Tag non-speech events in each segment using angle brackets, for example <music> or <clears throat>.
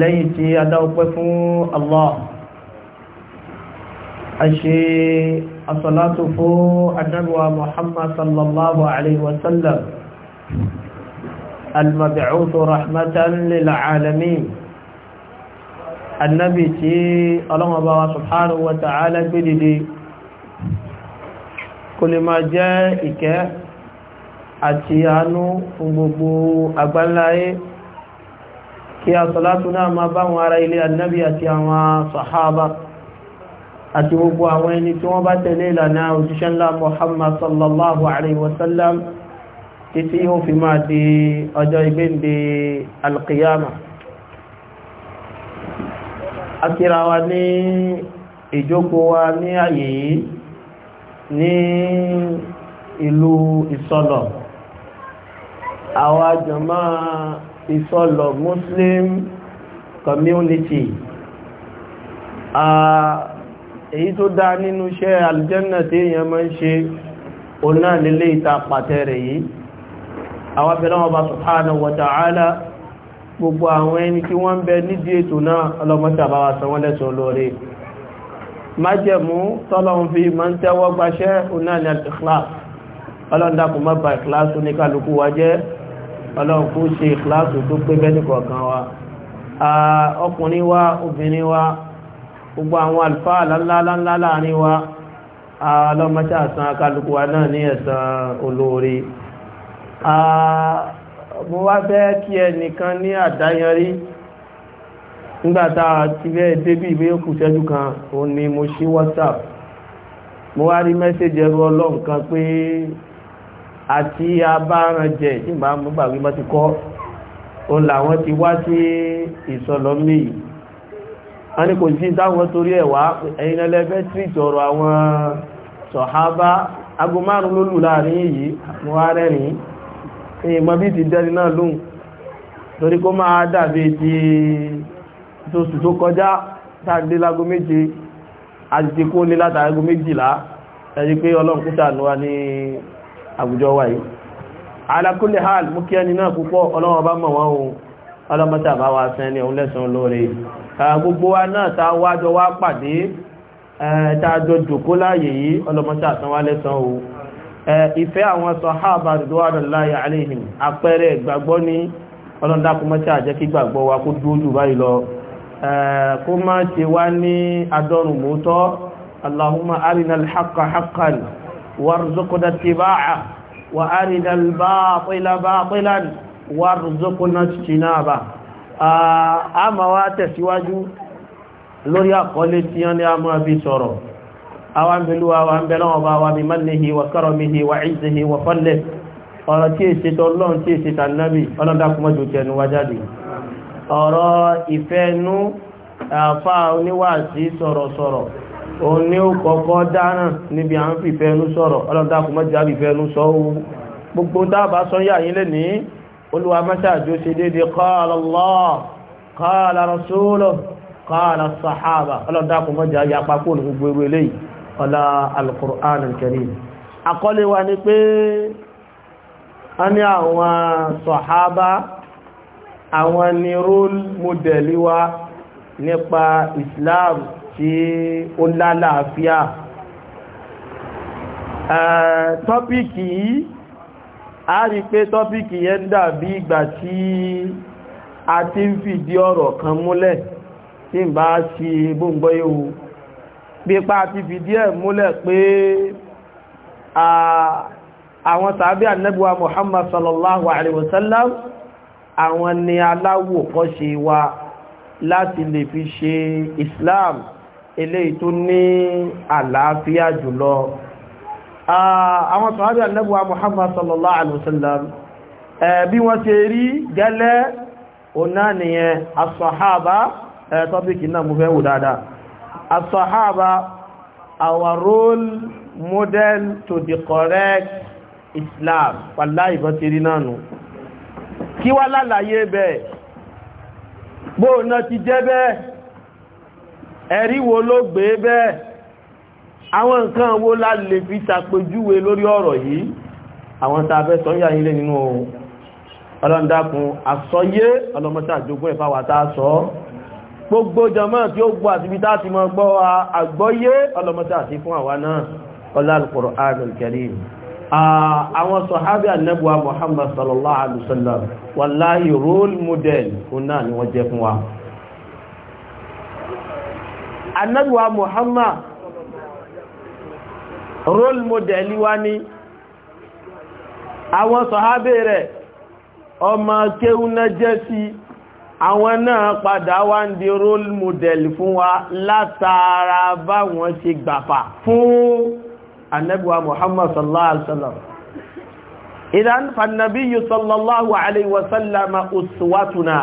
lẹ́yìn tí a dá ọpẹ́ fún Allah a ṣe asọ́látò fún anábíwa Muhammad sallallahu alaihi wasallam al-mab'uth rahmatan lil alamin annabi tí ọlọ́mọba wa subhanahu wa ta'ala gbédìdì kò lè jẹ́ ìkẹ́ àti àánú fún gbogbo àgbáláyé kí a sọ́látù náà máa bá wọn ará ilé annabi àti àwọn sahaba àti gbogbo àwọn ẹni tí wọ́n bá tẹ̀lé ìlànà òjíṣẹ́ ńlá Muhammad sallallahu alaihi wasallam títí yóò fi máa di ọjọ́ ìgbéǹde alqiyama akíra ní ìjókòó wa ní àyè ní ìlú ìsọ̀lọ̀ àwọn àjọ̀mọ́ is all of Muslim community èyí tó dá nínú iṣẹ́ aljanna tí èyàn máa ń ṣe ọ̀nà nílé ìta pàtẹ́ rẹ̀ yìí àwọn abẹ́lẹ́ wọn bá subhanahu wa ta'ala gbogbo àwọn ẹni tí wọ́n ń bẹ nídìí ètò náà ọlọ́mọ́ta bá wa san wọ́n lẹ́san lóore májẹ̀mú tọ́lọ́run fi máa ń tẹ́wọ́ gbaṣẹ́ ọ̀nà ní al-ikhlas ọlọ́run kó ṣe ìkíláàsì tó pé bẹ́ẹ̀ nìkọ̀ọ̀kan wa ọkùnrin wa obìnrin wa gbogbo àwọn àlùfáà lánlá láàrin wa ọlọ́mọṣẹ́ àsan akálukú wa náà ní ẹ̀san olóore mo wá fẹ́ kí ẹnìkan ní àdáyanrí nígbàtà ti fẹ́ débí ìwé òkú kan òun ni mo ṣí whatsapp mo wá rí mẹ́sẹ̀jì ọlọ́run kan pé àti abáranjẹ tí màá mú gbàgbé bá ti kọ́ ó làwọn ti wá sí ìsọlọ́mí yìí wọ́n ní kò sí táwọn torí ẹ̀wà ẹ̀yìn ẹlẹ́fẹ́ tírìtì ọ̀rọ̀ àwọn sọ̀hábá ago márùn ló lù láàrin yìí mo wá rẹ́rìn ìmọ̀ bí ti dẹni náà lóhùn torí kó máa dàbí ti tóṣù tó kọjá tàbí lágo méje àti ti kó ní látàrí àwùjọ wa yìí ala kulli hal mú kí ẹni náà púpọ̀ ọlọ́wọ́n bá mọ̀ wọ́n ohun ọlọ́mọ́ta bá wa sẹ́ni ohun lẹ́sàn lóore gbogbo wa náà ta wájọ wá pàdé tààjọ jòkó láàyè yìí ọlọ́mọ́ta àtàwà lẹ́sàn ohun ìfẹ́ àwọn sàhábà ridwanullahi alaihim àpẹẹrẹ ìgbàgbọ́ ní ọlọ́dàkùnmọ́ta وارزقنا اتباعه وارنا الباطل باطلا وارزقنا اجتنابه a ma wá tẹ̀síwájú lórí àkọlé tí yán ní a máa bí sọ̀rọ̀ àwọn bèlúwà wà ń bẹ̀lọ́wọ̀ bá wà bí mannihi wa karamihi wa izzihi wa fadlih ọ̀rọ̀ tí èsì tọ́lọ́n tí èsì tànàbí ọlọ́dàkùnmọ́jù tẹnu wájáde ọ̀rọ̀ ìfẹ́nú àfáà oníwàásí sọ̀rọ̀sọ̀rọ̀ òun ní ó kọ́kọ́ dáná níbi à ń fi fẹ́ẹ̀nú sọ̀rọ̀ ọlọ́dàkùn mọ́jà fi fẹ́ẹ̀nú sọ ohun gbogbo dáàbà sọ́yà yìí lè ní olúwa mẹ́sàájó ṣe déédéé qala Allah qala rasuluhu qala sahaba ọlọ́dàkùn mọ́jà ya pápó ní gbogbo ewé nípa Islam tí ó lálàáfíà tọ́píkì yìí a rí pé tọ́píkì yẹn dàbí ìgbà tí a ti ń fìdí ọ̀rọ̀ kan múlẹ̀ tí ń bá ṣe gbóngbó ewu pípa ti fìdí ẹ̀ múlẹ̀ pé àwọn sàábí annabuwa muhammad sallallahu alaihi wasallam àwọn ni aláwò kọ́ ṣe wa láti lè fi ṣe islam eléyìí tó ní àlàáfíà jùlọ àwọn sọ̀hábí annabuwa muhammad sallallahu alaihi wasallam bí wọ́n ṣe rí gẹ́lẹ́ ọ̀nà nìyẹn asọ̀hábá tọ́pìkì náà mú fẹ́ wù dáadáa asọ̀hábá our role model to the correct islam pàlá ìbọn ti rí náà kí wá lálàyé bẹ́ẹ̀ bóò ti jẹ́ bẹ́ẹ̀ ẹ̀rí wo ló gbé bẹ́ẹ̀ àwọn nǹkan wo la lè fi tàpéjúwe lórí ọ̀rọ̀ yìí àwọn tá a fẹ́ sọ́yà ilé nínú ọlọ́ndàkùn àsọyé ọlọ́mọ́sá àjogún ẹ̀fà wà tá a sọ gbogbo jọmọ́ tí ó gbọ́ àti bíta ti mọ́ gbọ́ àgbọ́yé ọlọ́mọ́sá àti fún àwa náà ọlá al-Qur'anul Karim àwọn sọ̀hábí ànẹ́bùwa Muhammad sallallahu alaihi wasallam wallahi role model òun náà ni wọ́n jẹ́ fún wa anábíwá Muhammad role model wa ni àwọn sọ̀hábẹ̀ rẹ̀ ọmọ kéúná jẹ́ sí àwọn náà padà wá ń di role model fún wa látara báwọn ṣe gbàfà fún anábíwá Muhammad sallallahu alaihi wasallam idan fannabiyu sallallahu alaihi wasallama uswatuna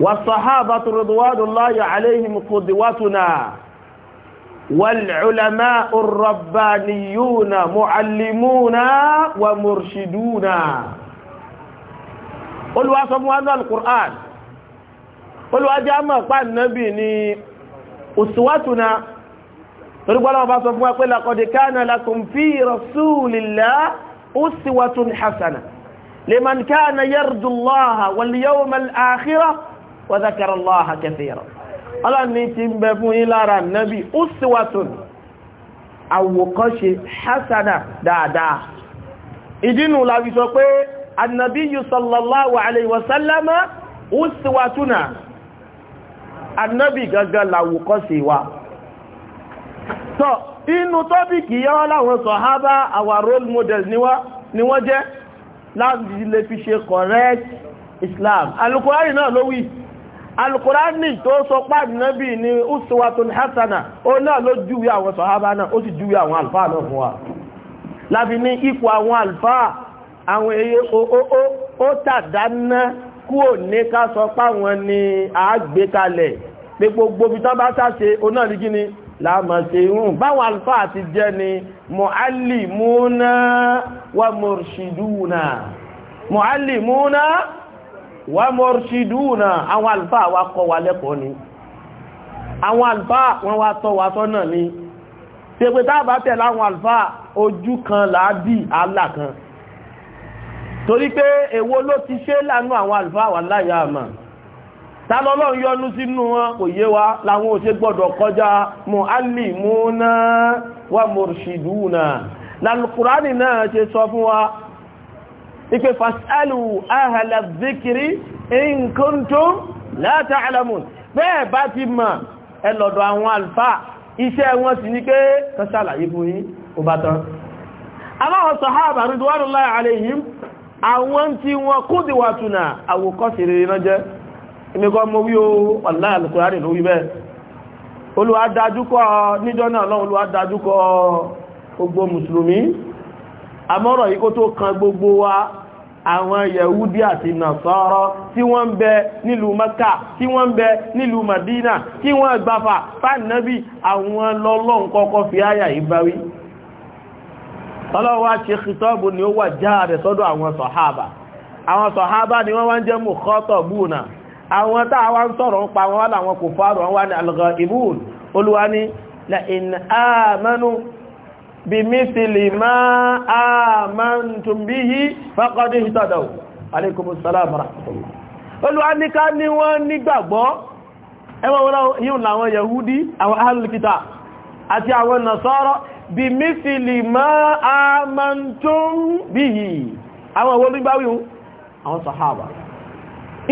والصحابة رضوان الله عليهم قدوتنا والعلماء الربانيون معلمونا ومرشدونا قلوا أصبوا هذا القرآن قلوا أجامع قال النبي أسواتنا فرقوا لهم أصبوا قل لقد كان لكم في رسول الله أسوة حسنة لمن كان يرجو الله واليوم الآخرة wa zakara Allaha kathira ọlọ́ni ti ń bẹ fún yín lára nẹ́bí uswatun àwòkọ́ṣe hasana dáadáa ìdínú láti sọ pé annabiyu sallallahu alaihi wasallama uswatuna annabi gangan làwòkọ́ṣe wa tọ́ inú tọ́bíkì yọ́ láwọn sọ̀hábá our role models ni wọ́n jẹ́ láti lè fi ṣe correct Islam alukọ́rì náà lówìí alukurani tó sọ páàdì nábì ní uswatun hasana ó náà ló júwé àwọn sọ̀hábá náà ó sì júwé àwọn alfáà náà fún wa láti ní ipò àwọn alfáà àwọn èyí ó tàdáná kúò ní ká sọ páwọn ni àágbé kalẹ̀ pé gbogbo bí tán bá sáṣe ó náà rí gíní láàmà ṣe irun báwọn alfáà ti jẹ́ ni mu'allimuna wa murshiduna mu'allimuna wà mọ̀rṣìdúnà àwọn àlùfáà wa kọ́ wa lẹ́kọ̀ọ́ ni àwọn àlùfáà wọn wá tọ́ wa sọ́nà ni tèpè táàbà tẹ̀ láwọn àlùfáà ojú kan làábì àlà kan torí pé èwo ló ti ṣe lánú àwọn àlùfáà wà láyà àmà tálọ́lọ́ yọnú sínú wọn kò yé wa láwọn ò ṣe gbọ́dọ̀ kọjá mu'allimuna wa murshiduna lálùkùránì náà ṣe sọ fún wa ike fasalu ahala zikiri in kuntum la ta'lamun bẹ́ẹ̀ bá ti mọ̀ ẹlọ́dọ̀ àwọn alfa iṣẹ́ wọn sì ní pé kọsàlàyé fún yí o bá tán aláwọ̀ sọ̀háàbà ridwanullahi alayhim àwọn tí wọn kúdìwàtúnà àwòkọ́sì rere náà jẹ́ ìmẹ́kọ́ mọ́ wí o wallahi al-Qur'ani ló wí bẹ́ẹ̀ olùwádájúkọ níjọ́ náà lọ́wọ́ olùwádájúkọ gbogbo mùsùlùmí àmọ́rọ̀ yìí kó tó kan gbogbo wa àwọn yahudi àti nasara tí wọ́n bẹ nílùú maka tí wọ́n bẹ nílùú madina tí wọ́n gbáfà fánàbí àwọn lọ́lọ́n kọ́kọ́ fi àyà ìbáwí ọlọ́wọ́ ṣe kìtọ́bù ni ó wà jáàrẹ̀ sọ́dọ̀ àwọn sọ̀hábà àwọn sọ̀hábà ni wọ́n wá ń jẹ́ mukhatabuna àwọn táà wá ń sọ̀rọ̀ ń pa wọn la in bimithli ma amantum bihi faqad ihtadaw alaykum assalam wa rahmatullah Oluwanika ni ká ní wọ́n nígbàgbọ́ ẹwọ́ wọ́n yíò yahudi awọn ahlul kitab awọn àwọn nasara bimithli ma amantum bihi àwọn olúgbáwí àwọn sahaba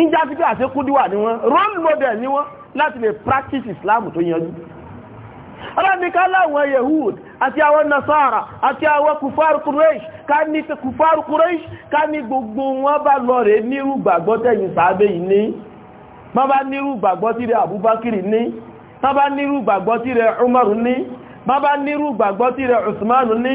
ìjá fíkẹ́ àti kúdíwà ní wọ́n role model ní wọ́n láti lè practice islam tó yanjú aláàmìká láwọn yahud àti àwọn nasara àti àwọn kùfàrù kùrẹ́ṣ ká ní kùfàrù kùrẹ́ṣ ká ní gbogbo wọn bá lọ rẹ̀ nírú gbàgbọ́ tẹ́yìn sàábé yìí ní ma bá nírú gbàgbọ́ tí rẹ̀ abubakiri ní ma bá nírú gbàgbọ́ tí rẹ̀ umaru ní ma bá nírú gbàgbọ́ tí rẹ̀ usmanu ní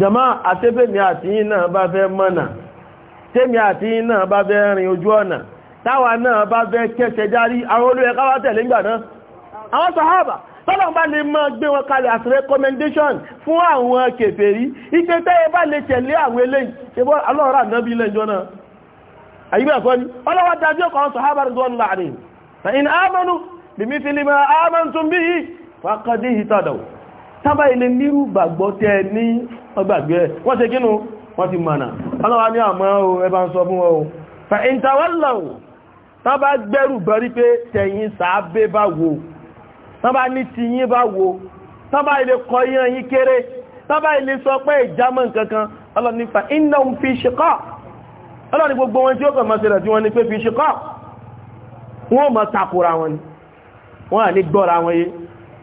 jama àtẹ́bẹ̀mí àti yín náà bá fẹ́ mọ́nà tẹ́mi àti yín náà bá fẹ́ rin ojú ọ̀nà táwa náà bá fẹ́ kẹsẹ̀ járí àwọn olóyẹ káwà tẹ̀lé ńgbà náà recommendation fún àwọn kèfèrí ike tẹ́yẹ bá lè tẹ̀lé àwọn eléyìí ṣe bọ́ alọ́ọ̀rọ̀ ànábí lẹ́jọ́ náà àyíbẹ̀ ẹ̀kọ́ ni ọlọ́wọ́ dájú ọkọ̀ àwọn sàhábà rẹ̀ wọ́n láàrin fa in amanu ihtadaw tábà ilé nírú gbàgbọ́ tẹ́ ní ọgbàgbẹ́ wọ́n ṣe kínú wọ́n ti mọ̀nà ọlọ́wà ní àmọ́ ẹbá ń sọ fún wọn fa ìntàwọ́lọ̀ tábà gbẹ́rù bẹ̀rí pé tẹ̀yìn sàábé bá wo tábà ní tiyín bá wo tábà ilé kọyán yí kéré tábà ilé sọ pé ìjámọ́ fa innahum fi shiqaq ọlọ́ni gbogbo wọn tí ó kàn máa ṣẹlẹ̀ tí wọ́n ní pé fi takura wọn ni wọ́n à ní gbọ́ra wọn yìí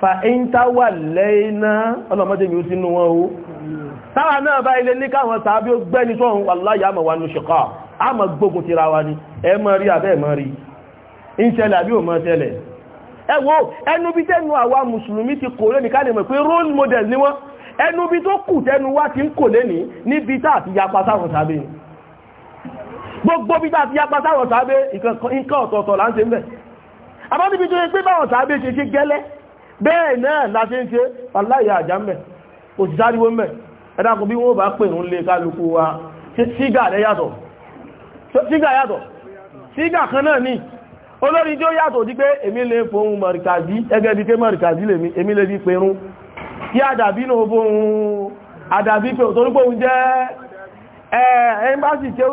fa ẹ́yìntà wà lẹ́ẹ̀ná ọlọ́mọdé mi ó sínú wọn o táwà náà bá ilé ní káwọn tàbí ó gbẹ́ni tó ń wàláyà àmà wà ní ṣẹ̀kọ́ àmà gbógun ti ra wa ni ẹ mọ́ rí àbẹ́ mọ́ rí ń ṣẹlẹ̀ àbí ò mọ́ ṣẹlẹ̀ ẹ wo ẹnu bí tẹ́nu àwa mùsùlùmí ti kò lẹ́ni ká lè mọ̀ pé role model ni wọ́n ẹnu bẹ́ẹ̀ náà láti ń ṣe aláyà àjámẹ̀ òtìsáríwó mẹ́ ẹ̀dàkùn bí wọ́n bá pè ń lè kálukú wa sígà rẹ̀ yàtọ̀ sígà yàtọ̀ sígà kan náà ní olórin tí ó yàtọ̀ dípé èmi lè fohun mọ̀rìkàdí ẹgẹ́ bí ké mọ̀rìkàdí lèmi èmi lè fi pẹ̀rún kí àdàbí náà fohun àdàbí pé òtorípòhun jẹ́ ẹ̀ẹ́mbásì tí ó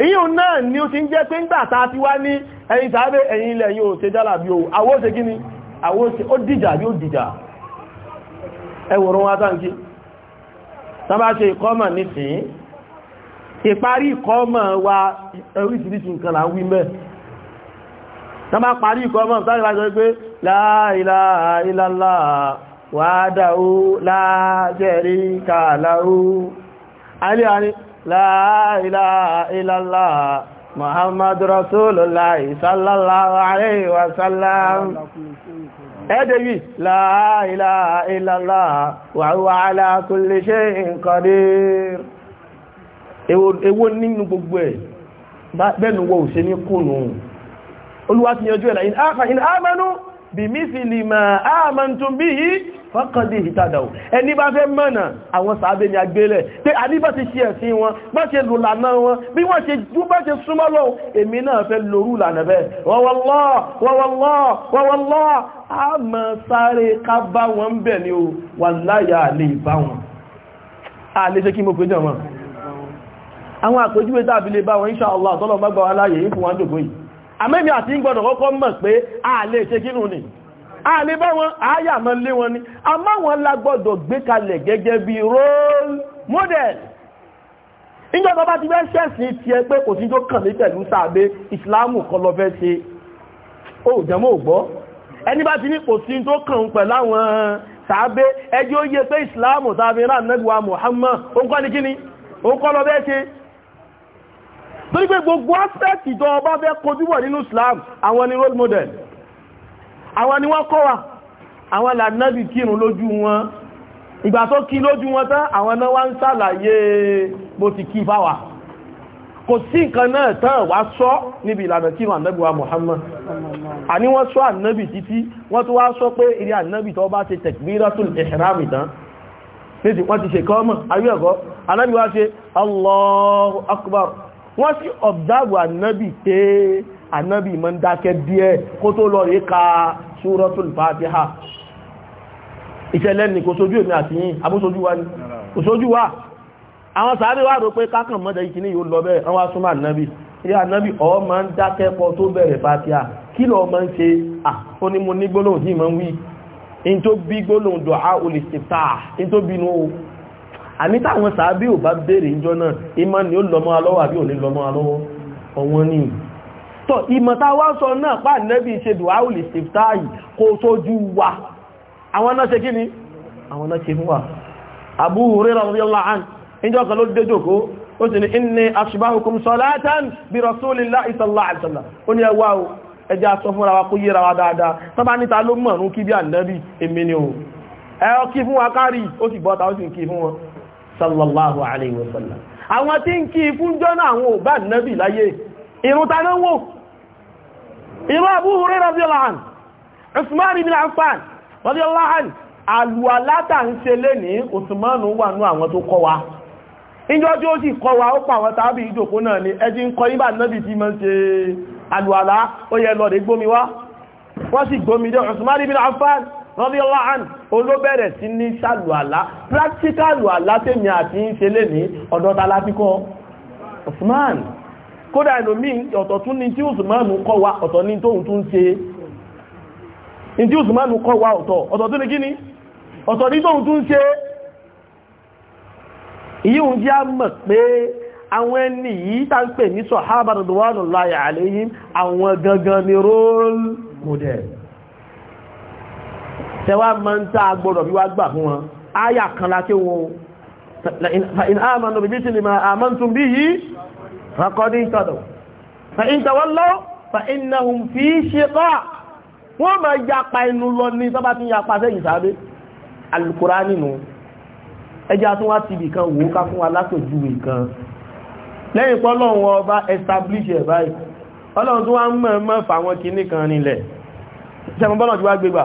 ìyún náà ni ó ti ń jẹ́ pé ń gbàta ti wá ní ẹ̀yìn tàbí ẹ̀yìn ilẹ̀ yóò ṣe jálà bí o àwọ́ ṣe gíní àwọ́ ṣe ó dìjà bí ó dìjà ẹwọ̀rún wá sáǹkí tàbá ṣe ìkọ́mà nìsìn ìparí ìkọ́mà wa oríṣiríṣi nǹkan là ń wí mẹ́ tàbá parí ìkọ́mà sáàrì láti la ilaha illallah wahdahu la sharika lahu la ilaha illallah muhammadu rasulullah sallallahu alayhi wa sallam ẹ̀dẹ̀ yìí la ilaha illallah wa huwa ala kulli shay'in qadir èwo nínú gbogbo ẹ̀ bẹ́ẹ̀nu wọ́ òṣèlú kùnù olúwa ti yànjú ẹ̀lá in amanu bí mísìlì mà áàmàntún bí yí fọ́kàndì ìtàdàwò ẹni bá fẹ́ mọ̀nà àwọn sàábé ni agbélẹ̀ pé àdíbà ti ṣe ẹ̀sìn wọn bá ṣe lò lànà wọn bí wọ́n ṣe jú bá ṣe súnmọ́ lọ èmi náà fẹ́ lòrú lànà bẹ́ẹ̀ wọ́wọ́lọ́ wọ́wọ́lọ́ wọ́wọ́lọ́ a mọ̀ sáré ká bá wọn ń bẹ̀ ni o wà láyà lè bá a lè ṣe kí mo péjọ wọn àwọn àpèjúwe tàbí lè bá wọn inṣàlá tọ́lọ̀ mọ́gbà wọn láyè ìfún wọn dògbò yìí àmẹ́mí àti gbọ́dọ̀ kọ́kọ́ mọ̀ pé a lè ṣe kínú ni a lè bá wọn àáyà mọ́ lé wọn ni a má wọn lágbọ́dọ̀ gbé kalẹ̀ gẹ́gẹ́ bí role model ìjọba bá ti fẹ́ ṣẹ̀sìn ti ẹ pé kò sí tó kàn mí pẹ̀lú sàbẹ́ ìsìláàmù kan lọ fẹ́ ṣe ó jẹmọ́ ò gbọ́ ẹni bá ti ní kò sí tó kàn pẹ̀lú àwọn sàbẹ́ ẹjọ́ yẹ pé ìsìláàmù tàbí rán nẹ́gbà Muhammad ó kọ́ ní kíni ó kọ́ lọ fẹ́ ṣe torí pé gbogbo aspect ìjọ ọba fẹ́ kojú wọ̀ nínú Islam àwọn ni role model àwọn ni wọ́n kọ́ wa àwọn lànàbì kírun lójú wọn ìgbà tó kí lójú wọn tán àwọn náà wá ń ṣàlàyé bó ti kí fáwà kò sí nǹkan náà tán wá sọ níbi ìlànà kírun ànábì wa Muhammad àní wọ́n sọ ànábì títí wọ́n tó wá sọ pé ìrí ànábì tó bá ṣe takbiratul ihram tán nítorí wọ́n ti ṣe kọ́mọ̀ ayú ẹ̀kọ́ ànábì wá ṣe Allahu Akbar wọ́n sì ọ̀bdáàbò ànábì pé ànábì máa ń dákẹ́ díẹ̀ kó tó lọ rí ka Suratul Fatiha ìṣẹ̀lẹ̀ ní kò sójú wa ní kò sójú wa àwọn sàárè wà rò pé kákan mọ́dẹ̀ ìkíní yóò lọ bẹ́ẹ̀ wọ́n wá súnmọ́ ànábì ilé ànábì ọ máa ń dákẹ́ kó tó bẹ̀rẹ̀ Fatiha kí lọ máa ń ní mo ní àmì táwọn sàábí ò bá béèrè ìjọ náà ìmọ̀ ni ó lọmọ alọ́wọ́ àbí ò ní lọmọ alọ́wọ́ ọ̀wọ́n ni tọ́ ìmọ̀ tá wá sọ náà pà nẹ́bí ṣe dùháùlì sèftáì kó tójú wa àwọn náà ṣe kí ni àwọn náà ṣe fún wa Abu Hurairah radiyallahu anhu ìjọ kan ló dé ashbahukum salatan bí rasulillahi sallallahu alaihi wasallam ó ní ẹwà o ẹjẹ́ aṣọ fúnra wa kó yíra wa dáadáa tán bá níta ló mọ̀rún sallallahu alayhi wa sallam àwọn tí ń kí fún jọ́nà àwọn òbá nẹ́bì láyé irun ta náà wò irun Abu Hurairah radiyallahu anhu Usman ibn Affan radiyallahu anhu alùwàlátà ń ṣe lé ní Usman wà ní àwọn tó kọ́ wa ìjọ tí ó sì kọ́ wa ó pa àwọn tàbí ìjòkó náà ni ẹjí ń kọ́ ibà náà bí tí mọ́ ṣe alùwàlá ó yẹ lọ rí gbómi wá wọ́n sì gbómi dé Usman ibn Affan radiyallahu anhu olóbẹ̀rẹ̀ sí ní ṣàlùwàlá practical àlá tèmi àti ń ṣe lè ní ọ̀dọ́ta látíkọ́ Usman kódà ìlòmí ọ̀tọ̀ tún ní tí Usman kọ́ wa ọ̀tọ̀ ní tóhun tún ṣe ní tí Usman kọ́ wa ọ̀tọ̀ ọ̀tọ̀ tún ní kíní ọ̀tọ̀ ní tóhun tún ṣe yíhun jẹ́ mọ̀ pé àwọn ẹni yìí tá ń pè ní sọ̀hábàdàdàwà tẹwà máa ń tá gbọ́dọ̀ bí wá gbà fún wọn áyà kan láti wọn in amanu bi mithli ma amantum bihi faqad ihtadaw fa in tawallaw fa innahum fi shiqaq wọ́n máa yapa inú lọ ní tọ́bá tí yapa sẹ́yìn sáré alukùránì nù ẹjá tún wá ti bìkan wò ká wa establish ẹ̀ báyìí ọlọ́run tó wá mọ̀ mọ́ fàwọn kinní kan nílẹ̀ sẹ́mọ́ bọ́lọ̀ wá gbégbà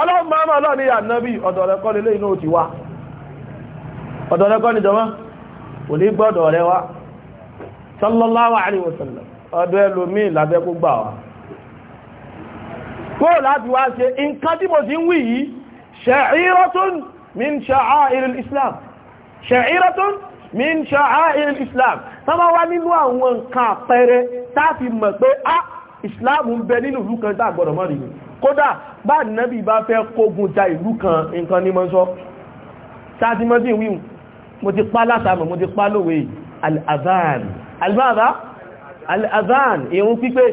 ọlọ́run máa mọ́ ọlọ́run ní ànábì ọ̀dọ̀rẹ́kọ́ lélé inú ti wá ọ̀dọ̀rẹ́kọ́ ní jọmọ́ kò ní gbọ́dọ̀ rẹ wá sallallahu alaihi wasallam ọdọ̀ ẹlòmí lábẹ́ kó gbà wá kó láti wá ṣe nǹkan tí mo ti ń wí yìí sha'iratun min sha'air al-islam sha'iratun min sha'air al-islam tọ́mọ́ wá nínú àwọn nǹkan àpẹẹrẹ táàfi mọ̀ pé ah islam ń bẹ nínú ìlú kan tá àgbọ̀dọ̀ mọ́ nìyí kódà bá nẹ́bì bá fẹ́ kógun ja ìlú kan nǹkan ní mọ́ sọ sáàtí mọ́ sí wíwù mo ti pa látàmọ̀ mo ti pa lówe al-azan al-bada al-azan irun pípé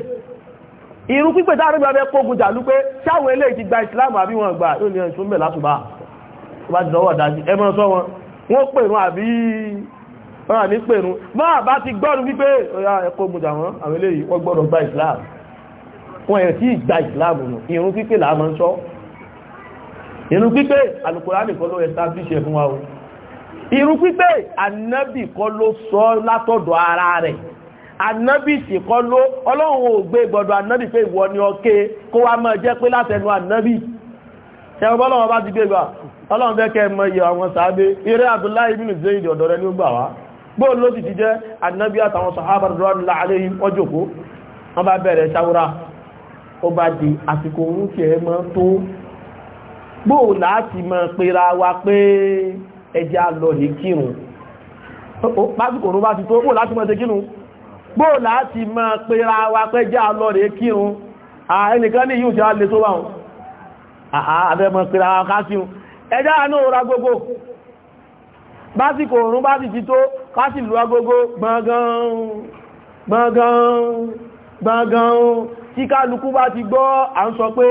irun pípé táàrí bá fẹ́ kógun jà lú pé sáwọn eléyìí ti gba islam àbí wọn gbà yóò ní ẹ̀ṣùn mẹ́ látùbá tó bá ti dọwọ́ dájú ẹ mọ́ sọ wọn wọ́n pèrún àbí wọ́n à ní pèrún máa bá ti gbọ́rù wípé ọ̀yá ẹ̀kọ́ gbọ́dọ̀ àwọn àwọn eléyìí wọ́n gbọ́dọ̀ gba islam wọn ẹ̀ tí ìgbà ìsìláàmù nù irun pípé là máa ń sọ irun pípé Al-Kùránì kọ́ ló establish ẹ̀ fún wa o irun pípé ànábì kọ́ ló sọ látọ̀dọ̀ ara rẹ̀ ànábì sì kọ́ ló ọlọ́run ò gbé gbọ́dọ̀ ànábì pé ìwọ ni ọkẹ́ kó wá máa jẹ́ pé látẹnu ànábì ṣẹ̀wọ́n bọ́lọ́wọ́ bá ti gbé ọlọ́run fẹ́ kẹ́ mọ iye àwọn sàábé eré Abdullahi ibn Zayd ọ̀dọ̀ rẹ̀ ní ó gbà wá bóòlù ló ti ti jẹ́ ànábì àtàwọn sàhábà rọ́ọ̀lá àléhìn ọjọ́kó wọ́n bá bẹ̀rẹ̀ ṣàwúrà ó bá di àsìkò oorun tí ẹ mọ́ tó gbóò láti mọ́ pera wa pé ẹjá lọ lè kírun pásìkò oorun bá ti tó gbóò láti mọ́ ṣe kírun gbóò láti mọ́ pera wa pé ẹjá lọ lè kírun ẹnìkan ní yíò tí a lè tó wà àbẹ́mọ̀ pera wa ká kírun ẹjá náà ra gbogbo básìkò oorun bá sì ti tó ká sì lù agogo gbọ̀ngàn gbọ̀ngàn gbọ̀ngàn tí kálukú bá ti gbọ́ à ń sọ pé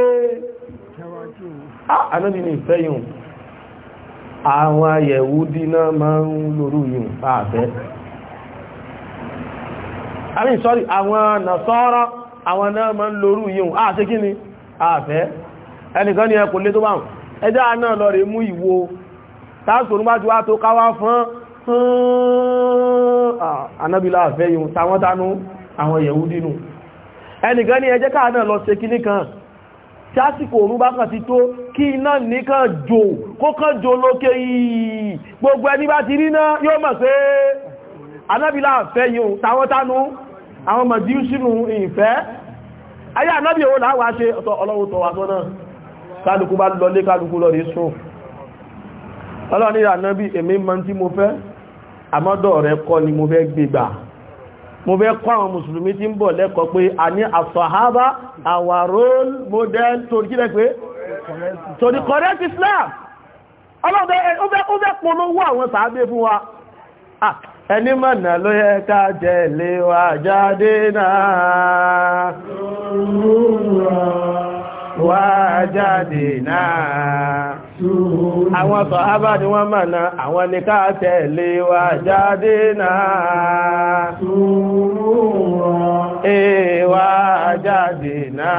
anábi ah, ni ìfẹ́ yìí àwọn ayẹ̀wú dínà máa ń lórú yìí pàfẹ́ I mean sorry àwọn nàṣọ́rọ̀ àwọn náà máa ń lórú yìí àti kí ni àfẹ́ ẹnìkan ni ẹkùn lé tó bá ẹjá náà lọ rí mú ìwo táàsùn bá ti wá tó káwá fún anábìlá àfẹ́ yìí àwọn yẹ̀wú dínú ẹnìkan ní ẹjẹ́ káà náà lọ ṣe kíní kan tí àsìkò òru bá kàn ti tó kí iná nìkan jò kó kàn jò lókè yìí gbogbo ẹni bá ti rí náà yóò mọ̀ pé anábìlá fẹ́ yìí tàwọn tánú àwọn mọ̀díú sínú ìfẹ́ ayé anábì owó láwá ṣe ọ̀tọ̀ ọlọ́wọ́ tọ́ wa sọ́nà mo fẹ́ kọ́ àwọn mùsùlùmí ti ń bọ̀ lẹ́kọ̀ọ́ pé a ní àsọ̀hábá our role model torí kílẹ̀ pé torí correct Islam ọlọ́bẹ̀ ó fẹ́ polówó àwọn sàábé fún wa ah, ẹni mọ̀nà ló yẹ ká jade na. wájádìíná àwọn sọ̀hábà ni wọ́n mọ̀ náà àwọn ní ká tẹ̀lé wájádìíná wájádìíná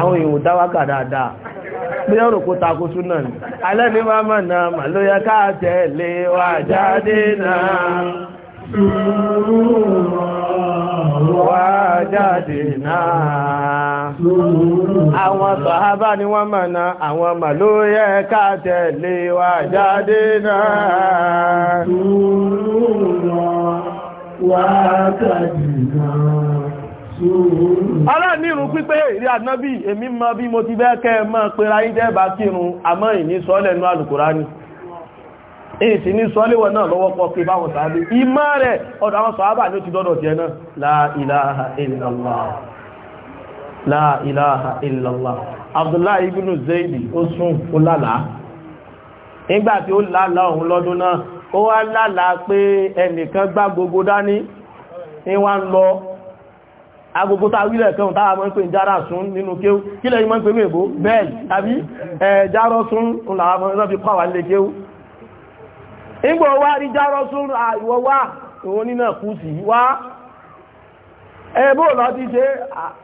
àwọn èèyàn dáwákà dáadáa bí ọ̀rọ̀ kó takó súnà ní ká tẹ̀lé wá náà. Àwọn sọ̀hábà ni wọ́n mọ̀ náà, àwọn mọ̀ ló yẹ ká tẹ̀lé wá jáde náà. Wá ní pípé ìrí mọ bí mo ti bẹ́ kẹ́ mọ́ bá kírun, àmọ́ ìní èyí tí ní sọ́léwọ̀ náà lọ́wọ́ pọ̀ pé báwọn sàábé ìmá rẹ̀ ọ̀dọ̀ àwọn sàábà ní ó ti dọ́dọ̀ jẹ náà la ilaha illallah la ilaha illallah abdullahi ibn zaidi ó sùn ó lálàá nígbà tí ó lálàá òun lọ́dún náà ó wá lálàá pé ẹnìkan gbá gbogbo dání ní wá ń lọ agogo tá wílẹ̀ kan táwà mọ́ pé jára sún nínú kéw kílẹ̀ yí mọ́ pé mẹ́bó bẹ́ẹ̀ tàbí ẹ̀ járọ́ sún làwọn ọmọ ẹ̀rọ fi ìgbò wá rí járọ́ sún àìwọ̀ wá òun nínà kú sí wá ẹbó lọ ti ṣe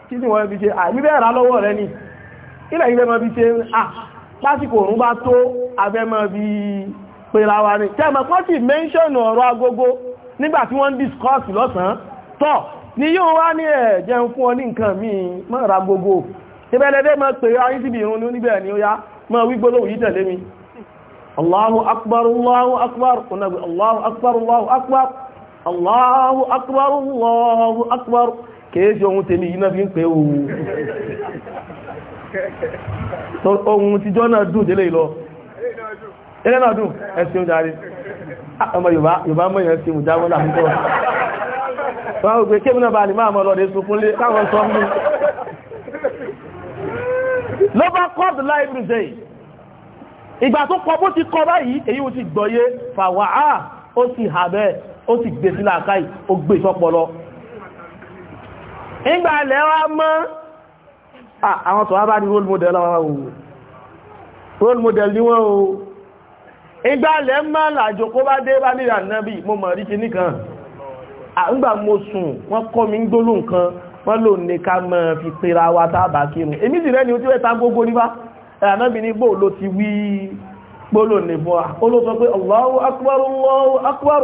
kí ni wọ́n fi ṣe àìbíbẹ̀ rà lọ́wọ́ rẹ ni ilẹ̀ ilẹ̀ mọ́ fi ṣe lásìkò òun bá tó abẹ́mọ́ bí pèrà wa ni tẹ́mọ̀ pọ́n sì mẹ́ńṣọ̀nù ọ̀rọ̀ agogo nígbà tí wọ́n ń discuss lọ́sàn-án ni yóò wá ní ẹ̀ jẹun fún ọ ní nǹkan míì mọ́ ra gbogbo ìbẹ̀lẹ́dẹ́ mọ́ pèrè ayé síbi ìrún níbẹ̀ ni mi Allahu akbar, Allahu akbar, onabi Allahu akbar, Allahu akbar, Allahu akbar, Allahu akbar, kèéṣe ohun tèmi yìí náà fi ń pè ohun. So ohun ti jọ náà dùn délé lọ. Ilé náà dùn, ẹ̀sìn ìjáre. Ọmọ Yorùbá mọ́yàn sí ìjáwọ́lá àmúkọ́. Wọ́n wọ́n pé kébí náà bá ní máa mọ́ lọ́dẹ̀ sọ fún lé táwọn sọ mú. Lọ́bá kọ́ọ̀dù láìbìrì sẹ́yìn ìgbà tó kọ bó ti kọ báyìí èyí ó ti gbọ́yé fàwàá ó sì hàbẹ́ ó sì gbé sí làákàí ó gbé sọ́pọlọ ìgbà lẹ́wà mọ́ àwọn tó wá bá ní role model àwọn mo mọ̀ rí kìíní kan àgbà mo sùn wọ́n kọ́ mi ń gbóló nǹkan wọ́n lò ní ká mọ́ fi pera wa ànábì ní gbóò ló ti wí gbólò ní fún wa ó ló sọ pé Allahu akbar Allahu akbar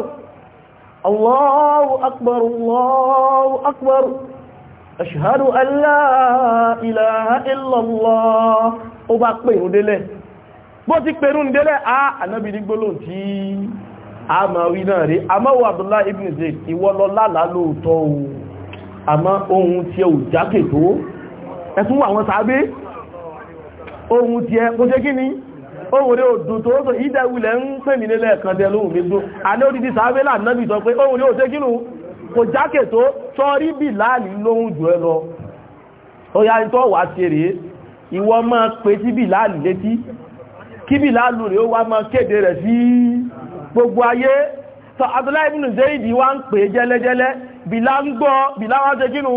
Allahu akbar Allahu akbar ashhadu an la ilaha illallah ó bá pè ń délẹ̀ bó ti pè ń délẹ̀ á ànábì ní gbólò tí a ma wí náà rí àmọ́wọ́ Abdullah ibn ẹ̀tún wà wọn sáábé ohun tí ẹ kò ṣe kí ohun rẹ̀ òdùn tó sọ ìdẹ̀wulẹ̀ ń pè mí nílẹ̀ kan tẹ lóhun mi dùn alẹ́ òdìdí sàábélà náàbì sọ pé ohun rẹ̀ ò ṣe kí nù kò jákè tó sọrí bì láàlì lóhun jù ẹ lọ ó yá ní tó wà ṣe ìwọ gbogbo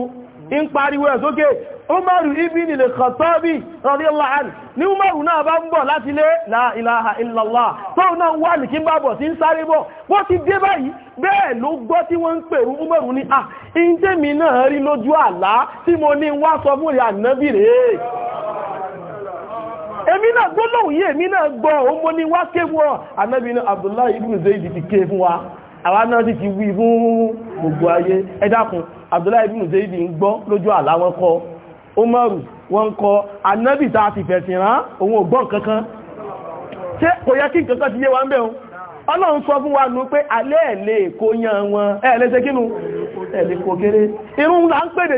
ń pariwo ẹ̀ sókè umaru ibn al-khattabi radiyallahu anhu ni umaru náà bá ń bọ̀ láti lé la ilaha illallah tó náà wà ní kí bá bọ̀ sí ń sáré bọ̀ bó ti dé báyìí bẹ́ẹ̀ ló gbọ́ tí wọ́n ń pèrú umaru ní à ń tẹ́mi náà rí lójú àlá tí mo ní wá sọ fún rí ànábì rèé èmi náà gbólóhùn yìí èmi náà gbọ́ òun mo ní umaru wọ́n kọ anábì tá a ti fẹ̀sìn rán òun ò gbọ́n kankan ṣé kò yẹ kí nǹkan ti yé wa ń bẹ̀ o ọlọ́run sọ fún wa nù pé alẹ́ ẹ̀ lè kó yan wọn ẹ̀ lè ṣe kínú ẹ̀ lè kó kéré irun là ń pèdè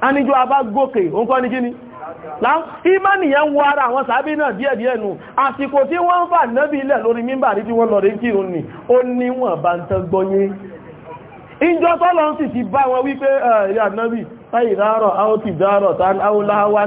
a níjọ́ abá gòkè òǹkọ́ ní kíní ìmánìyàn wọ ara àwọn sàábí náà díẹ̀díẹ̀ nù àsìkò tí wọ́n ń fà náàbí ilẹ̀ lórí mímbà rí tí wọ́n lọ rí kí o nì ó ní wọ́n bá ń tán gbọ́yé ìjọ tọ́lọ́ sì ti bá wọn wípé ẹ̀yà náàbí fàìdárọ̀ áótì dárọ̀ tán áúláwá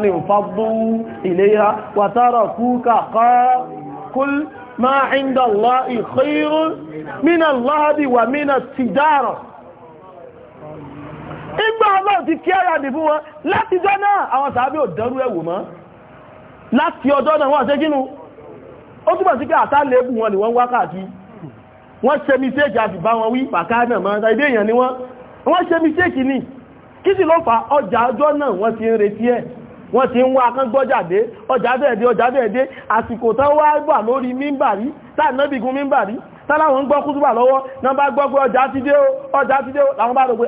ìgbà ọlọ́run ti kí ara dì fún wọn láti jọ náà àwọn sàábí ò dẹrú ẹ̀wò mọ́ láti ọjọ́ náà wọ́n ṣe gínú ó túnbọ̀ sí pé àtàlẹ́bù wọn ni wọ́n wákàtí wọ́n ṣe mistake àti bá wọn wí pàká náà mọ́ ilé èèyàn ni wọ́n wọ́n ṣe mistake ní kí sì ló fa ọjà ọjọ́ náà wọ́n ti ń retí ẹ̀ wọ́n ti ń wá akángbọ́jáde ọjà bẹ́ẹ̀dé ọjà bẹ́ẹ̀dé àsìkò tán wá gbà lórí mímbàrí táànábìgun mímbàrí táláwọn ń gbọ́ kútúbà lọ́wọ́ náà bá gbọ́ pé ọjà ti dé ó ọjà ti dé ó làwọn bá rò pé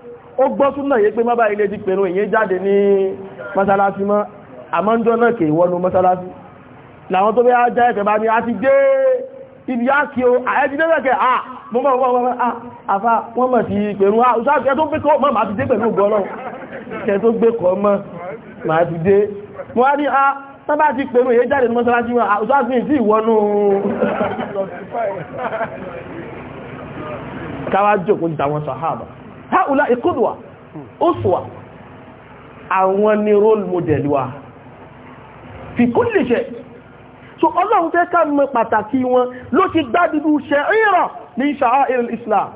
ó gbọ́ súnà yé pé mọ́bá ilé ti pẹ̀rún èyí jáde ní mọ́sálásí mọ́ àmọ́jọ́ náà kè wọ́nu mọ́sálásí làwọn tó bẹ́ á jẹ́ ẹ̀kẹ́ bá ní a ti dé ibi á kí o àyẹ́jì lẹ́rẹ̀kẹ́ à mọ́mọ́ àfá wọ́n mọ̀ sí pẹ̀rún àṣáàkẹ́ tó gbé kọ́ mọ́ máa ti dé pẹ̀lú ògbọ́ náà kẹ́ tó gbé kọ́ mọ́ máa ti dé wọ́n á ní a sábà ti pẹ̀rún èyí jáde ní mọ́sálásí mọ́ àṣáàkẹ́ sí ìwọ́nú <laughs> káwàá jòkó ní tàwọn sàhábà haula ìkúdùwà uswa àwọn ni role model wa fi kulli shay so ọlọ́run fẹ́ ká mọ̀ pàtàkì wọn ló ti gbádùdú sha'ira min sha'air al-islam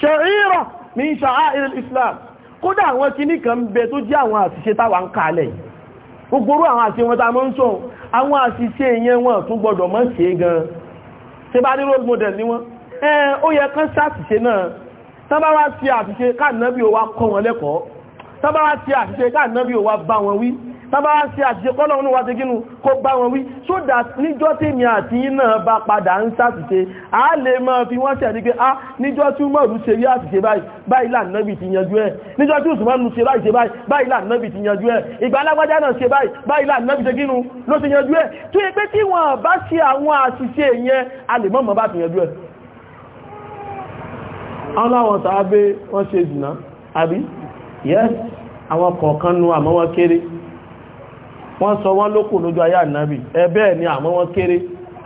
sha'ira min sha'air al-islam kódà àwọn kìíní kan bẹ tó jẹ́ àwọn àṣìṣe táwa ń kalẹ̀ gbogboro àwọn àṣìṣe wọn ta mọ́ ń sọ àwọn àṣìṣe yẹn tábá wá sí àṣìṣe káànábí ò wá kọ́ wọn lẹ́kọ̀ọ́ tábá wá sí àṣìṣe káànábí ò wá bá wọn wí tábá wá sí àṣìṣe kọ́lọ̀wọ́n wá tegínú kó bá wọn wí so that níjọ́ tí mi àti iná bá padà ń ṣàṣìṣe a lè máa fi wọ́n ṣẹ̀rí pé a ah, níjọ́ tí mọ̀rú ṣe rí àṣìṣe báyìí lànàbì ti yanjú ẹ̀ níjọ́ tí òṣùmọ́nù ṣe láìṣe báyìí lànàbì ti yanjú ẹ̀ ìgbà alágbájá náà ṣe báyìí lànàbì ṣe gínú ló ti yanjú ẹ̀ tó ti yanjú ẹ̀ aláwọn tàbí wọ́n ṣe zìnà àbí yes àwọn kọ̀ọ̀kan nú àmọ́ wọ́n kéré wọ́n sọ wọ́n lókùn lójú ayé ànábì ẹ̀bẹ́ ni àmọ́ wọ́n kéré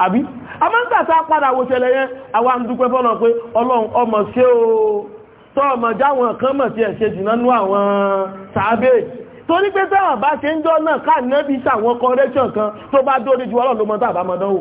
àbí amọ́sàtà padà wò ṣẹlẹ̀ yẹn àwa ń dúpẹ́ fọ́nà pé ọlọ́run ọmọ ṣe o tọ́ ọmọ jáwọn kan mọ̀ sí ẹ̀ṣẹ́ jìnà nú àwọn sàábé torí pé tẹ́wọ̀n bá ṣe ń jọ náà káà nẹ́bí ṣàwọn kọ́rẹ́ṣọ̀ kan tó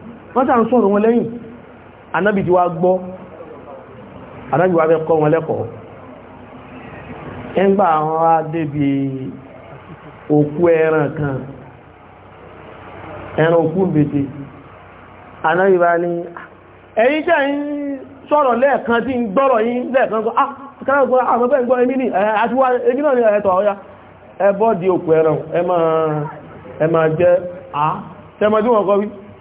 wọ́n tàà ń sọ̀rọ̀ lẹ́yìn anábì tí wá gbọ́ anábì wá fẹ́ kọ́ wọn lẹ́kọ̀ọ́ ẹgbà àwọn adébì òkú ẹran kan ẹran òkú bèdè anábì bá ní ah, ẹ̀yìn tẹ́ ń sọ́rọ̀ lẹ́ẹ̀kan tí ń gbọ́rọ̀ yín lẹ́ẹ̀kan tó ẹ̀mọ́ jẹ́ àá tí wọ́n kọ́ wí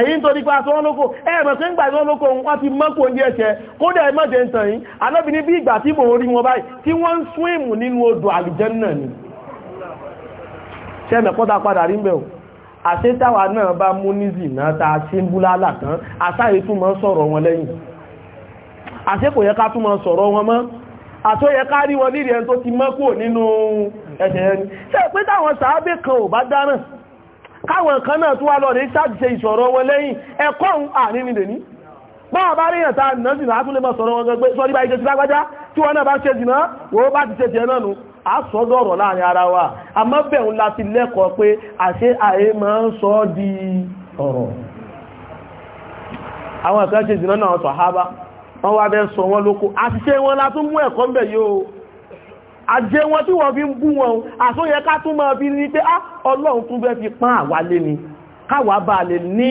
ẹ̀yìn tó dípa aṣọ wọn lóko ẹ̀mọ̀ tó ń gbà wọn lóko wọ́n ti mọ́kò oúnjẹ ẹ̀ṣẹ̀ kódà ẹmọ́jẹ ń tàn yín alọ́bìní bí ìgbà tí mò ń rí wọn báyìí tí wọ́n ń swíìmù nínú odò àlùjànnà ni ṣẹ́mẹ̀ kọ́ta padà o àṣetáwa náà bá mú nízì ta ṣe ń búlálà tán àṣáyé tún mọ́ sọ̀rọ̀ wọn lẹ́yìn àṣé kò yẹ ká tún mọ́ sọ̀rọ̀ wọn mọ́ àtó yẹ ká rí wọn nírí ẹni tó ti mọ́kò káwọn kan náà tó wá lọ rí ṣàtìṣe ìṣòro wọn lẹ́yìn ẹ̀kọ́ àníní lè ní báwọn bá ríyàn ta nà sí láti ma mọ̀ sọ̀rọ̀ wọn gbẹgbẹ́ sọ́rí báyìí ṣe lágbájá tí wọ́n náà bá ṣe jìnà wọ́n bá ti ṣe jẹ náà nù àsọdọ̀rọ̀ láàrin ara wa a bẹ̀rún láti lẹ́kọ̀ọ́ pé àyè máa ń sọ di ọ̀rọ̀ àwọn kan ṣe jìnà náà sọ̀hábá wọ́n wá bẹ́ sọ wọ́n àjẹ́ wọn tí wọ́n fi ń bú wọn àsóyẹ ká tún máa fi ní pé á ah, ọlọ́run tún bẹ́ fi pán àwa lé ni káwa bá lè ní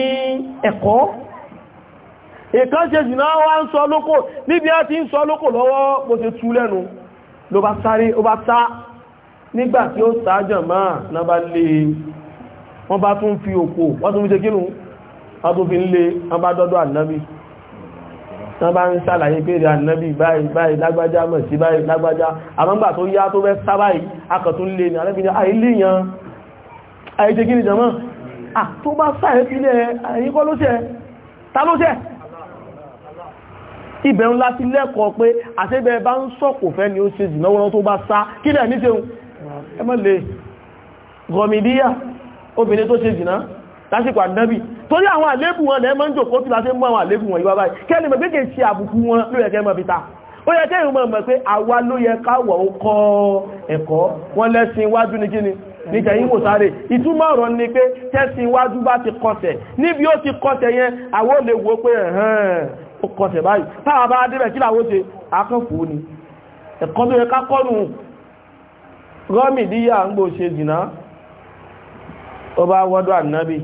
ẹ̀kọ́ ìkan ṣe jìnà wá ń sọ lókò níbi á ti ń sọ lókò lọ́wọ́ bó ṣe tú lẹ́nu ló bá sáré ó bá sá nígbà tí ó sáájàn máa náà bá lè e. wọ́n bá tún fi tán bá ń sàlàyé pé rẹ̀ ànábì báyìí báyìí lágbájá mọ̀ sí báyìí lágbájá àmọ́gbà tó yá tó bẹ́ sábáyìí akọ̀tún lè ní ànábì ní àìlèyàn àìjẹ́ gíní jẹmọ́ ah, tó bá sáyẹ̀ sílẹ̀ àyíkọ́ ló ṣẹ́ ni ó ṣe jù náwọ́n tó bá sá kí lẹ̀ ní ṣeun ẹmọ́ lè gọmìdíyà obìnrin tó ṣe jù lásìkò ànábì torí àwọn àlébù wọn lẹ́mọ́ ń jòkó tí láti mú àwọn àlébù wọn ìwà báyìí kẹ́lì mọ̀ kéèkéè ṣe àbùkù wọn ló yẹ kẹ́ mọ̀ fi ta ó yẹ kẹ́yìn mọ̀ mọ̀ pé àwa ló yẹ káwọ̀ ó kọ́ ẹ̀kọ́ wọn lẹ́sìn iwájú ní kíni ní tẹ̀yìn kò sáré ìtumọ̀ ọ̀rọ̀ ni pé tẹ́sìn iwájú bá ti kọsẹ̀ níbi ó ti kọsẹ̀ yẹn àwọn lè wo pé ẹ̀hán ó kọsẹ̀ báyìí táwa bá débẹ̀ kí làwọn ṣe akọ́fù ni ẹ̀kọ́ tó yẹ ká kọ́nù gọ́mìdíyà ń gbò ṣe jìnnà ó bá wọ́dọ̀ ànábì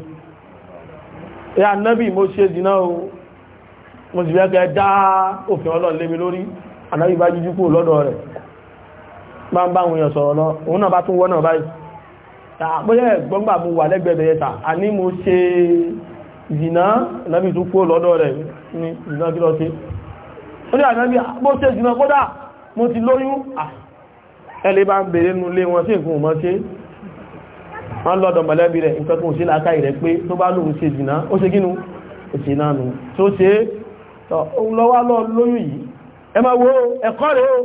ẹ anábì mo ṣe dìná o mo sì fẹ́ dá òfin ọlọ́run lé mi lórí anábì bá jíjú kúrò lọ́dọ̀ rẹ̀ bá ń bá àwọn èèyàn sọ̀rọ̀ lọ òun náà bá tún wọ́nà báyìí àpẹẹrẹ gbọ́ngbà mo wà lẹ́gbẹ̀ẹ́ yẹta ah, ń bèèrè nulé wọn sí nǹkan ò mọ́ wọ́n lọ́dọ̀ mọ̀lẹ́bí rẹ̀ nǹkan tó ń ṣe láká ìrẹ̀ pé tó bá lóun ṣe jìnà ó ṣe gínú òṣè náà nù tó ṣe lọ́wọ́ lọ lóyún yìí ẹ máa wo ẹ̀kọ́ rẹ̀ o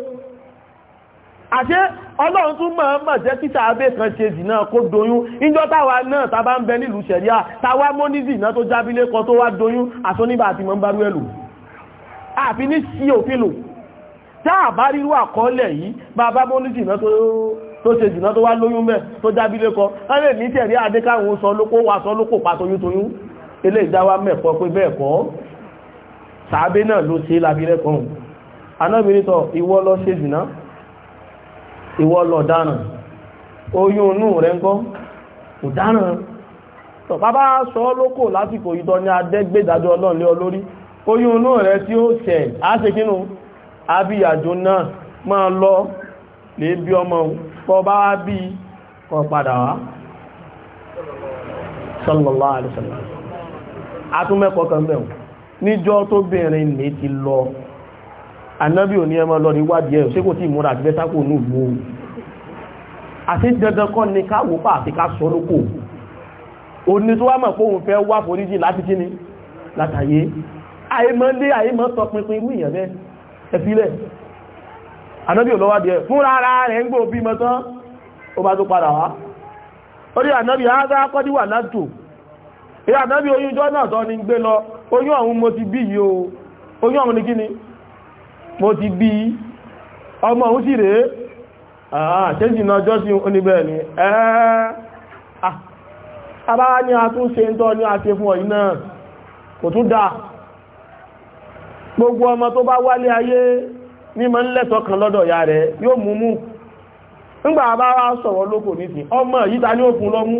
àṣẹ ọlọ́run tún máa mọ̀ jẹ́ kí tàbí kan ṣe jìnà kó doyún ìjọ táwa náà tàbá ń bẹ nílùú ṣẹ̀ríà táwa mọ́nìzì náà tó jábílé kan tó wá doyún àtúnibà àti mọ́ ń barú ẹ̀lù àfi ní sí òfin lò táà bá rírú àkọọ́lẹ̀ yìí bàbá mọ́nìzì náà tó tó ṣe jùlọ tó wá lóyún mẹ́ tó jábílé kọ káàlè ní tẹ̀rí adékáwọn sọ lókó wà sọ lókó pàtóyún tóyún ilé ìdáwà mẹ́kọ́ pé bẹ́ẹ̀ kọ́ sàábé náà ló ṣe lábílẹ̀ kan anábìnrin tọ ìwọ lọ ṣe jùlọ ìwọ lọ dáràn oyún inú rẹ̀ ń kọ́ kò dáràn tọ̀ náà máa lọ lè bí ọmọ pọ̀ bá wá bí kọ padà wá sallallahu alaihi wasallam atúnmẹ́kọ̀ọ́ kan bẹ̀rún níjọ́ tó bẹ̀rin ní ti lọ anábì ò ní ẹmọ lọ ní wádìí ẹ̀ ṣé kò tí ìmúra àti bẹ́sákò ní ìlú ohun àti dandan kọ́ ni káwò pa àti ká sọ lókò òní tó wá mọ̀ pòun fẹ́ wá foríjì láti kí ni látàyé àìmọ́lé àìmọ́ tọpinpin irú ìyàn bẹ́ẹ̀ ẹ̀fílẹ̀ ànábì olówádìí ẹ̀ fún rárá rẹ̀ ń gbò bí mọ́tán ó bá tó padà wá ó rí ànábì ágá kọ́díwà látò ìyá ànábì oyún jọ náà tọ́ ni gbé lọ oyún ọ̀hún mo ti bí yìí o oyún ọ̀hún ni kí ni mo ti bí ọmọ òun sì rèé àà gbogbo ọmọ tó bá wálé ayé ní ma lẹ́tọ̀ kan lọ́dọ̀ ya rẹ̀ yóò mú mú ńgbà bá wá sọ̀rọ̀ lókò ọmọ yìí ta ní ó fún lọ́mú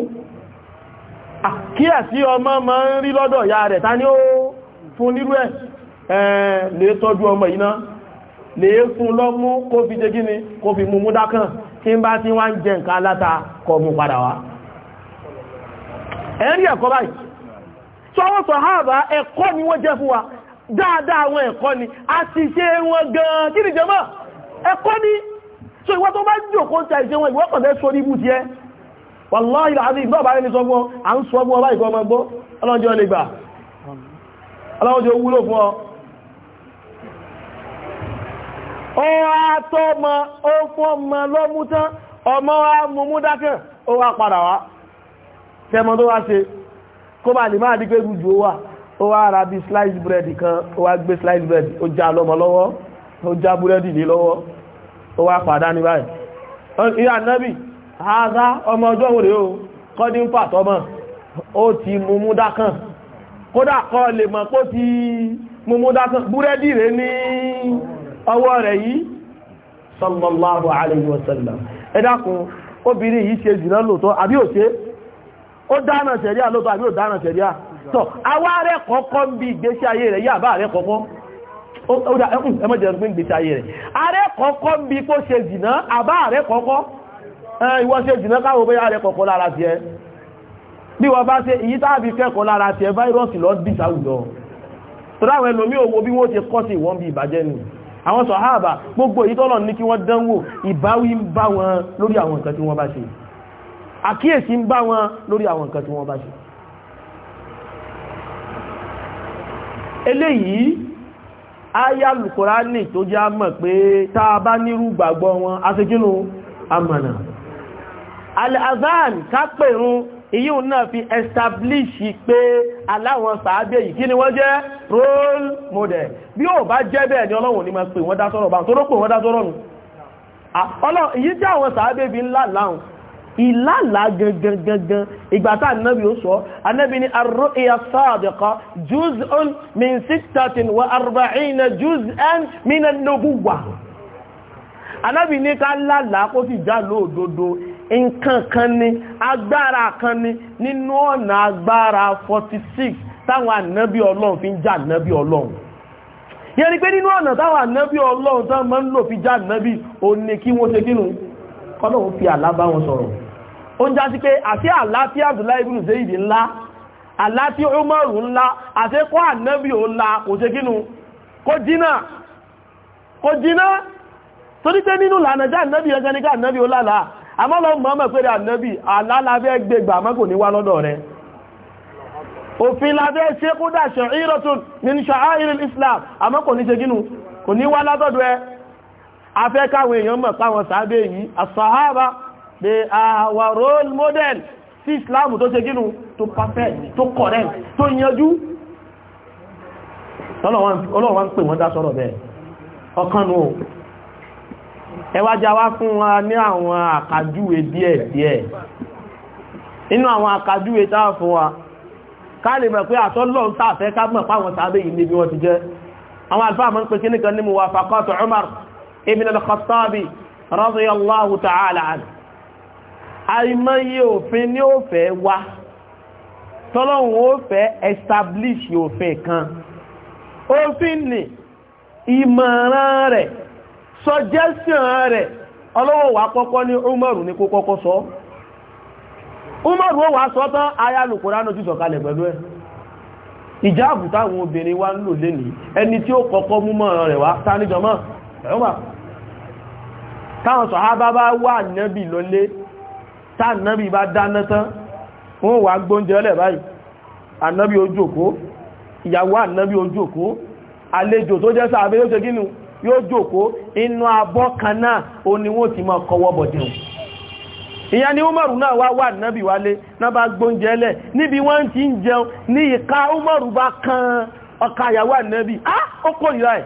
kíyàsí ọmọ ma ń rí lọ́dọ̀ ya rẹ̀ ta ní ó fún nírú ẹ̀ lè tọ́jú ọmọ yìí lè fún lọ́mú kó fi jẹ gíní kó fi mú mú dákàn tí ń bá tí wá ń jẹ nǹkan aláta kọ mú padà wá ẹ̀rí ẹ̀kọ́ báyìí sọ́wọ́ sọ̀háàbá ẹ̀kọ́ ni wọ́n jẹ́ fún wa dáadáa àwọn ẹ̀kọ́ ni a ti ṣe wọn gan-an kí ni jẹmọ́ ẹ̀kọ́ ni so ìwọ tó bá jòkó ń ta ìṣe wọn ìwọ kọ̀dẹ́ sórí ibù ti ẹ́ wàláhì láti ìgbọ́ bá rẹni sọ fún ọ à ń sọ fún ọ báyìí kọ́ ọmọ gbọ́ ọlọ́jọ́ lè gbà ọlọ́jọ́ wúlò fún ọ ọ̀tọ́ ọmọ ó wa mú dákẹ́ ó wá padà wá ó wá ra bí slice bread kan ó wá gbé slice bread ó já lọ́mọ lọ́wọ́ ó já búrẹ́dì lé lọ́wọ́ ó wá pàdá ní báyìí ìyá nẹ́bì àádá ọmọ ọjọ́ òwúrẹ́ o kọ́ ní ń pàtọ́ mọ́ ó ti mumú dákàn kódà kọ́ lè mọ̀ pó ti mumú dákàn búrẹ́dì rẹ̀ ní ọwọ́ rẹ̀ yìí sallallahu alayhi wa sallam ẹ dákun obìnrin yìí ṣe jìnà lóòtọ́ àbí ó ṣe ó dáná ṣẹ̀ríà lóòtọ́ àbí ó tọ́ àwa rẹ̀ kọ́kọ́ ń bí ìgbésí ayé rẹ̀ yàbá rẹ̀ kọ́kọ́ ẹmọ́jẹ̀ pín ìgbésí ayé rẹ̀ ààrẹ kọ́kọ́ ń bí kó ṣe jìnà àbá ààrẹ kọ́kọ́ ìwọ ṣe jìnà káwọ bẹ́ ààrẹ kọ́kọ́ lára ti ẹ bí wọ́n bá ṣe ìyí tàbí kẹ́kọ̀ọ́ lára ti ẹ fáírọ́ọ̀sì lọ dì sáwùjọ tọ́láwọn ẹlòmí owó bí wọ́n ti kọ́ sí ìwọ́n bí ìbàjẹ́ nù àwọn sọ̀háàbà gbogbo èyí tọ́lọ̀ ní kí wọ́n dánwò ìbáwí ń bá wọn lórí àwọn nǹkan tí wọ́n bá ṣe àkíyèsí ń bá wọn lórí àwọn nǹkan tí wọ́n bá ṣe eléyìí ayá lùkùránì tó jẹ́ a mọ̀ pé tá a bá nírú gbàgbọ́ wọn a ṣe kínú amànà al-azan kápẹ̀rún ìyíun náà fi establish pé aláwọn sàábẹ̀ yìí kí ni wọ́n jẹ́ role model bí ó bá jẹ́ bẹ́ẹ̀ ni ọlọ́run ní máa pè wọ́n dá sọ́rọ̀ bá tó rọ́pò wọ́n dá sọ́rọ̀ nù ah, ọlọ́run ìlàlá gangan ìgbàtà annabi ó sọ annabi ni arru'iya sadiqa juz'un min sittatin wa arba'ina juz'an min an-nubuwwa annabi ní ká lálá kó sì já lóòdodo nǹkan kan ni agbára kan ni nínú ọ̀nà agbára 46 táwọn annabi ọlọ́run fi ń já annabi ọlọ́run yẹn ni pé nínú ọ̀nà táwọn annabi ọlọ́run tán máa ń lò fi já annabi ò ní kí wọ́n ṣe kínú ọlọ́run fi àlá wọn sọ̀rọ̀ ó ń já sí pé àti àláfí Abdullahi ibn Zaid ńlá àláfí Umaru ńlá àti kọ́ ànábì ò ńlá kò ṣe kínú kò jìnà kò jìnà torí pé nínú lànàjá ànábì ẹgbẹ́ ní ká ànábì ó lálàá àmọ́ lọ mọ́ mọ̀ pẹ́rẹ ànábì àlálàfẹ́ gbẹgbà Islam àmọ́ kò ní ṣe gínú kò ní wá látọ̀dọ̀ ẹ afẹ́káwẹ̀ èèyàn they are ah, our role model sí islam tó ṣe gínú tó perfect tó correct tó yanjú ọlọ́run wá ń pè wọ́n dá sọ́rọ̀ bẹ́ẹ̀ ọkànnù o ẹwàjá wá fún wa ní àwọn àkàjúwe díẹ̀ díẹ̀ inú àwọn àkàjúwe táà fún wa káàlì mọ̀ pé àtọ́lọ́ ń tàfẹ́ kágbọ̀n páwọn sàábé yìí níbi wọ́n ti jẹ́ àwọn alfáà mọ́ ń pè kíníkan ní muwafaqatu Umar ibn al-Khattabi radiyallahu ta'ala anhu àìmọye òfin ní ó fẹ́ wá tọ́lọ́hun ó fẹ́ establish òfin kan òfin ni ìmọ̀ràn rẹ̀ suggestion rẹ̀ ọlọ́wọ́ wà kọ́kọ́ ní Umaru ní kó kọ́kọ́ sọ Umaru ó wà sọ tán náà ti sọ̀kalẹ̀ pẹ̀lú ẹ̀ ìjáàbù táwọn obìnrin wá ẹni tí ó kọ́kọ́ mú rẹ̀ wá táníjọmọ́ ẹ̀wọ̀n táwọn sọ̀hábá bá wà nẹ́bì lọlé tánàbí bá dáná tán wọ́n wà gbóúnjẹ ọlẹ̀ báyìí ànábí ojú òkó ìyàwó ànábí ojú òkó àlejò tó jẹ́ sáàbẹ́ yóò ṣe gínú yóò jòkó inú abọ́ kan náà o ni wọ́n ti máa kọwọ́ bọ̀dẹ̀un ìyá ni umaru náà wá wà náàbì wálé náà bá gbóúnjẹ ẹlẹ̀ níbi wọ́n ti ń jẹun ní ìka umaru bá kan ọkà ìyàwó ànábì ah ó kò ìrà ẹ̀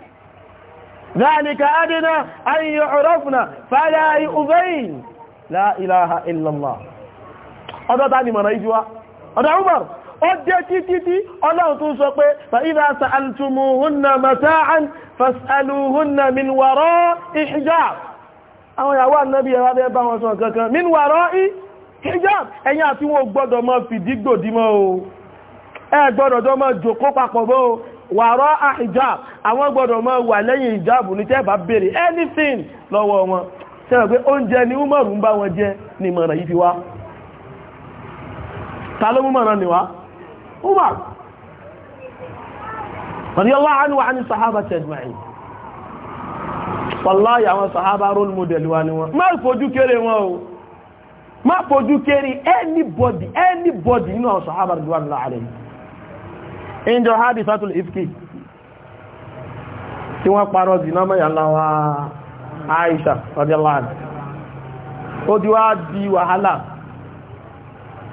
ذلك أدنى أن يعرفنا فلا يؤذين لا إله إلا الله هذا تعني من رأيجوا هذا عمر ọdẹ́ títí tí ọlọ́run tún sọ pé fa'íza sa'altumu hunna mata'an fas'alu hunna min waro ihijab àwọn ìyàwó annabi ẹwà bẹ́ bá wọn sọ kankan min waro ihijab ẹ̀yin àti wọn gbọ́dọ̀ mọ́ fìdígbòdímọ́ o ẹ gbọ́dọ̀ jọ mọ́ jòkó papọ̀ mọ́ wàrọ́ àìjáb àwọn gbọ́dọ̀ mọ́ wà lẹ́yìn ìjábù ní tẹ́bà bèèrè anything lọ́wọ́ wọn tẹ́rọ pé oúnjẹ ni umaru ń bá wọn ni mọ̀ràn yìí fi wá ta ló mọ̀ràn ni wá Sahaba wallahi sahaba role model wa ni Ma o sahaba ìjọ hadisatul ifki tí wọ́n parọ́ zina mọ́ yàláwà Aisha radiyallahu o di wá di wàhálà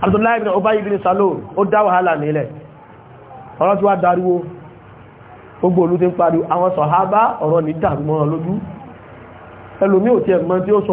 Abdullahi ọba Ubay salo o dá wàhálà nílẹ̀ ọ̀rọ̀ tí wá dariwo gbogbo olú ti ń pariwo àwọn sọ̀hábá ọ̀rọ̀ ní dàrú lójú ẹlòmí ò tiẹ̀ mọ̀ tí ó sọ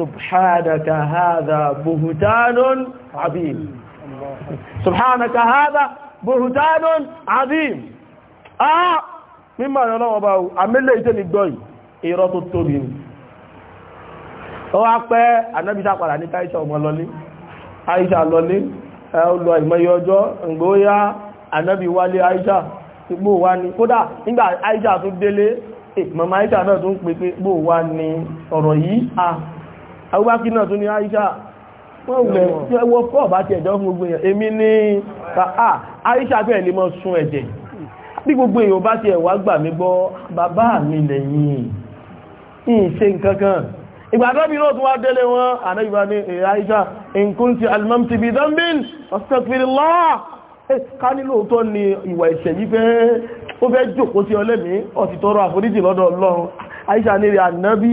سبحانك هذا بهتان عظيم سبحانك هذا بهتان عظيم ah mímọ̀ ìrìn ọlọ́wọ́ bá àmìlẹ̀ ìtẹ́ ni gbọ́ ìrọ́ tó tóbi ni ó wá pẹ́ anábìsá padà ní káíṣà ọmọ lọlé Aisha lọlé ọlọ ìmọ̀yẹ ọjọ́ ǹgbóyá anábì wálé Aisha ti gbó wá ní kódà nígbà Aisha tó délé màmá Aisha náà tó ń pè pé gbó wá ní ọ̀rọ̀ yìí Abubakar náà tún ní Aisha wọ́n wẹ̀ tí ẹwọ́ fọ́ bá ti ẹ̀jọ́ fún gbogbo èèyàn èmi ní Aisha fẹ́ lè mọ́ sun ẹ̀jẹ̀ bí gbogbo èèyàn bá ti ẹ̀wà gbà mí gbọ́ bàbá mi lẹ́yìn ìṣe nǹkankan ìgbàdọ́bí náà tún wá délé wọn àdájúbá ní Aisha in kunti almamti bi dhanbin astaghfirullah ká nílò tó ní ìwà ìṣẹ̀ yí fẹ́ ó fẹ́ jòkó sí ọlẹ́mí ó ti tọrọ àforíjì lọ́dọ̀ Ọlọ́run Aisha ní rí ànábì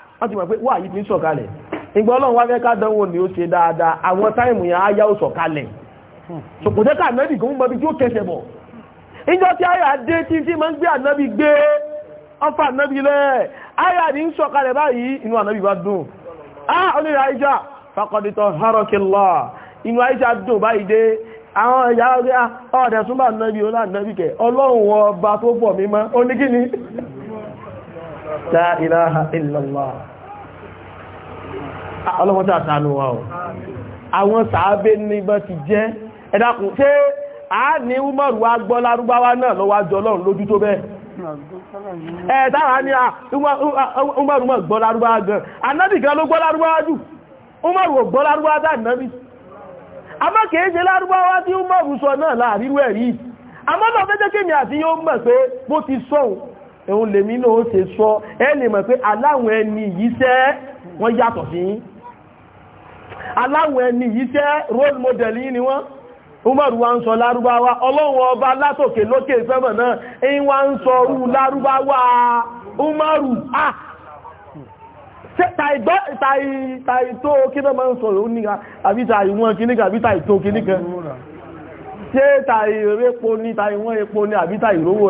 wọ́n ti mọ̀ pé wà yìí ti ń sọ̀kalẹ̀ ìgbà ọlọ́run wá fẹ́ ká dánwò ni ó ṣe dáadáa àwọn táìmù yẹn áyá ó sọ̀kalẹ̀ ṣòkòtẹ́kà ànábì kò ń gbọ́ bí tí ó kẹsẹ̀ bọ̀ ìjọ tí àyà dé tí tí máa ń gbé ànábì gbé ọfà ànábì lẹ̀ àyà ní ń sọ̀kalẹ̀ báyìí inú ànábì bá dùn ah onírà àìjà fakọ̀dìtọ̀ harakilá inú àìjà dùn báyìí dé àwọn ẹ̀yà ọ̀dẹ̀ súnmọ́ ànábì ọlá ànábì kẹ ọlọ́run ọba tó pọ̀ mímọ́ oníkíní la ilaha illallah ọlọ́mọ́ta àtànú wa ọ̀ àwọn sàábé níbọn ti jẹ́ ẹ̀dàkùn ṣé a ní umaru wa gbọ́ lárúbáwá náà lọ́wọ́ àjọ ọlọ́run lójú tó bẹ́ẹ̀ ẹ̀ẹ́dára ní umaru mọ̀ gbọ́ lárúbáwá gan anábì gan ló gbọ́ lárúbáwá jù umaru ò gbọ́ lárúbáwá dá nábì àmọ́ kìí ṣe lárúbáwá tí umaru sọ náà láàrírú ẹ̀rí àmọ́ náà fẹ́ jẹ́ kí ni àti yóò lèmi náà ó ṣe sọ ẹ́ mọ̀ pé aláwọn ẹni yìí ṣẹ́ wọ́n yàtọ̀ sí yín aláwọn ẹni yìí role model yìí ni wọ́n Umaru wa ń sọ lárúbáwá ọba látòkè lókè ìfẹ́mọ̀ náà in wa ń sọ rú lárúbáwá Umaru a tàìtó kíná ma ń sọ níka àbí tàìwọ́n kíníkà àbí tàìtó kíníkà ṣe tàìrépo ní tàìwọ́n epo ní àbí tàìrówó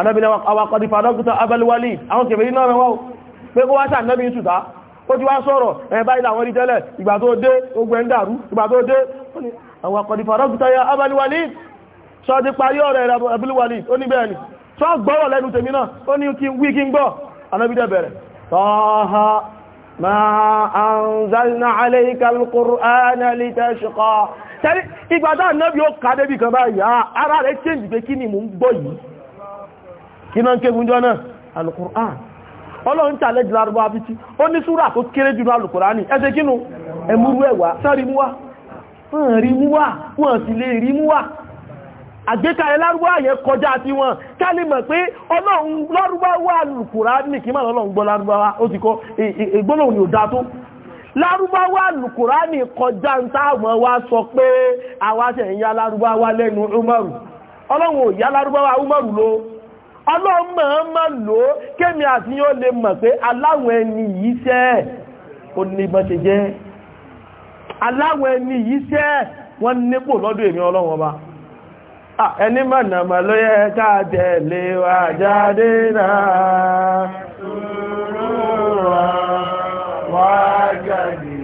anábìnà awakọ̀dì fàdọ́gùtà abẹ́lúwálì àwọn kèfèrí náà rẹwọ́ pé kó wá sà náà bí i ṣùtá ó ti wá sọ̀rọ̀ ẹ̀ báyìí làwọn rí tẹ́lẹ̀ ìgbà tó dé ogun ẹ̀ndàrú ìgbà tó dé awakọ̀dì fàdọ́gùtà ya abẹ́lúwálì sọ ti parí ọ̀rọ̀ ẹ̀rọ abẹ́lúwálì ó ní bẹ́ẹ̀ ni sọ gbọ́rọ̀ lẹ́nu tèmi náà ó ní kí wí kí ń ma anzalna alayka alqur'ana litashqa tẹ́lẹ̀ ìgbà tá náà bí ó kàdébì kan báyìí ah, ara rẹ̀ change pé kí ni mò ń gbọ́ yìí kí náà ń ké fúnjọ́ náà alukur'an ọlọ́run challenge lárúbọ́ abítí ó ní súrà tó kéré jù alukur'ani ẹsẹ kínú ẹmúrú múwá wọ́n rí múwá wọ́n sì lè rí múwá àgbékalẹ̀ kọjá ti wọn kálí mọ̀ pé ọlọ́run lárúbọ́ wà kọjá ń wá sọ pé àwáṣẹ̀ lẹ́nu umaru ọlọ́run ò yá umaru ọlọ́run máa ma lò ó kémi àti yóò lè mọ̀ pé aláwọn ẹni yìí ṣẹ́ ó ní ṣe jẹ́ ẹni yìí wọ́n nípò lọ́dọ̀ èmi ọlọ́run ẹni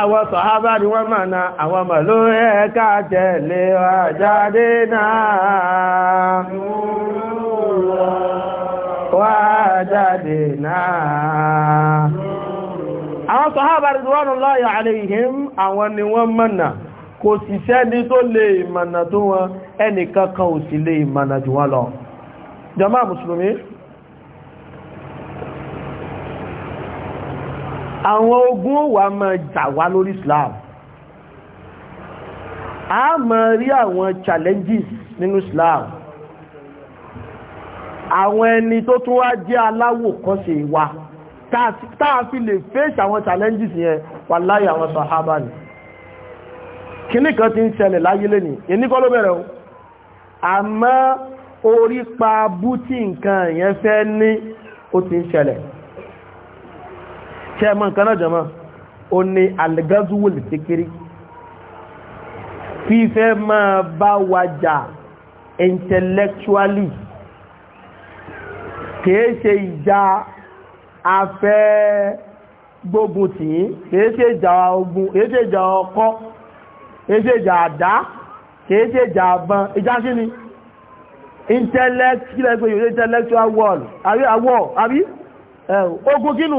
àwọn sọ̀hábà ni wọ́n máa na àwọn ọmọ ló ẹ̀ẹ́ká tẹ̀lé àjáde náà wà jáde náà àwọn sọ̀hábà ridwanullahi alayhim àwọn ni wọ́n mọ̀nà kò sì sẹ́ni tó lè ìmọ̀nà tó wọn ẹnìkankan ò sì lè ìmọ̀nà jù wọn lọ àwọn ogun wà máa jà wá lórí Islam a máa rí àwọn challenges nínú Islam àwọn ẹni tó tún wá jẹ́ aláwò kan ṣe wa táà fi lè face àwọn challenges yẹn wà láyé àwọn sahaba ni kìíní kan ti ń ṣẹlẹ̀ láyé lẹ́ni ẹni kọ́ ló bẹ̀rẹ̀ o àmọ́ orí pa bú tí nǹkan yẹn fẹ́ ní ó ti ń ṣẹlẹ̀ ṣẹ́mọ́ nǹkan náà jọmọ́ ó ní algazuwul fikiri fífẹ́ máa bá wájà intellectually kìí ṣe ìjà afẹ́ gbógun tì í kìí ṣe ìjà ogun kìí ṣe ìjà ọkọ́ kìí ṣe ìjà àdá kìí ṣe ìjà àbọn ìjà sí ni intellect kí lẹ́gbẹ̀ẹ́ yóò intellectual world àbí àwọ̀ ogun kínú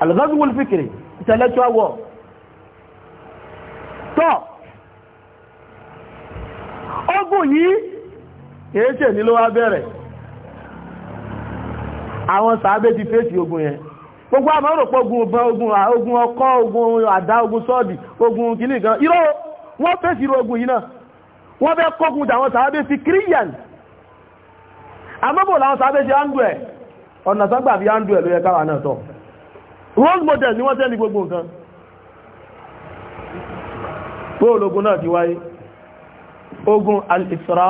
al-ghazwul fikri intellectual war tọ́ ọgbọ̀n yìí èéṣẹ́ ní ló wá bẹ̀rẹ̀ àwọn sàábé ti fèsì ogun yẹn gbogbo àmọ́ rò pọ̀ ogun ọba ogun ọkọ́ ogun àdá ogun sọ́ọ̀dì ogun kìíní kan irọ́ wọ́n fèsì irú ogun yìí náà wọ́n fẹ́ kọ́kùn tàwọn sàábé fi kíríyàn àmọ́bò làwọn sàábé ṣe áńdù ẹ̀ ọ̀nà sọ́gbà fi áńdù ẹ̀ ló yẹ káwà náà tọ́ role model ni wọ́n tẹ́lì gbogbo nǹkan bóòlù ogun náà ti wáyé ogun al-isra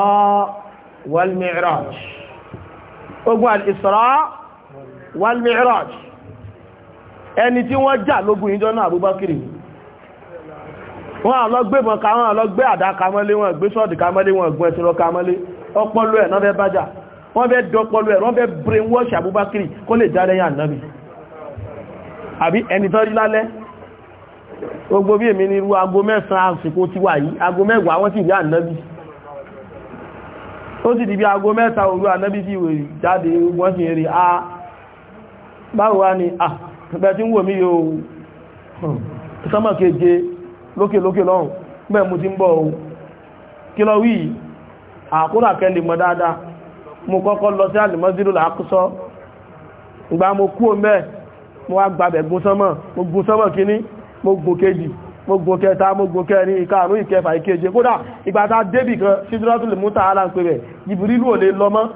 wal-mi'raj ogun al-isra wal-mi'raj ẹni tí wọ́n jà lógun ìjọ náà Abubakar wọ́n àlọ́gbẹ́bọn ká wọ́n àlọ́gbẹ́ àdá kamọ́lé wọn gbé sọ́ọ̀dì kamọ́lé wọn gbọ́n ẹ̀sìnrọ kamọ́lé ọpọlọ ẹ̀ náà fẹ́ bájà wọ́n fẹ́ dọpọlọ ẹ̀ wọ́n fẹ́ brainwash Abubakar kó lè jáde yàn náà àbí ẹni tán rí lálẹ́ gbogbo bí èmi ní irú aago mẹ́sàn àsìkò ti wà yìí aago mẹ́wàá wọ́n sì rí ànábì ó sì di bí aago mẹ́ta òru ànábì sí ìwé jáde wọ́n sì rí a ah, báwo wá ni a ah, bẹ́ẹ̀ tí ń wò mí yóò hmm. sọ́mọ̀ keje lókè lókè lọ́hùn bẹ́ẹ̀ mú ti ń bọ̀ ohun kí lọ wí àkúrà kẹ́lì mọ̀ dáadáa mo kọ́kọ́ lọ sí àlìmọ́sílò làákúsọ́ ìgbà mo wá gbàbẹ̀ gún sánmọ̀ mo gún sánmọ̀ kíní mo gún kejì mo gún kẹta mo gún kẹrin ìkarùn ìkẹfà ìkeje kódà ìgbà tá débì kan Sidratul Muntaha là ń pè bẹ̀ Jibrilu ò lè lọ mọ́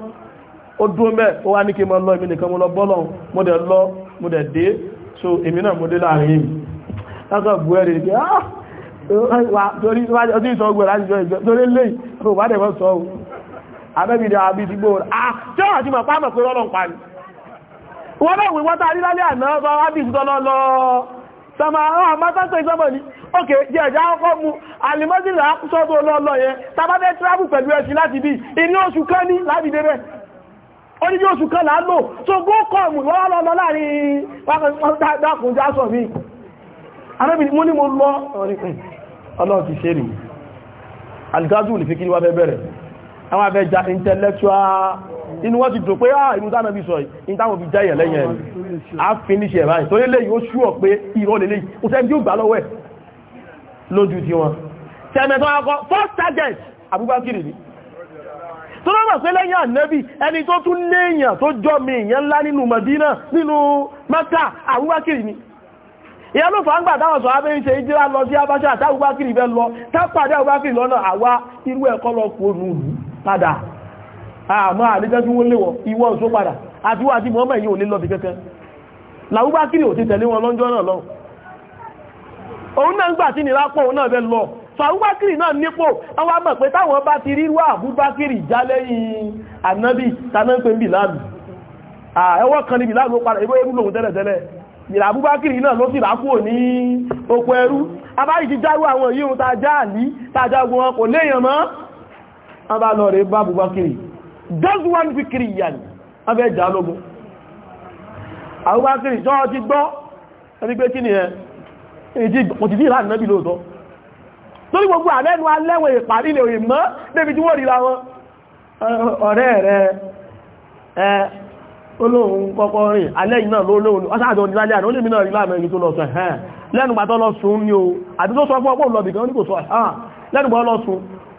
ó dúró mẹ́ ó wá ní kí mo lọ èmi nìkan mo lọ bọ́lọ̀ mo dẹ̀ lọ mo dẹ̀ dé so èmi náà mo dé láàrin yìí lọ́kọ̀ bú ẹ̀rẹ̀ pé ah torí ọdún ìsọ ogun láti jọ ìjọ torí lè ìfòwádẹ̀wọ́ sọ ohun abẹ́bìdà àbí ti gbóòrò ah tí ó wà sí mọ̀ pàmọ̀ pé rọ́lọ́ ń pa ni wọ́n náà wíwọ́n tàà nílálẹ́ àná ọba rábìs gọ́nà lọ sọmọ àwọn ah, àmọ́sánsọ ìsọ́mọ̀ ní òkè jẹ́ ẹ̀já ọkọ́ mú alìmọ́sílẹ̀ àkúsọ́bọ̀ lọ́lọ́ yẹn tàbátẹ́ tíráàbù pẹ̀lú ẹ̀sì láti bí inú oṣù kan ní láti débẹ̀ oníjẹ́ oṣù kan láàlò tó gó kọ̀ọ̀mù lọ́lọ́lọ́ láàrin dákùnjásọ̀ mi arábìnrin mú ní mo lọ hmm, ọlọ́ ti ṣe rí alìgájú olùfikiri wá fẹ́ bẹ̀rẹ̀ àwọn afẹ́ ja intellectual inú wọ́n ti dùn pé ah ìlú tánà bí sọ ìtàwọn fi jẹ́yẹ̀ lẹ́yìn ẹ̀rù a finish ẹ̀ báyìí torí lẹ́yìn ó ṣúọ̀ pé ìrọ́ lè lẹ́yìn ó sẹ́ni yóò gbà lọ́wọ́ ẹ̀ lójú ti wọn tẹ́mẹ̀tọ́ akọ first target Abubakar ni tó lọ́ mọ̀ pé lẹ́yìn ànẹ́bì ẹni tó tún léèyàn tó jọ mi èèyàn ńlá nínú Madina nínú Mẹ́kà Abubakar ni ìyá ló fàá ń gbà táwọn sọ abẹ́ ìṣe ìjírá lọ sí Abacha táwọn Abubakar fẹ́ lọ tápàdé Abubakar lọ́nà àwa irú ẹ̀kọ́ lọ kó nù padà àmọ́ àlejẹ́ tí wọ́n léwọ̀ ìwọ́ ìṣó padà àti wọ́n àti mọ́mọ̀ yìí ò lè lọ́bi kẹ́kẹ́ làwúbá kí ni ò ti tẹ̀lé wọn lọ́jọ́ náà lọ òun náà ń gbà tí nira pọ̀ òun náà fẹ́ lọ fàwúbákìrì náà nípò àwọn àmọ̀ pé táwọn bá ti ríru àbúbákìrì já lẹ́yìn ànábì tàná ń pè ń bì láàmì ẹwọ́ kan níbi láàmì ó padà ìwé ẹrú lòun tẹ́lẹ̀tẹ́lẹ̀ ìrà àbúbákìrì náà ló sì rákúrò ní oko ẹrú abáyì ti járú àwọn yíò tá já àlí tá já ogun wọn kò léèyàn mọ́ Does one dazwan fikriyan abẹ́ ìdálógún àwọ́bákiri jọ́ ti gbọ́ ẹni pé kí ni ẹ kò ti dí ìlànà náà bí lóòtọ́ torí gbogbo àlẹ́nu alẹ́wẹ̀ ìparí lè òyìn mọ́ débi tí wọ́n rí ra wọn ọ̀rẹ́ rẹ̀ ẹ olóhun kọ́kọ́ rìn alẹ́yìn náà lóòrùn ọsáàjọ ní lálẹ́ àná olèmí náà rí láàmẹ́ ìrìn tó lọ sùn ẹ̀hẹ́n lẹ́nugbàtọ́ lọ sùn ní o àti tó sọ fún ọpọ̀ lọ́bì kan ní kò sọ ẹ̀hán lẹ́nugbà lọ sùn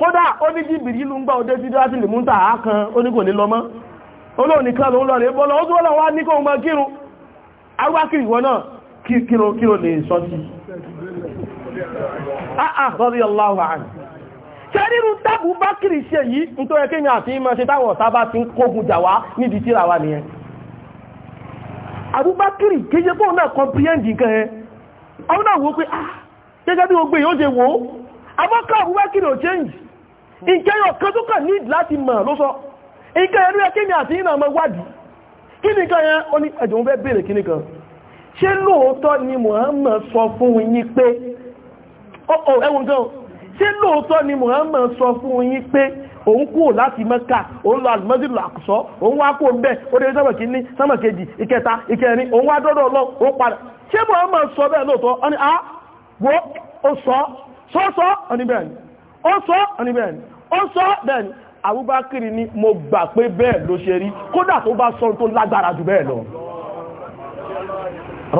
kódà ó ní jìbìrì ìlú ń gbà òde jíjọ́ àti lèmúta àákan ó ní kò ní lọ́mọ́ olóòníkan ló ń lọ rẹ̀ bọ́lọ̀ ó ní mọ́ náà kírò lè sọ sí ah, ah, ṣe yìí ní tó ẹkẹ́ àti táwọn ti ń kógun jà wá níbi kéje náà kọmpíẹ́ndì wó pé ah gẹ́gẹ́ bí gbogbo èyí ó yọ kan tó kàn ní láti mọ̀ ló sọ ìkẹyọ̀ rí ẹkí ni àti ìnà ọmọ wádìí kí ni kan yẹn ó ní ẹjùn fẹ́ bèèrè kí ni kan ṣé lóòótọ́ ni Muhammad sọ fún sọ fún pé òun láti òun lọ àlùmọ́sílù àkùsọ́ òun wá kó bẹ́ẹ̀ ó sọ́mọ̀ kejì ìkẹta ìkẹrin òun wá dọ́dọ̀ lọ òun padà ṣé sọ bẹ́ẹ̀ ọ ni a wo ó sọ sọ́sọ́ ọ ni bẹ́ẹ̀ ni ó sọ ọ ni bẹ́ẹ̀ ó sọ then Abubakar ni mo gbà pé bẹ́ẹ̀ ló ṣe rí kódà tó bá sọ tó lágbára jù bẹ́ẹ̀ lọ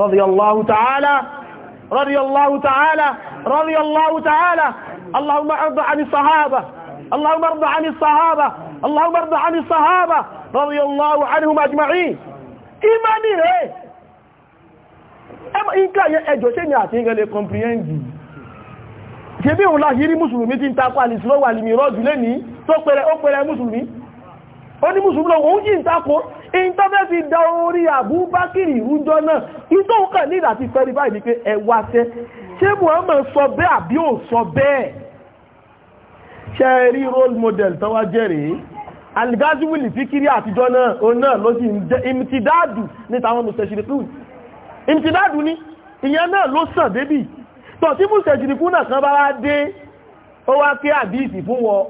radiyallahu ta'ala radiyallahu ta'ala radiyallahu ta'ala allahumma arda ani sahaba allahumma arda ani sahaba allahumma arda ani sahaba radiyallahu anhum ajma'in imani rẹ̀ ẹjọ́ ṣe ni àti ìrẹ́lẹ̀ comprehend ṣe bí òun láti rí mùsùlùmí tí ń takọ àlìsílọ́wà àlìmì rọ́jù lẹ́ni tó pẹ̀rẹ̀ ó pẹ̀rẹ̀ mùsùlùmí ó ní mùsùlùmí lọ́wọ́ òun jí ń takọ in tó fẹ́ fi da orí àbúbákìrì ìrújọ náà in role model tó wá jẹ́rìí algaziwili fikiri àtijọ́ náà òun náà ló sì imtidadu ní tàwọn imtidadu ní ìyẹn náà ló sàn débì tọ̀ tí mùsẹ̀jìrìkú náà kan bá wá dé ó wá kí àdíìsì fún wọn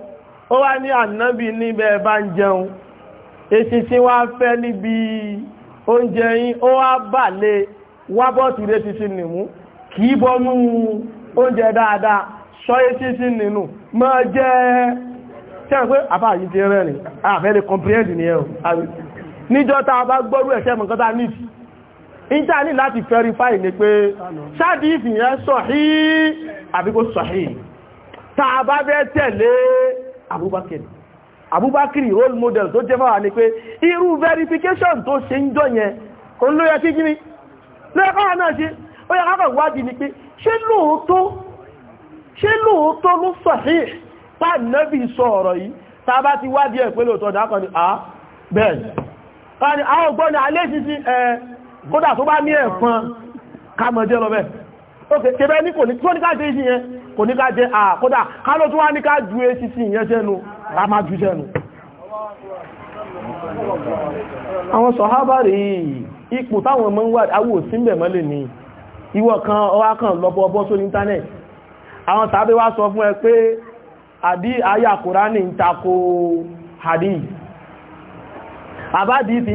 ó wá ní ànábì níbẹ̀ bá ń jẹun eṣinṣin wá fẹ́ níbi oúnjẹ yín ó wá bà lé wábọ́ọ̀tì rẹ̀ ṣinṣin nìmú kì í bọ́nú oúnjẹ dáadáa sọ eṣinṣin nínú mọ́ jẹ́ tẹ́rẹ pé àfáàyí ti rẹ̀ rìn àfẹ́ comprehend ni ẹ̀ níjọ́ ta bá gbọ́rú ẹ̀ṣẹ́ mọ̀kọ́ta nídìí ìjà ní láti verify ní pé ṣáàdì ìfìyàn sọ̀hí àbíkó sọ̀hí tàà bá bẹ́ tẹ̀lé Abubakar Abubakar role model tó jẹ́ fáwà ní pé irú verification tó ṣe ń jọ yẹn kò ń lóyẹ kí gíní lẹ́kọ́wà náà ṣe ó yẹ kákọ̀ wádìí ni pé ṣé lóòótọ́ ṣé lóòótọ́ ló sọ̀hí pàdínẹ́bì sọ ọ̀rọ̀ yìí tàà bá ti wádìí ẹ̀ kódà tó bá ní ẹ̀fọn kámọ̀ jẹ́ lọ́bẹ̀ tẹ́bẹ́ ní kò ní tí ó ní ká jẹ́ ìṣìn yẹn kò ní ká jẹ́ àkódà kálọ́ tó wá ní ká ju èsì ìyẹn sẹ́nu a máa ju sẹ́nu àwọn sọ̀hábà rí ipò táwọn ọmọ ń wà awò símbẹ̀ mọ́lẹ̀ ní ìwọ̀ kan ọwá kan lọ́bọ̀ ọbọ́ sórí íńtánẹ̀tì àwọn tàbí wá sọ fún ẹ pé àdí àyà Kùránì ń tako hadith àbádìí ti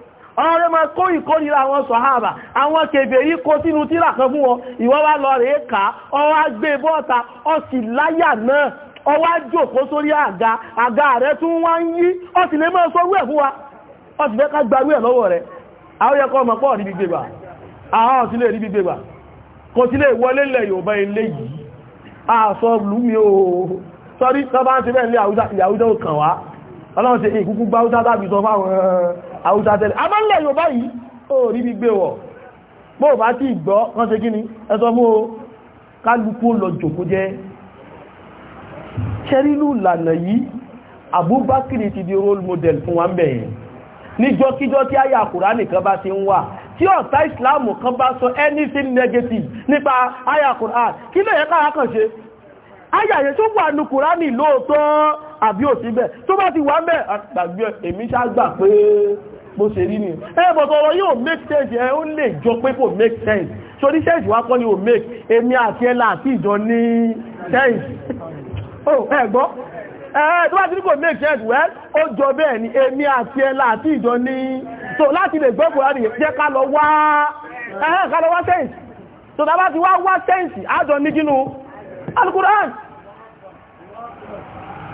ọ̀rẹ́ ma kó ìkórìíra àwọn sọ̀háàbà àwọn kèfèrí kó sínú tíra kan fún wọn ìwọ wá lọ rèé kà ọwá gbé bọ́ta ó sì láyà náà ọwá jòkó sórí àga àga rẹ̀ tún wá ń yí ó sì lè mọ́ sọ́rú ẹ̀ fún wa ó sì fẹ́ ká gbarú ẹ̀ lọ́wọ́ rẹ̀ àwọn yẹ kọ́ ọmọ pọ̀ rí gbígbé gbà àwọn ò sí lè rí sọ́rí tọ́ ń ṣe bẹ́ẹ̀ ní àwùjọ kan ọlọ́run ṣe ìkúkú gbáwúsá tàbí sọ fáwọn haúsá tẹ́lẹ̀ a máa ń lẹ̀ yóò báyìí ó rí bí gbé wọ̀ bó bá tí ìgbọ́ wọ́n ṣe kíni ẹ mú o kálukú lọ jòkó jẹ́ ṣẹ́rìlú lànà yìí Abubakar ti di role model fún wa ń bẹ̀yẹn níjọ́kíjọ́ tí àyà Kùránì kan bá ti ń wà tí ọ̀tá ìsìláàmù kan bá sọ anything negative nípa àyà Kùránì kí ló yẹ káà kàn ṣe àyà yẹn tó wà ní Kùránì lóòótọ́ àbí òsíbẹ̀ tó bá ti wà mẹ́ àgbàgbé èmi ṣágbà pé bó ṣe rí ní ẹgbọ̀tọ̀ ọ̀rọ̀ yóò make sense ẹ ó lè jọ pé kò make sense so ní sense wá kọ́ ni ò make èmi àti ẹlà àti ìjọ ní sense oh ẹgbọ́ ẹ tó bá ti ní kò make sense well ó jọ bẹ́ẹ̀ ni èmi àti ẹlà àti ìjọ ní so láti lè gbọ́ kò rárí jẹ́ ká lọ wá ẹ̀hẹ́ ká sense so tá bá ti wá wá sense á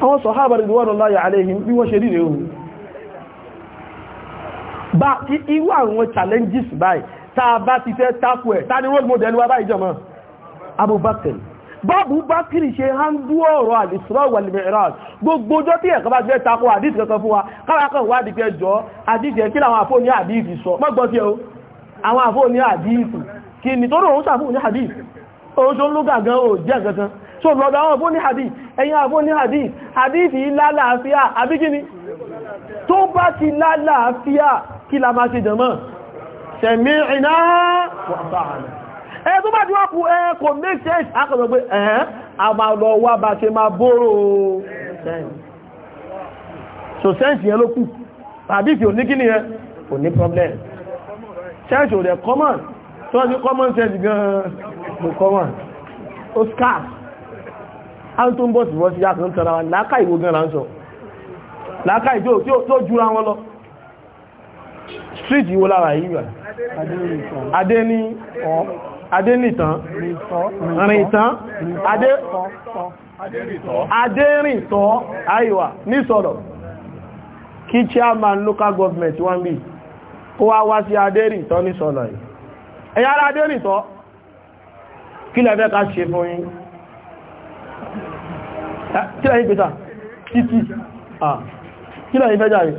àwọn sọ̀hábà rí wọ́n láyà aléhìn bí wọ́n ṣe rí rẹ̀ ohun bá tí irú àwọn challenges báyìí tàà bá ti fẹ́ tako ẹ̀ tàà ní role model wa báyìí jọmọ́ Abubakar bábú bákìrì ṣe ha ń dú ọ̀rọ̀ al-Isra wal-Mi'raj gbogbo ọjọ́ tí ẹ̀kọ́ bá ti fẹ́ tako àdíṣì kankan fún wa káwàkàn wá dìkẹ́ jọ àdíṣì ẹ̀ kí làwọn àfó ní àdíṣì sọ mọ́gbọ́n tí ó àwọn àfó ní àdíṣì kí ni tó rò ó sàfó ní àdíṣì oúnjẹ ológàgán ò jẹ́ gangan so lọ́dọ̀ àwọn àbóní hadith ẹ̀yìn àbóní hadith hadith yìí lálàáfíà àbí kíni tó bá ti lálàáfíà kí la máa ṣe jẹ̀mọ́ sami'na wa ata'na ẹ̀ tó bá ti wá kú ẹ kò make sense akọ̀lọ̀ pé ẹ̀hẹ́n a máa lọ wá bá ṣe máa bóró so sense yẹn hadith ò ní kíni yẹn ò ní problem sense ò dẹ̀ common tó ní common sense gan ó scarce a ń tó ń bọ̀ sí wọ́sí yàtọ̀ ń tọ́ra wa láàká ìwò gan ránṣọ láàká ìjọ tó jura wọn lọ street ìwò lára yìí wà adénìtàn rìntàn adérìntọ́ àìwà ní sọ̀rọ̀ kí chairman local government wọ́n bí kó wá wá sí adérìntọ́ ní sọ̀rọ̀ yìí ẹ̀yà adérìntọ́ kí lẹ́fẹ́ ká ṣe fún yín kí lẹ́yìn pẹ̀sà títí kí lẹ́yìn fẹ́ jàrí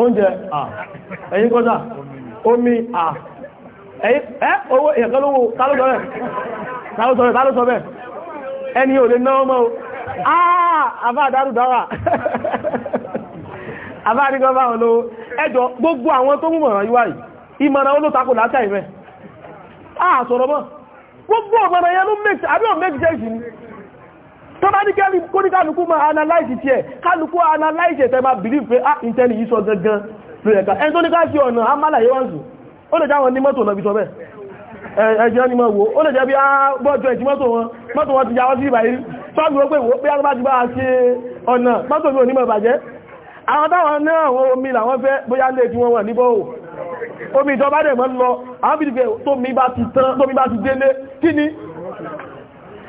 oúnjẹ ẹ̀yìn kọ́sà omi ah owó ìyẹ̀kọ́lówó tálọ́sọ̀rẹ̀ ẹni ò lè náà mọ́ àbá àdárùdáwà <laughs> àbá àrígọ́bá olówó ẹjọ́ gbogbo àwọn tó mú gbogbo ọ̀gbọ̀nà tó bá ní kẹ́lì kó ní kálukú máa analyze tí ẹ̀ kálukú analyze ẹ̀tẹ́ ma believe pé ah intel yìí sọ gangan fẹ́ẹ̀ká ẹni tó ní ká sí ọ̀nà amálàyé wọ́n sùn ó lè jáwọn ní mọ́tò lọ́bí sọ bẹ́ẹ̀ ẹ̀jẹ́ ni mọ́ wo ó lè jẹ́ bí a ah, gbọ́jọ ìtí mọ́tò wọn mọ́tò wọn ti yàwọ́ sí ìbàyí sọ́bí ó pè wó pé agbá ti bá a ṣe ọ̀nà mọ́tò mi ò ní mọ̀ bàjẹ́ àwọn táwọn náà wọn omi làwọn fẹ́ bóyá lè tí wọ́n wọ̀n níbọ̀ ò omi ìjọba dẹ̀ mọ́ lọ àwọn bìdìfẹ́ tómi bá ti délé kí ni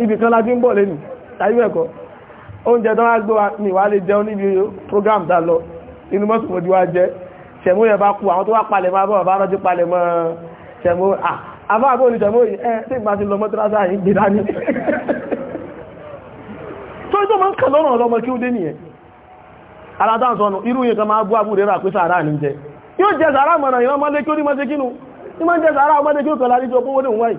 ibi kan láti ń bọ̀ lẹ́nu tàbí ẹ̀kọ́ oúnjẹ tó wá gbọ́ ní wà lè jẹun níbi program dá lọ inú mọ́sùn mọ́jú wá jẹ́ ṣẹ̀mú yẹn bá kú àwọn tó wá palẹ̀ máa bọ́ bá rántí palẹ̀ mọ́ ṣẹ̀mú àfáàbò ní ṣẹ̀mú yìí ẹ́ tí ìgbà ti lọ mọ́tírásá yìí gbé dání <laughs> tó ń tó máa ń kà lọ́rùn ọlọ́mọ kí ó dé nìyẹn aládán sọnù irú yẹn kan máa bú àbúrẹ́ rà pé sàárà ní jẹ yóò jẹ sàárà mọ̀nà ìran mọ́lé kí ó ní mọ́sí kínú ní mọ́ jẹ sàárà ọmọdé kí ó kọ̀ lárí jọ pówó ní òun wáyìí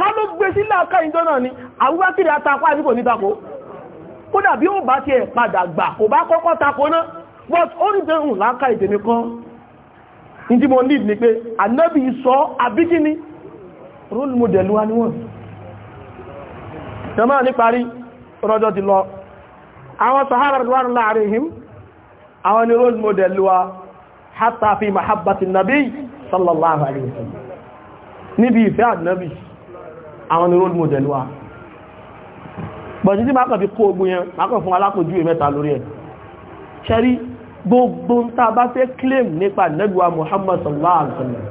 ká ló gbé sílẹ̀ aká ìjọ náà ni àwúgbákiri atakọ́ àdúgbò ní takò kódà bí ó bá ti ẹ̀ padà gbà kò bá kọ́kọ́ takò náà but ó ní tẹ́hùn láká ìdèmí kan ní tí mo need ni pé ànábì sọ àbíkíní role model wa ni wọ́n jọmọ́ ní parí rọjọ́ ti lọ àwọn sahara níbi ìfẹ́ ànábì àwọn ni role model wa bọ̀dí tí mákàn fi kó ogun yẹn mákàn fún alákòójú mẹ́ta lórí ẹ̀ ṣẹ́rí gbogbo ń tá bá fẹ́ claim nípa nẹ́gbà Muhammad sallallahu alaihi wasallam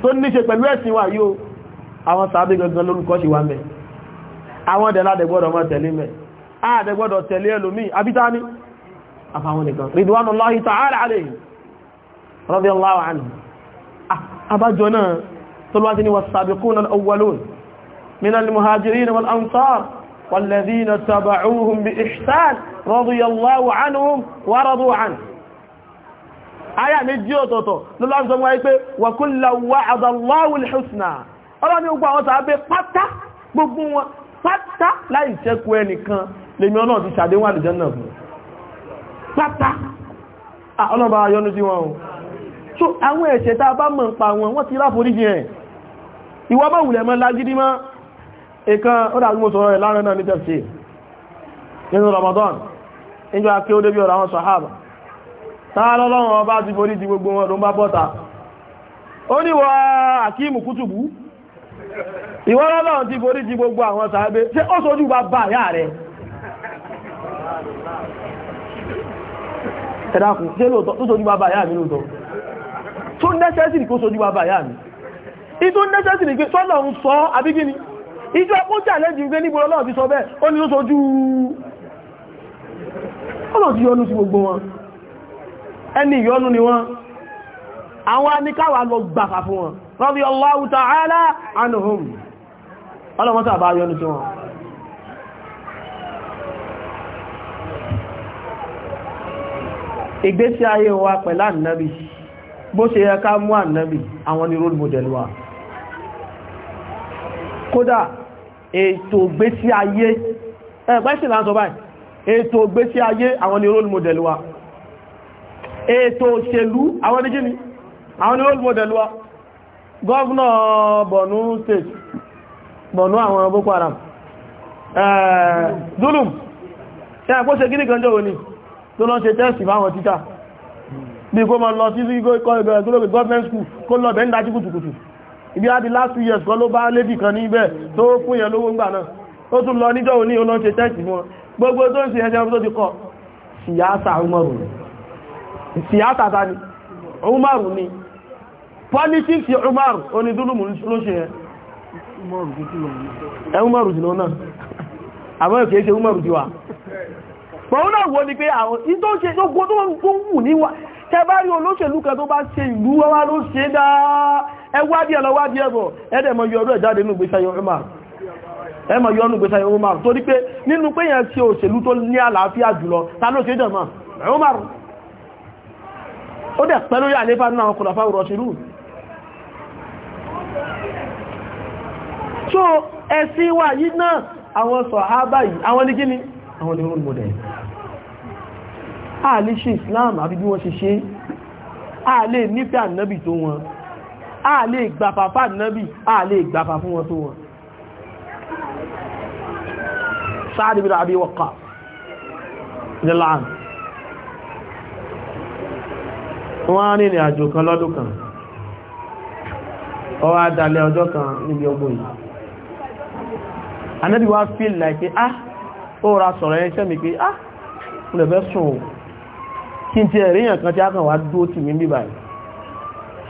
tó ní ṣe pẹ̀lú ẹ̀sìn wa yóò àwọn sàábé gangan lórúkọ ṣe wá mẹ́ àwọn dẹ̀lá dẹ̀gbọ́dọ̀ mọ́ tẹ̀lé mẹ́ àdẹ̀gbọ́dọ̀ tẹ̀lé ẹlòmí abítání àfàwọn nìkan ridwanullahi ta'ala alayhi radiyallahu anhu ah, abájọ من المهاجرين والأنصار والذين تبعوهم بإحسان رضي الله عنهم ورضوا عنه aya méjì ọ̀tọ̀ọ̀tọ̀ ló lọ́n sọ wáyé pé wàkúnlá wa'ada Allahu al-husna ọlọ́ni gbogbo àwọn sàábé pátá gbogbo wọn pátá láì ṣẹ́kù ẹnìkan lèmi ọlọ́run ti ṣàdéhùn àlùjánnà fún pátá ọlọ́ba yọ́nú sí wọn so àwọn ẹ̀ṣẹ̀ tá a bá mọ̀ ń pa wọn wọ́n ti ráforíjì ẹ̀ ìwọ bá wùlẹ̀ mọ́ lágídí mọ́ ìkan ó dàgbé mọ́sọ̀rọ̀ rẹ̀ láàrin náà ní tafsir nínú Ramadan níjọ akẹ́ ó débí ọ̀rọ̀ àwọn sàhábà tààrà lọ́wọ́ bá ti borí di gbogbo wọn ló ń bá bọ́ta ó ní wà Hakimu Kutubu ìwọ́rọ̀ lọ́wọ́ ti borí di gbogbo àwọn sàábé tí ó sojú bá bá yà rẹ̀ ẹ̀dàkùn tí ó sojú bá bá yà mí ìjọ ọpọ́ challenge gbé níbo ọlọ́run ti sọ bẹ́ẹ̀ ó ní ó sojú ọlọ́run ti yọnu sí gbogbo wọn ẹni ni wọ́n àwọn aníkàwà lọ gbàfà fún wọn radiyallahu ta'ala anhum ọlọ́run tàbá yọnu sí wọn ìgbésí ayé wa pẹ̀lú ànábì bó ṣe yẹ ká mú ànábì àwọn ni role model wa kódà ètò gbésí ayé ẹgbẹ́sì láńsọ báyìí ètò gbésí ayé àwọn ni role model wa ètò òṣèlú àwọn ní gíní àwọn ni role model wa gọ́ọ̀nà bọ̀nú state bọ̀nú àwọn boko haram zulum ṣe àpó ṣe gíní kanjọ́ òní tó lọ ṣe tẹ́sì fáwọn títà bí kó ma lọ sí sí gọ́ọ̀mẹ́ntì school kó lọ bẹ́ẹ̀ ń dájú kùtùkùtù ibi á di last few years kan ló bá lébì kan níbẹ̀ tó fún yẹn lówó ńgbà náà ó tún lọ níjọ́ òní ó lọ ṣe tẹ́ẹ̀sì fún gbogbo tó ń ṣe ẹjẹ́ tó ti kọ́ síyásà umaru ni síyásà ta ni umaru ni politics umaru onídúlùmù ló ṣe yẹn wọ́n ni pé àwọn tó ṣe gbogbo tó wù níwà tẹ́bárí olóṣèlú kan tó bá ṣe ìlú wá ló ṣe dáa ẹwádìí ẹlọ́wádìí ẹbọ̀ ẹ̀dẹ̀mọ̀ yọ ọdún ẹ̀jáde ní ìgbésẹ̀ yọ Umar ẹmọ̀ yọ ọdún ìgbésẹ̀ yọ Umar torí pé nínú pé yẹn ṣe òṣèlú tó ní àlàáfíà jùlọ ta ló ṣe jọmọ̀ Umar ó dẹ̀ pẹ́ lórí àlefà nínú àwọn kùnàfà rọ̀ṣìlú so ẹ̀sìn wa yìí náà àwọn sọ̀hábà yìí àwọn ní kíni àwọn ní role model a lè ṣe Islam àbí bí wọ́n ṣe ṣe a lè nífẹ̀ẹ́ ànábì tó wọn a lè gbàfà fáàdì náàbì a lè gbàfà fún wọn tó wọn sáàdì bíra àbí wọ́kà níláàmù wọ́n á rìnrìn àjò kan lọ́dún kan ọwọ́ adalẹ̀ ọjọ́ kan níbi ọgbọ̀ yìí anábí wá feel like ah ó ra sọ̀rọ̀ ẹ̀ṣẹ́ ah lẹ́fẹ́ sùn kí n ti ẹ̀ríyàn kan tí a kàn wá dúó tì bíbáyìí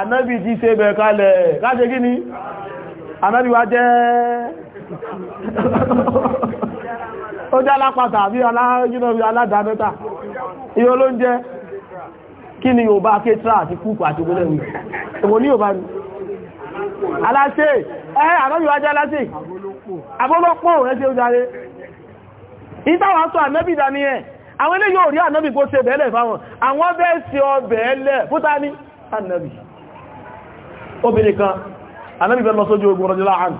anábì ti ṣe bẹ̀ kalẹ̀ káṣe kí ni anábì wá jẹ́ <laughs> ó jẹ́ alápàtà àbí aládàmẹ́ta iye olóúnjẹ kí ni yóò bá kétra àti kúùkù àti ogúnlẹ̀ mi èwo ní yóò bá ní aláṣẹ́ ẹ́ anábì wá jẹ́ aláṣẹ́ abọ́lọ́pọ̀ rẹ̀ ṣe ó járe ìtàwà sọ ànábì dání ẹ̀ àwọn ilé yóò rí ànábì kó ṣe bẹ̀ẹ́lẹ̀ fáwọn àwọn bẹ́ẹ̀ ṣe ọbẹ̀ẹ́lẹ̀ fúta ní ànábì obìnrin kan anábì fẹ́ lọ sójú ogun rọjọ́lá àánú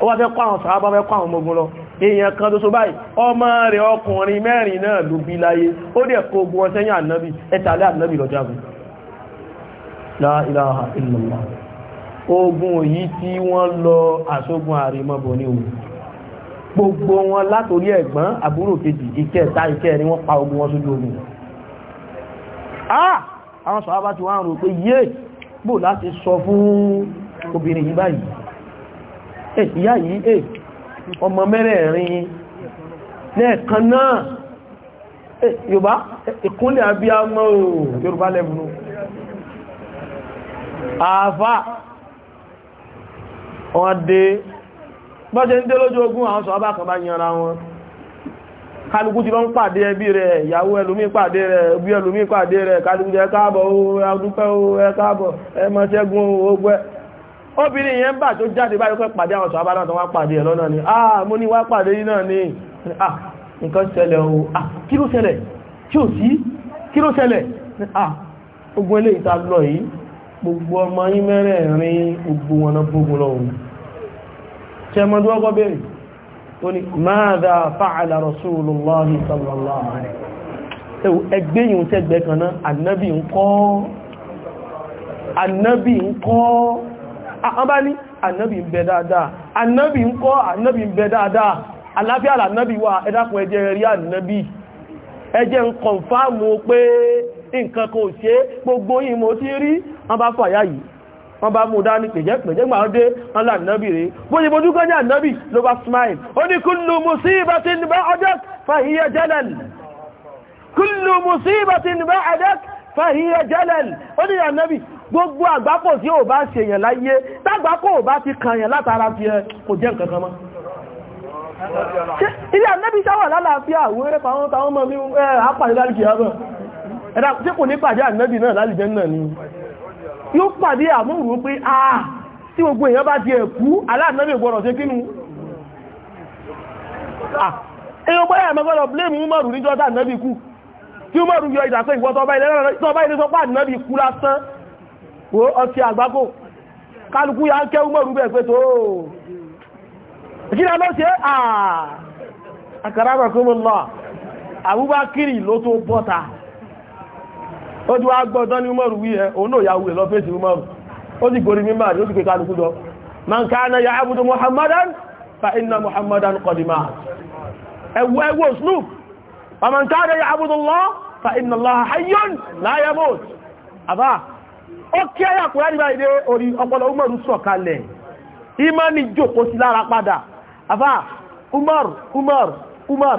ó wá fẹ́ kọ́ àwọn sàábà fẹ́ kọ́ àwọn ọmọ ogun lọ èèyàn kan tó so báyìí ọmọ rẹ̀ ọkùnrin mẹ́rin náà ló bí láyé ó dẹ̀ kó ogun wọn sẹ́yìn ànábì ẹ̀tàlẹ́ ànábì lọ jagun la ilaha illallah ogun yìí tí wọ́n lọ àṣógun àrèmọ́bọ̀ ní òun gbogbo wọn látorí ẹ̀gbọ́n ah! ti wá ń rò pé yéè bó láti sọ fún obìnrin yìí báyìí ẹ̀ eh, ìyá yìí ẹ̀ eh, ọmọ mẹ́rẹ̀ẹ̀rin lẹ́ẹ̀kan náà ẹ̀ eh, Yorùbá ìkúnlẹ̀ abíyamọ o Yorùbá lẹ́bùnú àfá wọ́n dé bọ́jẹ́ ń dé lójú ogun àwọn sọ̀ọ́bà kan bá yanra kálukú ti lọ ń pàdé ẹbí rẹ ìyàwó ẹlòmí pàdé rẹ̀ ẹbí ẹlòmí pàdé rẹ̀ kálukú jẹ káàbọ̀ ó adúpẹ́ ó ẹ káàbọ̀ ẹ mọ ṣẹ́gun ó pàdé àwọn wá pàdé ni ah mo náà ni ah nkan sele o ah sele ah ogun lọ yi gbogbo ọmọ gbogbo wọn náà gbogbo lọ́wọ́ ó ní máàdá fa'ala rasulullahi sallallahu alaihi wasallam ẹgbẹ́ yìí tẹ́gbẹ́ kan náà annabi ń kọ́ annabi ń kọ́ àbá ní annabi ń bẹ dáadáa annabi ń kọ́ annabi ń bẹ dáadáa aláfíà annabi ẹjẹ́ ń kọ̀nfàmù pé nǹkan kò ṣe gbogbo yìí mo ti rí wọ́n bá fàyà yìí wọ́n bá mú dání pẹ̀jẹ́ pẹ̀jẹ́ gbà ọdé wọ́n là nábì rí bó ṣe bojú kan ní ànábì ló bá smile ó ní kullu musibatin ba'adak fahiya jalal kullu musibatin ba'adak fahiya jalal ó ní ànábì gbogbo àgbákò tí ò bá ṣe èèyàn láyé tágbákò ò bá ti kànyàn látara fi ẹ kò jẹ́ nǹkan kan mọ́ ilé ànábì sáwà lálàáfíà wéré tí kò ní pàdé ànábì náà lálìjẹ́ náà ni yóò pàdé àmúrù pé àà tí gbogbo èèyàn bá ti ẹ̀kú aláàdínábì gbọ́rọ̀ sí kínú èèyàn bọ́yà mẹ́gbọ́rọ̀ blame umaru ní jọ́ta àdínábì kú tí umaru yọ ìdàpẹ́ ìwọ́ tọba ilé sọpá àdínábì kú lásán ọtí àgbákò kálukú ya ń kẹ́ umaru bẹ́ẹ̀ pé tó kí lọ ṣe àà àkàrà Abubakiri ló tó bọ́ta ó ti wá gbọ́dọ́ ní umaru wí ẹ òun náà yàwó ẹ lọ fèsì umaru ó ti gorí mímọ̀ àti ó ti pè kálukú jọ man kana ya abudu muhammadan fa inna muhammadan qadima ẹwọ ẹwọ snoop wa man kana ya abudu allah fa inna allah hayyun la yamut àbá ó kí ẹyà kúrẹ́ nígbà ìdé orí ọpọlọ umaru sọ kalẹ̀ imani jòkó sí lára padà àbá umar umar umar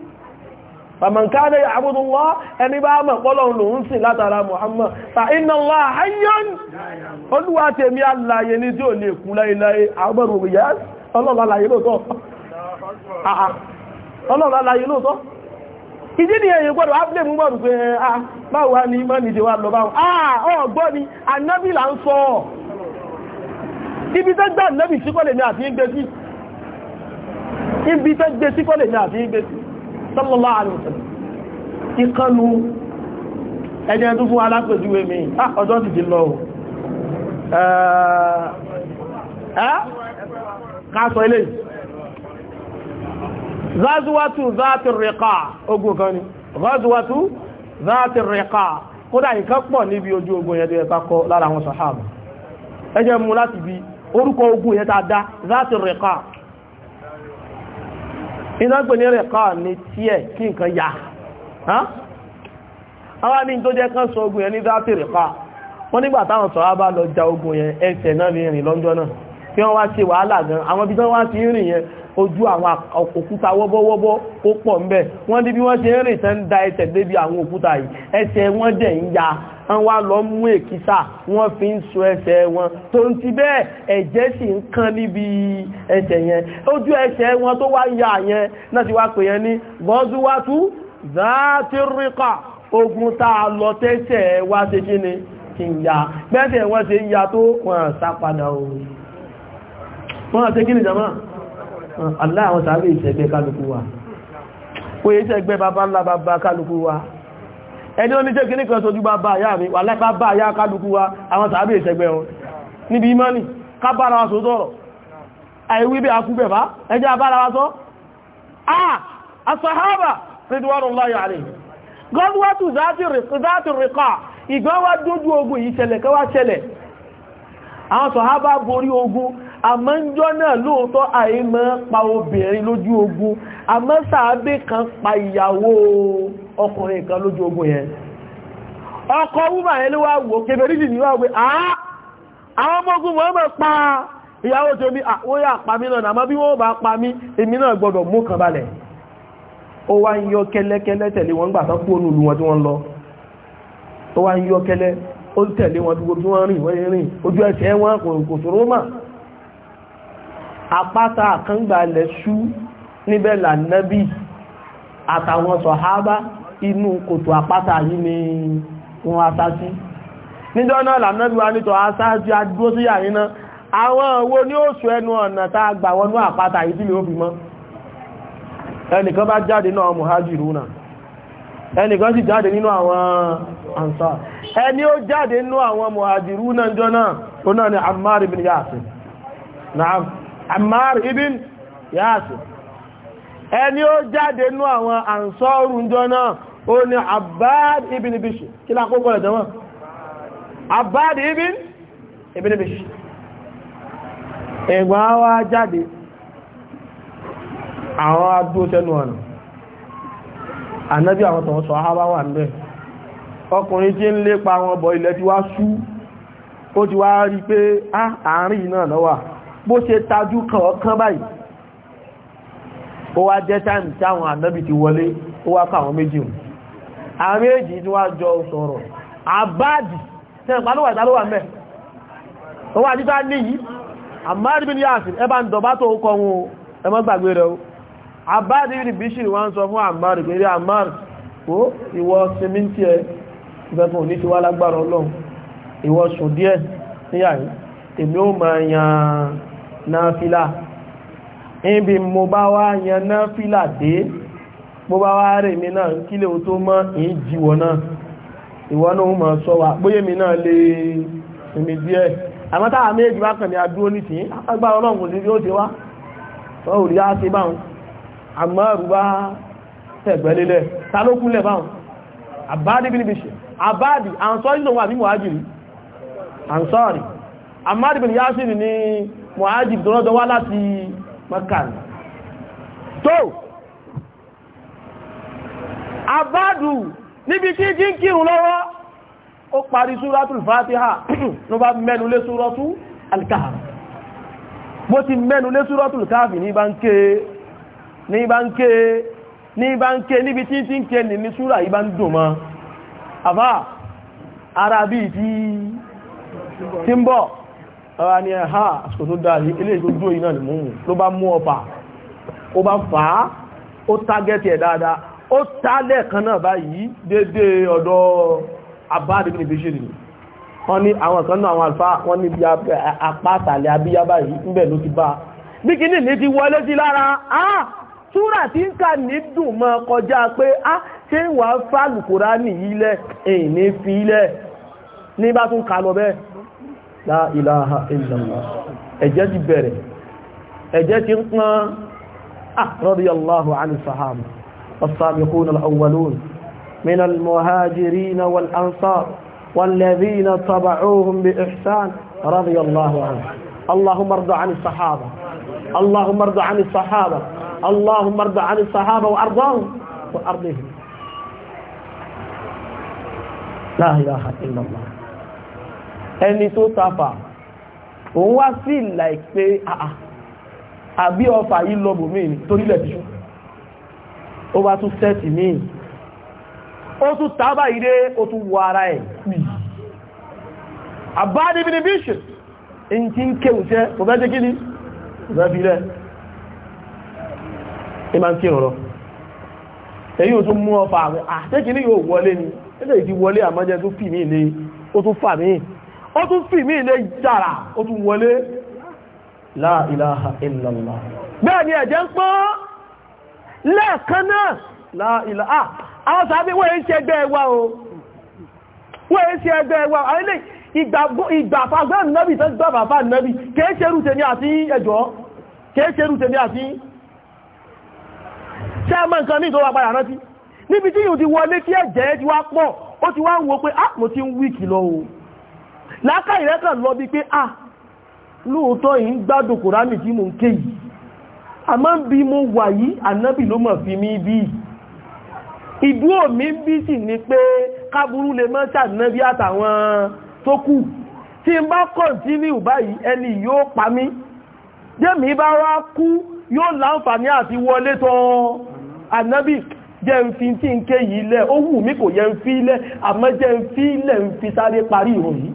fàmàǹkáàdé àbúdúnlá ẹni bá mọ̀ pọ́lọ̀un lòun sì Muhammad ta iná lọ àyán olúwa tèmi aláyé ní tí ò lè kú láìláyé àgbẹ̀rù òyà ọlọ́lọ́láyé lóòtọ́ ìdí ni èyí gbọ́dọ̀ mú pé a ah, ni ní ṣe wà lọ báwọn àà ah, ọgbọ́ ni annabi là ń sọ ibi annabi ní àti ibi sallallahu alaihi wasallam ìkọlù ẹjẹ́ tó fún alápẹ̀júwé mi ah, ọjọ́ ti ti lọ ẹ́ eh, eh? káàsọ ilé zazuwatu zaati riqa ogun kan ni zazuwatu zaati riqa kódà nǹkan pọ̀ níbi ojú ogun yẹn tó yẹ kákọ lára àwọn sàhábà ẹjẹ́ mú láti bí orúkọ ogun yẹn tá dá iná pè ní rẹ̀kọ́ ní tí ẹ̀ kí nǹkan yá àwọn ní tó jẹ́ kán sọ ogun yẹn ní dáàtì rẹ̀kọ́ wọ́n nígbà táwọn sọ̀rọ̀ bá lọ ja ogun yẹn ẹsẹ̀ náà ní rìn lọ́jọ́ náà kí wọ́n wá ṣe wàhálà gan àwọn ibi tán wá ti rìn yẹn ojú àwọn òkúta wọ́n wá lọ mú èkìsà wọ́n fi ń so ẹsẹ̀ wọn tó ń ti bẹ́ẹ̀ ẹ̀jẹ̀ sì ń kán níbi ẹsẹ̀ yẹn ojú ẹsẹ̀ wọn tó wá ya yẹn náà ti wá pè yẹn ní gọ́ọ̀dúwátú zátírìkà ogun tá a lọ tẹ́sẹ̀ wá ṣe kí ni kí n ya gbẹ́sẹ̀ wọ́n ṣe ya tó wọ́n sá padà o wọ́n ṣe kí ni jama ẹni ó ní jẹ́ kìíní kan sojú bá bá àyá mi wà lẹ́pàá bá àyá kálukú wa àwọn sàábẹ̀ ìṣẹ́gbẹ̀ wọn níbi imani ká bára wa sótọ́rọ̀ àìwí bí akúgbẹ̀ bá ẹjẹ́ bára wa sọ ah asahaba ridwanullahi ogun ogun àmọ́njọ́ náà lóòótọ́ àìmọ́ pa obìnrin lójú ogun àmọ́ sàábé kan pa ìyàwó ọkùnrin kan lójú ogun yẹn ọkọ̀ wúmà yẹn ló wá wò kébèrè jì níwá wé àwọn ọmọ ogun wọ́n mọ̀ pa ìyàwó tó ní àwọn yà pa mí náà àmọ́ bí wọ́n bá pa mí èmi náà gbọ́dọ̀ mú kan balẹ̀ ó wá ń yọ kẹ́lẹ́kẹ́lẹ́ tẹ̀lé wọn ojú ẹsẹ̀ wọn kò sòrò mà apáta àkángbàlẹ̀ ṣú níbẹ̀ lànẹ́bí àtàwọn sọ̀hábá inú kòtò àpáta yìí ni wọ́n asásí níjọ́ náà lànẹ́bí wa nítọ̀ asájú adúró sí àyínà àwọn owó ní oṣù ẹnu ọ̀nà tá a gbà wọnú àpáta yìí tí lè ó fi mọ́ ẹnìkan bá jáde náà muhajiruna ẹnìkan sì jáde nínú àwọn àǹsà ẹni ó jáde nínú àwọn muhajiruna jọ náà ó náà ni Ammar ibn Yasir na'am Ammar ibin Yasir ẹni ó jáde nú àwọn àǹsọ́rù jọ náà ó ní Abbad ibn Bishr kí lákòókò rẹ̀ jọmọ́ Abbad ibn ibn Bishr ẹ̀gbọ́n wá jáde àwọn adó tẹnu ọ̀nà ànábí àwọn tọ̀wọ́ sọ àhábá wà níbẹ̀ ọkùnrin tí ń lépa wọn bọ̀ ilẹ̀ ti wá sú ó ti wá rí pé ah, àárín náà lọ́wà bó ṣe tajú kan ọkàn báyìí ó wá jẹ́ táìmù tí àwọn ànábì ti wọlé ó wá kọ àwọn méjì hùn àwọn méjì tí wá jọ sọ̀rọ̀ àbáàdì tẹ́ẹ̀pá ló wà ìdálówà mẹ́ ó wà títà ní yìí àmáàdì bí ní àṣì ẹbá ń dọ̀bá tó kọ wọn ẹ má díẹ̀ níyàrí èmi ó máa yan náfílà ibi mo bá wá yan náfílà dé mo bá wá rè mi náà kílé o tó mọ́ ìjíwọ̀ náà ìwọ náà mọ̀ sọ wà bóyé mi náà lè sinmi díẹ̀ àmọ́ táwà méjì wá kàn ní adúró nìsín agbára ọlọ́run kò sí bí ó ti wá mọ̀hájì tó rọ́dọ̀ wá láti Makan tó àbádù níbi tí jí ń kírùn lọ́wọ́ ó parí súratul Fatiha <clears throat> ló bá mẹ́nu lé súratú al-Kahf bó ti mẹ́nu lé súratul Kahf ní bá ń ké ní bá ń ké ní bá níbi tí tí ń ké ní súra ìbá ń dùn mọ́ àbá ara bí ń bọ̀ ara ní ẹ̀há àsìkò tó dáa yìí ilé ìgbójú ìná lè mú ló bá mú ọpa ó bá fà á ó tágẹ́tì ẹ̀ dáadáa ó tá lẹ́ẹ̀kan náà báyìí dédé ọ̀dọ̀ abáàdìgbìn ìbíṣì nì wọ́n ní àwọn kan náà àwọn àlfà wọ́n ní bí apá àtàlẹ̀ abíyá báyìí ńbẹ̀ ló nìyí lẹ̀ èyí ní fi lẹ̀ ní bá tún kà lọ bẹ́ẹ̀ لا إله إلا الله ti bẹ̀rẹ̀ ẹ̀jẹ̀ ti ń pọ́n ah, radiyallahu anhu sahaba والسابقون الأولون من المهاجرين والأنصار والذين تبعوهم بإحسان رضي الله عنه اللهم ارضى عن الصحابة اللهم ارضى عن الصحابة اللهم ارضى عن الصحابة وأرضاهم وأرضهم لا إله إلا الله ẹni tó sáfà òun wá sí like pé ah, ah, àbí ọfà yìí lọ́bù mí torílẹ̀ tí ó bá tún sẹ́ẹ̀tì mí ó tún tábà ìdé ó tún wọ ara ẹ̀ pì àbádébìnì bíṣì in ti ń kéwù jẹ́ kò fẹ́ jẹ́ kí ni ìfẹ́filẹ̀ ní máa ń kí ọ̀rọ̀ èyí ò tún mú ọfà àtẹ́kì ní yóò wọlé ni ẹgbẹ́ ìdí wọlé àmọ́jẹ́ tó fì ilé ó tún fà mí ó tún fi mí ilé jàrà ó tún wọlé la ilaha illallah bẹ́ẹ̀ ni ẹ̀jẹ̀ ń pọ́ lẹ́ẹ̀kan náà la ilaha ah, àwọn sàábí wọ́n èé ṣe ẹgbẹ́ ẹwà o wọ́n èé ṣe ẹgbẹ́ ẹwà àwọn ilé ìgbàfagbà nẹ́bì tó gbàfàfà nẹ́bì kìí ṣe rúte ní àti ẹjọ́ kìí ṣe rúte ní àti ṣe mọ́ nǹkan ní ìtọ́wà padà rántí níbi tí yóò ti wọlé tí ẹ̀jẹ̀ ti wá pọ̀ ó ti wá ń wo pé á ah, mo ń wíkì lọ o láká ìrẹ́kàn lọ bí pé ah lóòótọ́ yìí gbádùn kòránì tí mo ń ké yìí a máa ń bí mo wà yìí ànábì ló mọ̀ fi mí bí ìdúró mi bí sì ni pé káburú lè mọ́ sànábì àtàwọn tó kù tí n bá kọ̀ntínú báyìí ẹni yóò pa mí jẹ́mi bá wá kú yóò láǹfààní àti wọlé tọ́ ànábì jẹ́ ń fi tí ń ké yìí lẹ̀ ó wù mí kò yẹ ń fi lẹ̀ àmọ́ jẹ́ ń fi lẹ̀ ń fi sáré parí ìròyìn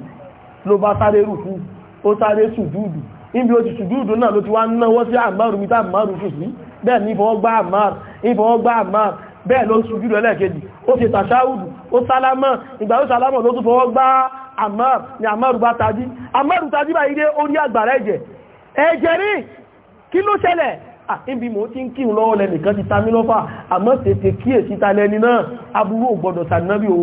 ló bá sáré rùkú ó sáré sùdúdù níbi ó ti sùdúdù náà ló ti wá náwọ́ sí àmárù mítà àmárù sùn sí bẹ́ẹ̀ ní ìfọwọ́gbá àmárù ìfọwọ́gbá àmárù bẹ́ẹ̀ ló sùdúdù ẹlẹ́ẹ̀kejì ó ṣe tàṣáwùdù ó sálámọ̀ ìgbà ó sálámọ̀ ló tún fọwọ́ ni àmárù bá tají àmárù tají bá ilé orí àgbàrá ẹ̀jẹ̀ ẹ̀jẹ̀ rí kí ló ṣẹlẹ̀ níbi mo ti ń kí lọ́wọ́ lẹ́nìkan ti ta mí lọ́fà àmọ́ tètè kíyèsí ta lẹ́ni náà aburú ò gbọ́dọ̀ sànábì o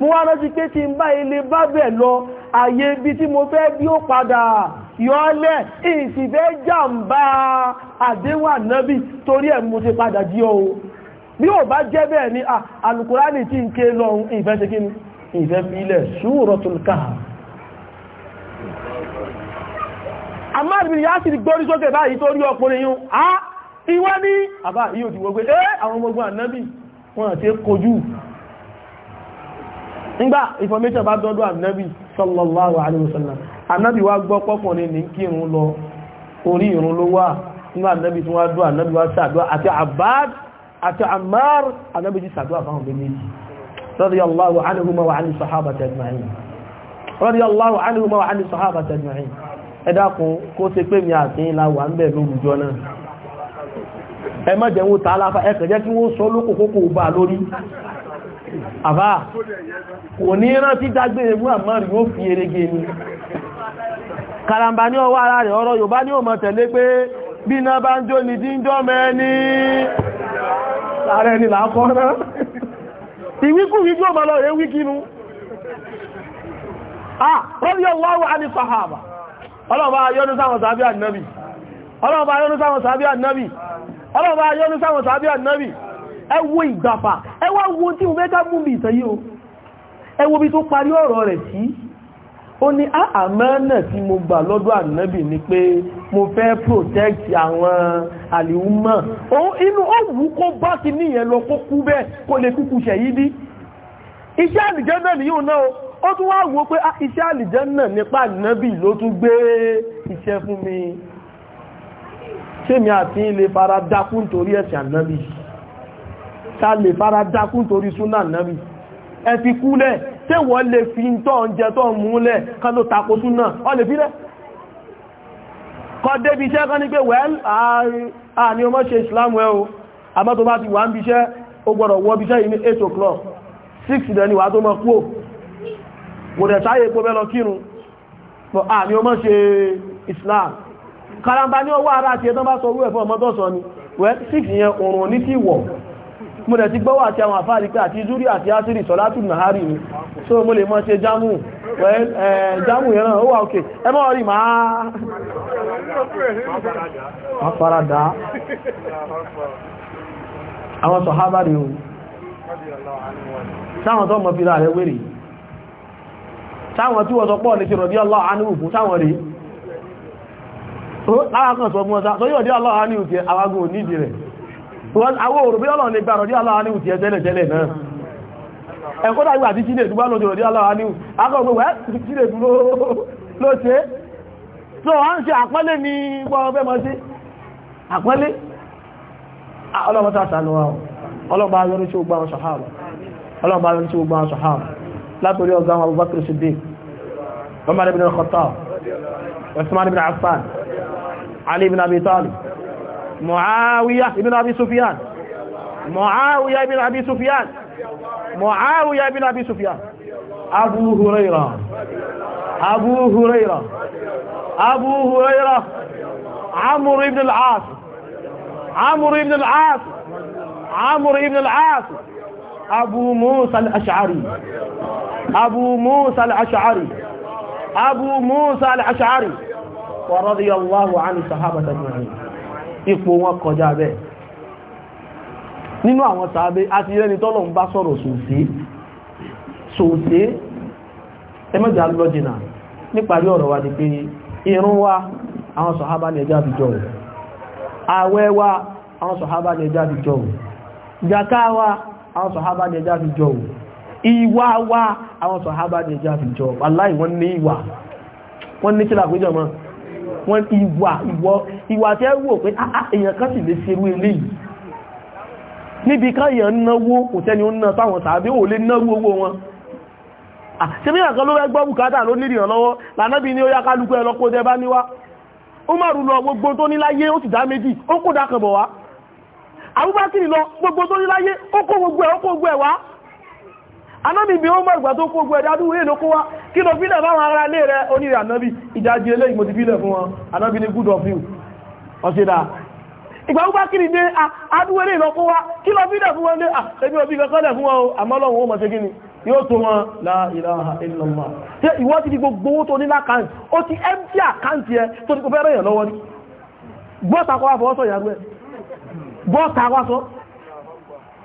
mo wá rántí pé tí ń bá ilé bá bẹ̀ lọ àyè ibi tí mo fẹ́ bí ó padà yọ́lẹ̀ ìsìfẹ́ jàǹbá àdéhùn ànábì torí ẹ̀ mo ṣe padà jí ọ bí ò bá jẹ́ bẹ́ẹ̀ ni alùkùránì tí ń ké lọ ìfẹ́ ṣe kí ni ìfẹ́ fi ilẹ̀ Suratul Kahf àmáàrìbìrì yá sì gbórí sókè báyìí tó rí ọkùnrin yún á ìwọ́ ní àbá nígbà information bá dọ́dọ̀ ànábì sallallahu alaihi wasallam ànábì wá gbọ́ pọ́kùnrin ní kírun lọ orí ìrun ló wà nígbà ànábì tí wọ́n dọ́ ànábì wá sàdọ́ àti Abbad àti Ammar ànábì ti sàdọ́ àfáwọn méjì radiyallahu anhuma wa an sahabati ajma'in radiyallahu anhuma wa an sahabati ajma'in ẹ dákun kó ṣe pé mi àti ìlà wà ń bẹ̀ lórújọ náà ẹ má jẹ́ wọn tààlà ẹ kẹ̀jẹ́ kí wọ́n sọ lókòókò bá lórí àbá kò ní rántí dágbére fún àmọ́rí yóò fi erege ni karambà ní ọwọ́ ara rẹ̀ ọ̀rọ̀ Yorùbá ní òmọ̀ tẹ̀lé pé bí iná bá ń jó ní jíjọ́ mẹ́ni ààrẹ ni làákọ́ náà ìwíkú wíjú ọmọ lọ rẹ̀ wíkínú ah yọ́nú sáwọn sàábí ẹ wo ìgbàfà ẹ wá wo tí mo fẹ́ ká mú mi ìtàn yìí o ẹ wo bí tó parí ọ̀rọ̀ rẹ̀ sí ó ní ah, àmánà tí mo gbà lọ́dọ̀ ànábì ni pé mo fẹ́ protect àwọn àlìúmọ̀ inú ó wù kó bá ti níyẹn lọ kó kú bẹ́ẹ̀ kó lè kúkú ṣẹ̀yídí iṣẹ́ àlìjẹ́ náà nìyí náà ó tún wá wò pé ah, iṣẹ́ àlìjẹ́ náà nípa ànábì ló tún gbé iṣẹ́ fún mi ṣé mi àti ilé fara dákú nítorí ẹ̀sìn ànábì yìí ká lè fara dákún torí súnà náàbì ẹ ti kúlẹ̀ tí wọ́n lè fi ń tọ́ oúnjẹ tó múlẹ̀ kan ló tako súnà ọ lè fílẹ̀ kọ débi iṣẹ́ kan ní pé wẹ́l àní ọmọ ṣe ìsìlámù ẹ o àmọ́ tó bá ti wà ń bí iṣẹ́ ó gbọ́dọ̀ wọ́ bí iṣẹ́ o'clock 6 dẹni wà tó mọ́ kú ò kò dẹ̀ sáyé epo islam karamba ní ọwọ́ ara ti ẹ̀tọ́ bá sọ orú ẹ̀fọ́ ọmọdọ́sọ ni wẹ́ 6 yẹn òrùn ní ti wọ̀ mo dẹ̀ ti gbọ́wọ́ àti àwọn àfáàrí àti zuri àti asiri sọ́látù nàárì ni so mo lè mọ́ ṣe jámù jámù yẹn ó wà òkè ẹ rí máa àfaradà àwọn sọ̀hábà ohun sáwọn tó mọ̀ fi rà wèrè sáwọn tí wọ́n sọ pọ̀ lè ṣe rọ̀dí Allah láwọn kan sọ fún ọ̀sá tó yọ̀dí ò àwọn òrùbí ọlọ́run lè gbàrọ̀ ní aláwọ̀ níwù ti ẹ̀tẹ́lẹ̀ tẹ́lẹ̀ náà ẹ̀kọ́dá ìgbà tí sílẹ̀ ìdúgbà lójòrò ní aláwọ̀ níwù akọ́gbọ̀ wẹ́ sílẹ̀ ìdúró ló ṣe tó wá ń ṣe àpọ́lé ní gbọ́ọ̀fẹ́ mọ́ sí àpọ́lé ọlọ́mọ́ta sànúwà معاوية بن أبي سفيان معاوية بن أبي سفيان معاوية بن أبي سفيان أبو هريرة أبو هريرة أبو هريرة عمرو بن العاص عمرو بن العاص عمرو بن العاص أبو موسى الأشعري أبو موسى الأشعري أبو موسى الأشعري ورضي الله عن الصحابة أجمعين ipò wọn kọjá bẹ́ẹ̀ nínú àwọn sàábé a ti rẹ́ni tọ́lọ̀ ń bá sọ̀rọ̀ sòsé sòsé ẹmọ́jà lọ́jìnà níparí ọ̀rọ̀ wa ni pé irun wa àwọn sọ̀hábà ní ẹjá àtijọ́ rẹ̀ àwẹ̀ wa àwọn sọ̀hábà ní ẹjá àtijọ́ rẹ̀ wa àwọn sọ̀hábà ní ẹjá àtijọ́ rẹ̀ ìwà wa àwọn sọ̀hábà ní ẹjá àtijọ́ wallahi wọ́n ní ìwà wọ́n ní kílà péjọ mọ́ wọ́n ìwà ìwọ ìwà tẹ́ wò pé ah, ah, èèyàn kan sì lè ṣerú eléyìí níbi kan èèyàn náwó kò tẹ́ni ó ná sáwọn tàbí ò lè náwó owó wọn ṣe bí àkan ló fẹ́ gbọ́ bùkátà ló nílì ìrànlọ́wọ́ lànàbí ní ó yá kálukú ẹ lọ́kó tẹ bá níwá ó má rú lọ gbogbo tó níláyé ó sì dá méjì ó kó dákàbọ̀ wá Abubakar lọ gbogbo tó níláyé ó kó gbogbo ẹ̀ wá anábì bí ó mọ̀gbà tó kó gbẹ̀dá dúró èlò kó wá kí lọ fílẹ̀ báwọn ará ilé rẹ onírẹ̀ anábì ìdájí ilé ìmọ̀ ti fílẹ̀ fún wọn anábì ní good of you ọ̀ṣẹ́dá ìgbà ó bá kiri dé adúwé lè lọ kó wá kí lọ fílẹ̀ fún wọn dé ẹbí ọbí kọ́lẹ̀ fún wọn àmọ́lọ́wọ́ ó mọ̀ ṣe kíni yóò tó wọn la ilaha illallah ṣe ìwọ ti di gbogbo owó tó ní lákàntì ó ti empty àkáǹtì ẹ tó ti kò fẹ́ rẹ̀yàn lọ́wọ́ ní gbọ́ta kọ́ wá fọ́ sọ ìyàgbẹ́ gbọ́ta wá sọ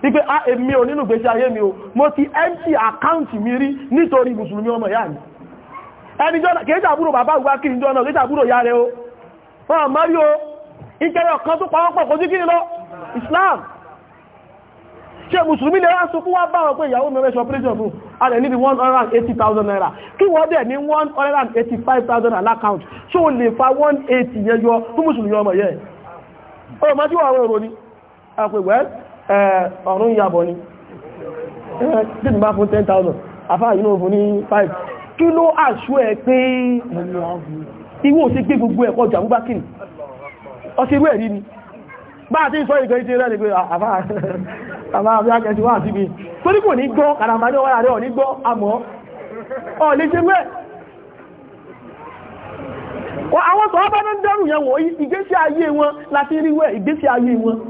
wípé a ah, èmi ò nínú gbèsè ayé mi o mo ti empty àkáǹtì mi rí nítorí mùsùlùmí ọmọ ìyá mi ẹni jọ́nà kìí sàbúrò bàbá àgbà kìí jọ́nà kìí sàbúrò ya rẹ o wọ́n àmárí o ìkẹrẹ ọ̀kan tó pàwọ́pọ̀ kò sí kí lọ Islam ṣe mùsùlùmí lè rán sókú wá báwọn pé ìyàwó mẹ́rẹ́ ṣọpílẹ́ṣọ̀ fún alẹ̀ níbi 180,000 naira kí wọ́n dẹ̀ ní 185,000 alákàùnt tí ó lè fa 180 yẹyọ fún mùsùlùmí ọmọ yẹ ọmọ tí wọ́n rọrọ ní àpẹwẹ́ ọ̀run yàbọ̀ ni títí bá fún 10,000 àfáà yìí náà ní 5 kí ló àṣú ẹ pé iwó sí gbé gbogbo ẹ̀kọ́ jà múgbá kìrì ọsí ẹ̀rí ni bá àti ìsọ ìgbẹ̀ ìṣẹ́ rẹ̀ nígbé ah, àfáà àfáà bí akẹ́sí wà síbi tó kò ní gbọ́ ọ àwọn wọn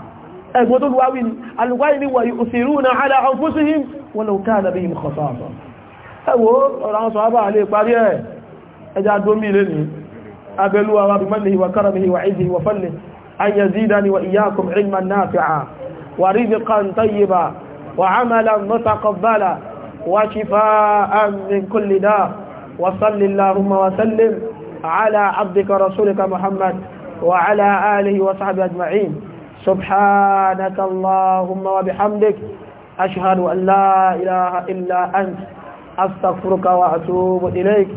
ẹgbọ́n tó wáwí ni alùwáyí ni wà yusiruna ala anfusihim walau kana bihim khasasa ẹwọ́ ọ̀rọ̀ àwọn sọ̀hábà alẹ́ parí ẹ̀ ẹja domi lè ní abẹ́lúwa wa bimanihi wa karamihi wa izihi wa fadlihi an yazidani wa iyyakum ilman nafi'a wa rizqan tayyiba wa amalan mutaqabbala wa shifaan min kulli da' wa salli allahumma wa sallim ala abdika rasulika muhammad wa ala alihi wa سبحانك اللهم وبحمدك أشهد أن لا إله إلا أنت أستغفرك وأتوب إليك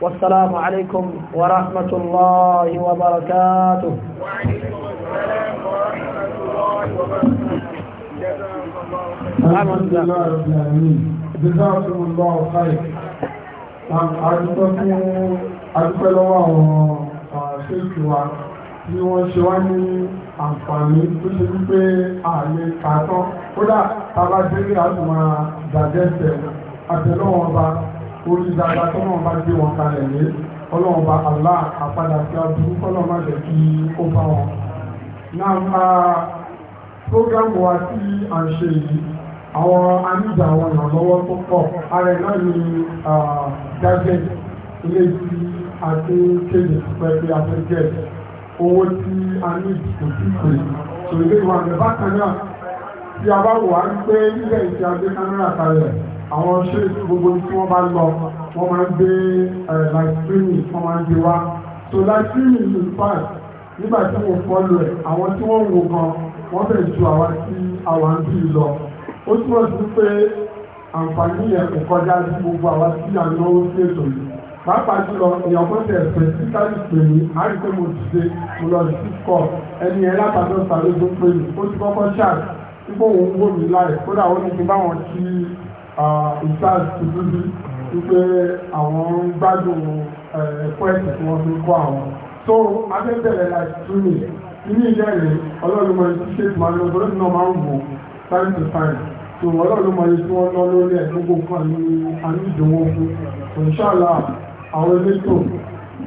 والسلام عليكم ورحمة الله وبركاته وعليكم السلام ورحمة الله وبركاته الحمد لله رب العالمين جزاكم الله خير àdúgbò fún adúpẹ́ الله àwọn bí wọ́n ṣe wá ní àǹfààní tó ṣe wípé ààyè kàtọ́ kódà tábà délé àtùmọ̀ dàgẹ́sẹ̀ àtẹlọ́wọ́n ọba orí dáadáa tó náà bá gbé wọn kalẹ̀ lé ọlọ́wọ́n ọba Allah àpadà sí aburú kọ́lọ́ má jẹ́ kí ó bá wọn. náà prógámù wa tí à ń ṣe yìí àwọn aníjà àwọn ìrànlọ́wọ́ tó pọ̀ ara ẹ̀ náà ni gájẹ́ ilé tí a ti kéde pẹ̀lú afẹ́gẹ́ẹ̀dẹ̀ owó tí a ní kò sí pé tó ilé ìwà rẹ̀ bákan náà tí a bá wò á rí pé nílẹ̀ ìṣe agbé kámẹ́rà kalẹ̀ àwọn ṣé gbogbo tí wọ́n bá lọ wọ́n máa ń gbé láìsírìmì wọ́n máa ń gbé wá tó láìsírìmì in fact nígbà tí mo fọ́lù ẹ̀ àwọn tí wọ́n wò gan wọ́n bẹ̀ ju àwa tí àwa ń bí lọ ó túmọ̀ sí pé àǹfààní yẹn kò kọjá sí gbogbo àwa tí à ń náwó sí ètò yìí pàápàá jùlọ èèyàn kan tẹ̀ ẹ̀fẹ̀ títà ìpè mí á rí pé mo ti ṣe mo lọ sí kọ ẹni ẹ látàdó sàlẹ̀ tó pè mí ó ti kọ́kọ́ ṣáàt ipò òun wò mí láì kódà ó ní kí báwọn kí ìṣáàt tuntun bí wípé àwọn ń gbádùn ẹ̀kọ́ ẹ̀sìn tí wọ́n fi kọ́ àwọn. so abẹ́bẹ̀rẹ̀ láti tún mi inú ilé rẹ̀ ọlọ́run mọ̀ ní ṣe tí màá lọ bọ́lá náà máa ń wò time to time so ọlọ́run mọ̀ ní tí wọ́n lọ lórí ẹ̀ gbogbo kan ní àníjòwò fún òṣàlà àwọn elétò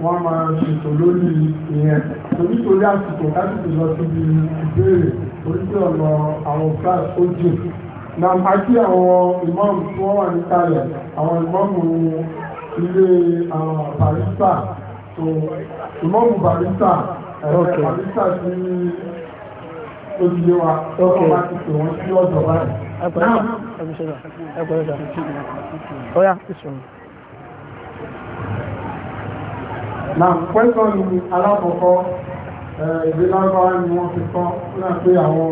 wọ́n máa ṣètò lórí ìyẹn torítorí àsìkò káàkiri lọ síbi ìbéèrè oríṣi ọ̀nà àwọn class ó jù na àti àwọn ìmọ̀mù tí wọ́n wà ní kalẹ̀ àwọn ìmọ̀mù ilé ah, barista so ìmọ̀mù barista ẹ̀rọ eh, barista sí ojúlé wa tọ́kọ̀ bá ti pè wọ́n sí ọ̀dọ̀ báyìí. ẹ pẹ̀lú ẹ pẹ̀lú ẹ pẹ̀lú ọ̀yá ìṣòro. na pẹ́sọ̀ ni alákọ̀ọ́kọ́ ìgbélágbá ni wọ́n ti kọ́ náà pé àwọn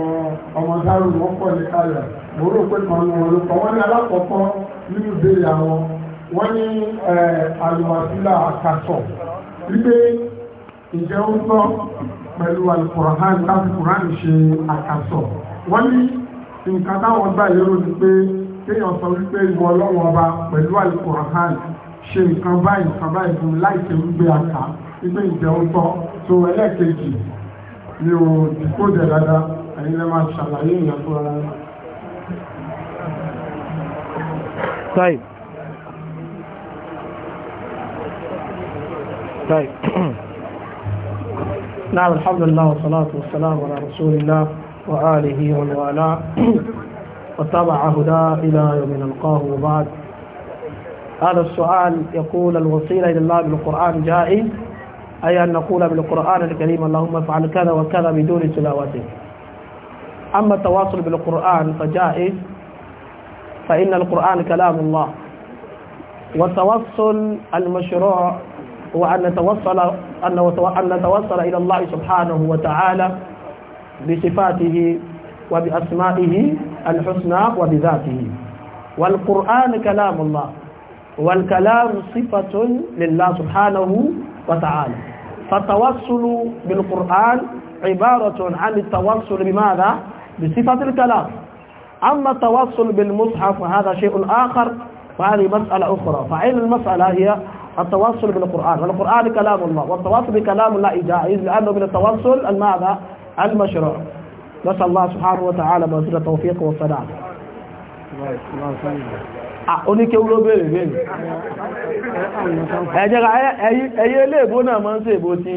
ọmọ dárù wọ́n pọ̀ ní kalẹ̀ mo rò pé kan ní wọn ló kọ́ wọ́n ní alákọ̀ọ́kọ́ nínú ìbéèrè àwọn wọ́n ní àlùwàsílà àkàtọ̀ wípé ìjẹ́ ó tọ́ pẹ̀lú alukùrán láti kùrán ṣe àkàtọ̀ wọ́n ní nǹkan táwọn gbà lérò ni pé kéèyàn sọ wípé ìwọ ọlọ́wọ́ ọba pẹ̀lú alukùrán ṣe nǹkan báyìí nǹkan báyìí fún láìsí gbé àká wípé ìjẹun tọ́ tó ẹlẹ́ẹ̀kejì ni ò dìkó jẹ dáadáa ẹ̀yin lẹ́ máa ṣàlàyé ìyẹn fún ara rẹ̀. طيب طيب نعم الحمد لله والصلاة والسلام على رسول الله وآله ومن والاه وتبع هداه إلى يوم نلقاه وبعد هذا السؤال يقول الوسيلة إلى الله بالقرآن جائز أي أن نقول بالقرآن الكريم اللهم افعل كذا وكذا بدون تلاوته أما التواصل بالقرآن فجائز فإن القرآن كلام الله والتوصل المشروع هو أن نتوصل أن نتوصل إلى الله سبحانه وتعالى بصفاته وبأسمائه الحسنى وبذاته والقرآن كلام الله والكلام صفة لله سبحانه وتعالى فالتوصل بالقرآن عبارة عن التوصل بماذا؟ بصفة الكلام أما التوصل بالمصحف فهذا شيء آخر وهذه مسألة أخرى فعين المسألة هي التوصل بالقرآن والقرآن كلام الله والتوصل بكلام الله جائز لأنه من التوصل الماذا المشروع نسأل الله سبحانه وتعالى بوسيلة التوفيق والسداد Ah, oníkéwú ló bèèrè bèèrè ẹ̀jẹ́ka ẹ̀yẹ ilé ìbò náà mọ́ sí ìbò tí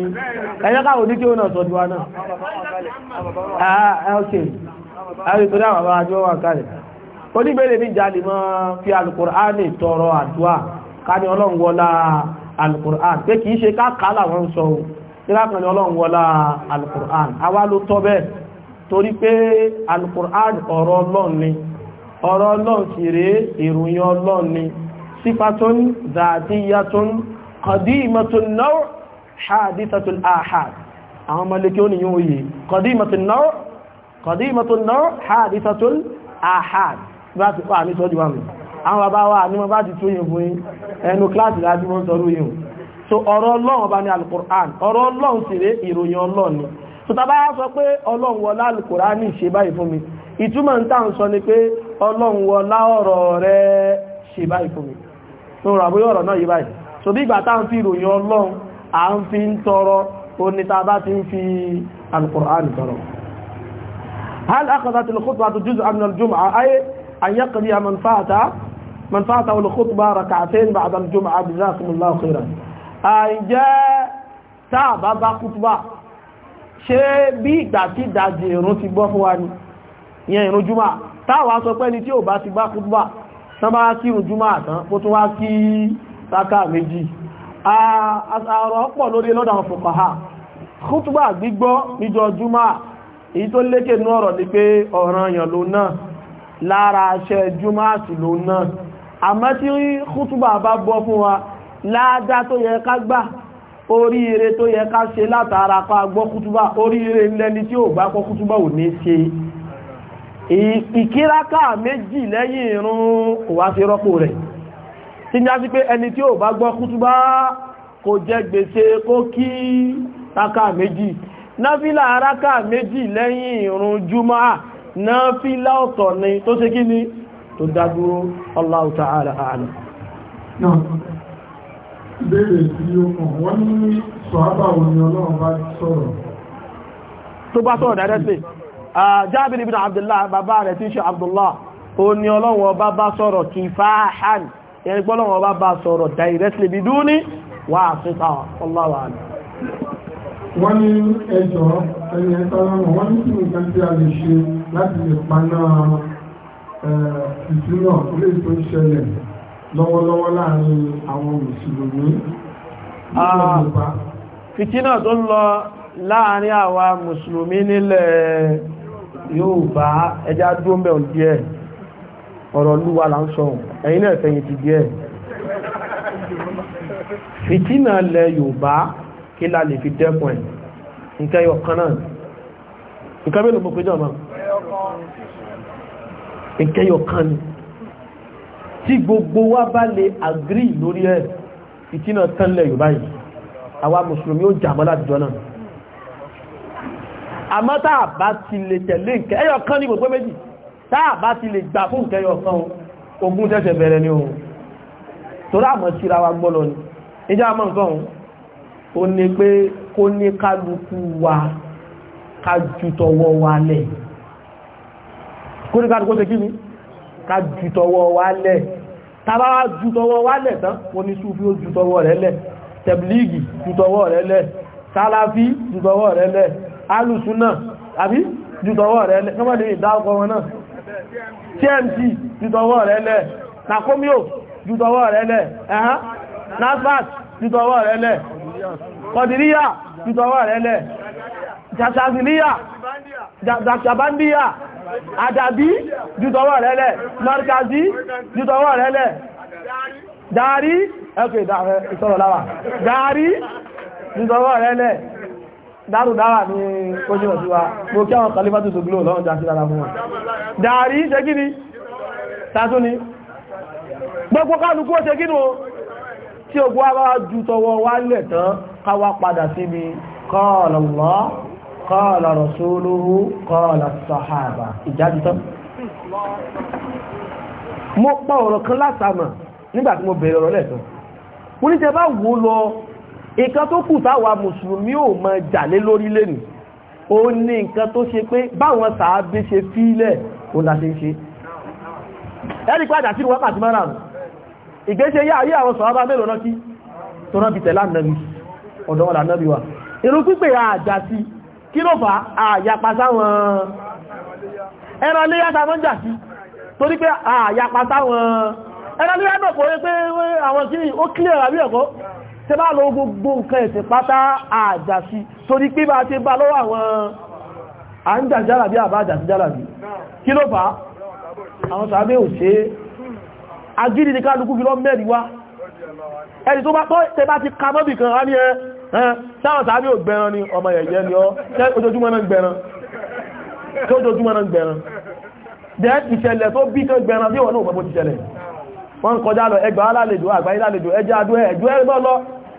ẹ̀jẹ́ka oníkéwú náà sọ díwá náà ẹ̀ọ́kẹ́ ẹ̀rí tó dáwà bá ajọ́ wà kálẹ̀ oníbèèrè ní ìjálì mọ́ fi alùkùránì tọrọ àdúà káni ọlọ́ngwọ́lá alùkùrán pé kìí ṣe káàkàlà wọ́n sọ ìrákànlẹ̀ ọlọ́ngwọ́lá alùkùrán awá ló tọ́ bẹ́ẹ̀ torí pé alùkùrán ọ̀rọ̀ ọlọ́run ni ọ̀rọ̀ ọlọ́run sì rèé ìròyìn ọlọ́run ni sípatún zàtíyàtún kọ̀dímọ̀tún náà hadithatul ahad àwọn mọ́lékí oníyàn òye kọ̀dímọ̀tún náà hadithatul ahad bá ti pàà ní sọ́jú wàmì wa ní wọ́n bá ti tún yìí so ọ̀rọ̀ ọlọ́run ọba ní alukur'an ọ̀rọ̀ ọlọ́run sì ni so tàbá sọ pé ọlọ́run wọlá alukur'an ní ìṣe báyìí fún ń sọ ni pé ọlọ́run wọlá ọ̀rọ̀ rẹ̀ ṣe báyìí fún mi tó rà bóyá ọ̀rọ̀ náà yí báyìí so bí ìgbà tá ń fi ìròyìn ọlọ́run à ń fi ń tọrọ oní ta bá ti ń fi al-Qur'an tọrọ hal akhadhat al-khutbah juz'an min al-jum'ah ay an yaqdi man fata man fata ìrún ti táwà sọ pé ní tí ò bá ti bá kúrúbà tán bá kírun júmọ́ àtán ó tún wá kí rákà méjì àrọ̀ pọ̀ lórí lọ́dà fòkàhà kútùbà gbígbọ́ níjọ júmọ́ èyí tó lékè ní ọ̀rọ̀ ni pé ọ̀ranyàn ló náà lára aṣẹ́ júmọ́ àti ló náà àmọ́ tí kútùbà bá bọ́ fún wa láàdá tó ìkíráká méjì lẹ́yìn irun kò wá sí rọ́pò rẹ̀ tí ń já sí pé ẹni tí ó bá gbọ́ kútúbá kò jẹ gbèsè kó kí ráká méjì náfílà ráká méjì lẹ́yìn irun júmọ́ náfílà ọ̀tọ̀ ni tó ṣe kí ni tó dádúró Allahu ta'ala a'lam Ìbéèrè tí ó kàn wọ́n ní sọ̀ábà òní ọlọ́run bá sọ̀rọ̀. Tó bá sọ̀rọ̀ dáadáa sí. Ah, Jábìrì bin Abdullah bàbá rẹ̀ tí ṣe Abdullah ó ní ọlọ́wọ́ bá bá sọ̀rọ̀ kìfáhàn yẹni pé ọlọ́wọ́ bá bá sọ̀rọ̀ directly bí dú wà síta ọláwà ní ẹjọ́ tó ń ṣẹlẹ̀ láàrin àwọn mùsùlùmí nílẹ̀ ah, yóò bá ẹjá dúró mẹ́rin díẹ̀ ọ̀rọ̀ lúwa là ń sọ ẹ̀yin náà fẹ̀yìn ti díẹ̀ fìtínà lẹ Yorùbá kí la lè fi dẹ́kun ẹ̀ nǹkan yọ kan náà nǹkan mélòó mo péjọ náà nǹkan yọ agri lórí ẹ̀ fìtínà tán lẹ Yorùbá yìí àwa mùsùlùmí àmọ́ táà bá ti lè tẹ̀lé nǹkan ẹyọ kan ní gbogbo méjì táà bá ti lè gbà fún nǹkan ẹyọ kan ogun tẹ́sẹ̀ bẹ̀rẹ̀ ni ohun torí àmọ́ síra wa gbọ́lọ ni ìjọ àmọ́ nǹkan o ní pé kó ní kálukú wa kájútọwọ́ wa lẹ̀ kó ní rẹ̀ lẹ̀ sálàfí jútọwọ́ rẹ̀ lẹ̀ alùsùn náà àbí jùtọ̀wọ́ rẹ̀ lẹ́ kọ́mọ̀dé ìdáọkọ̀ wọn náà tmt jùtọ̀wọ́ rẹ̀ lẹ́ nakomio jùtọ̀wọ́ rẹ̀ lẹ́ ẹ̀hán nasfat jùtọ̀wọ́ rẹ̀ lẹ́ kọdìríyà jùtọ̀wọ́ rẹ̀ lẹ́ jàṣàzìlíyà jàṣàbándíyà àdàbí jùtọ̀wọ́ rẹ̀ lẹ́ markazi jùtọ̀wọ́ rẹ̀ lẹ́ dárí ok, ìsọ̀rọ̀ láwà dárí jùtọ̀wọ́ rẹ̀ lẹ́ dárùdára ní ojú ọ̀síwá mo kí àwọn kalifatu tó glo lọ́wọ́n já sí lára fún wọn dàrí ṣe kí ni tàtú ni gbogbo kálukú ó ṣe kí ni o tí ogun ara ju tọwọ́ wálẹ̀ tán káwà padà síbi qala Allah qala rasuluhu qala sahaba ìjájútọ́ mo pa ọ̀rọ̀ kan lásàmà nígbàtí mo bẹ̀rẹ̀ nǹkan tó kù táwa mùsùlùmí ò mọ jàlé lórí lẹ́nu ó ní nǹkan tó ṣe pé báwọn sàábé ṣe fílẹ̀ ó láti ṣe ẹ̀rí padà sí wọ́n pàtí mọ́ra ìgbésẹ̀ yá ayé àwọn sọ̀rọ̀ bá mélòó náà kí tó rán bí tẹ̀lá nàbí ọ̀dọ̀ wọn wa irun pípẹ̀ àjà sí kí ló fà àyàpá sáwọn ẹran léyà sáwọn jà sí torí pé àyàpá sáwọn ẹran léyà náà kò rí pé àwọn kí tẹ bá lọ gbogbo nǹkan ẹ̀sìn pátá àjàsí torí pé bá ti bá lọ́wọ́ àwọn àńjàjára bí àbá àjàsí jára bí kí ló fà àwọn sàábé ò ṣe agídí ní kálukú fi lọ mẹ́rin wá ẹni tó bá tọ́ tẹ bá ti ka mọ́bì kan á ní ẹ sáwọn sàábé ò gbẹran ni ọmọ ẹ̀yẹ ni ọ ojoojúmọ́ náà gbẹran tó ojoojúmọ́ náà gbẹran jẹ́ ìṣẹ̀lẹ̀ tó bí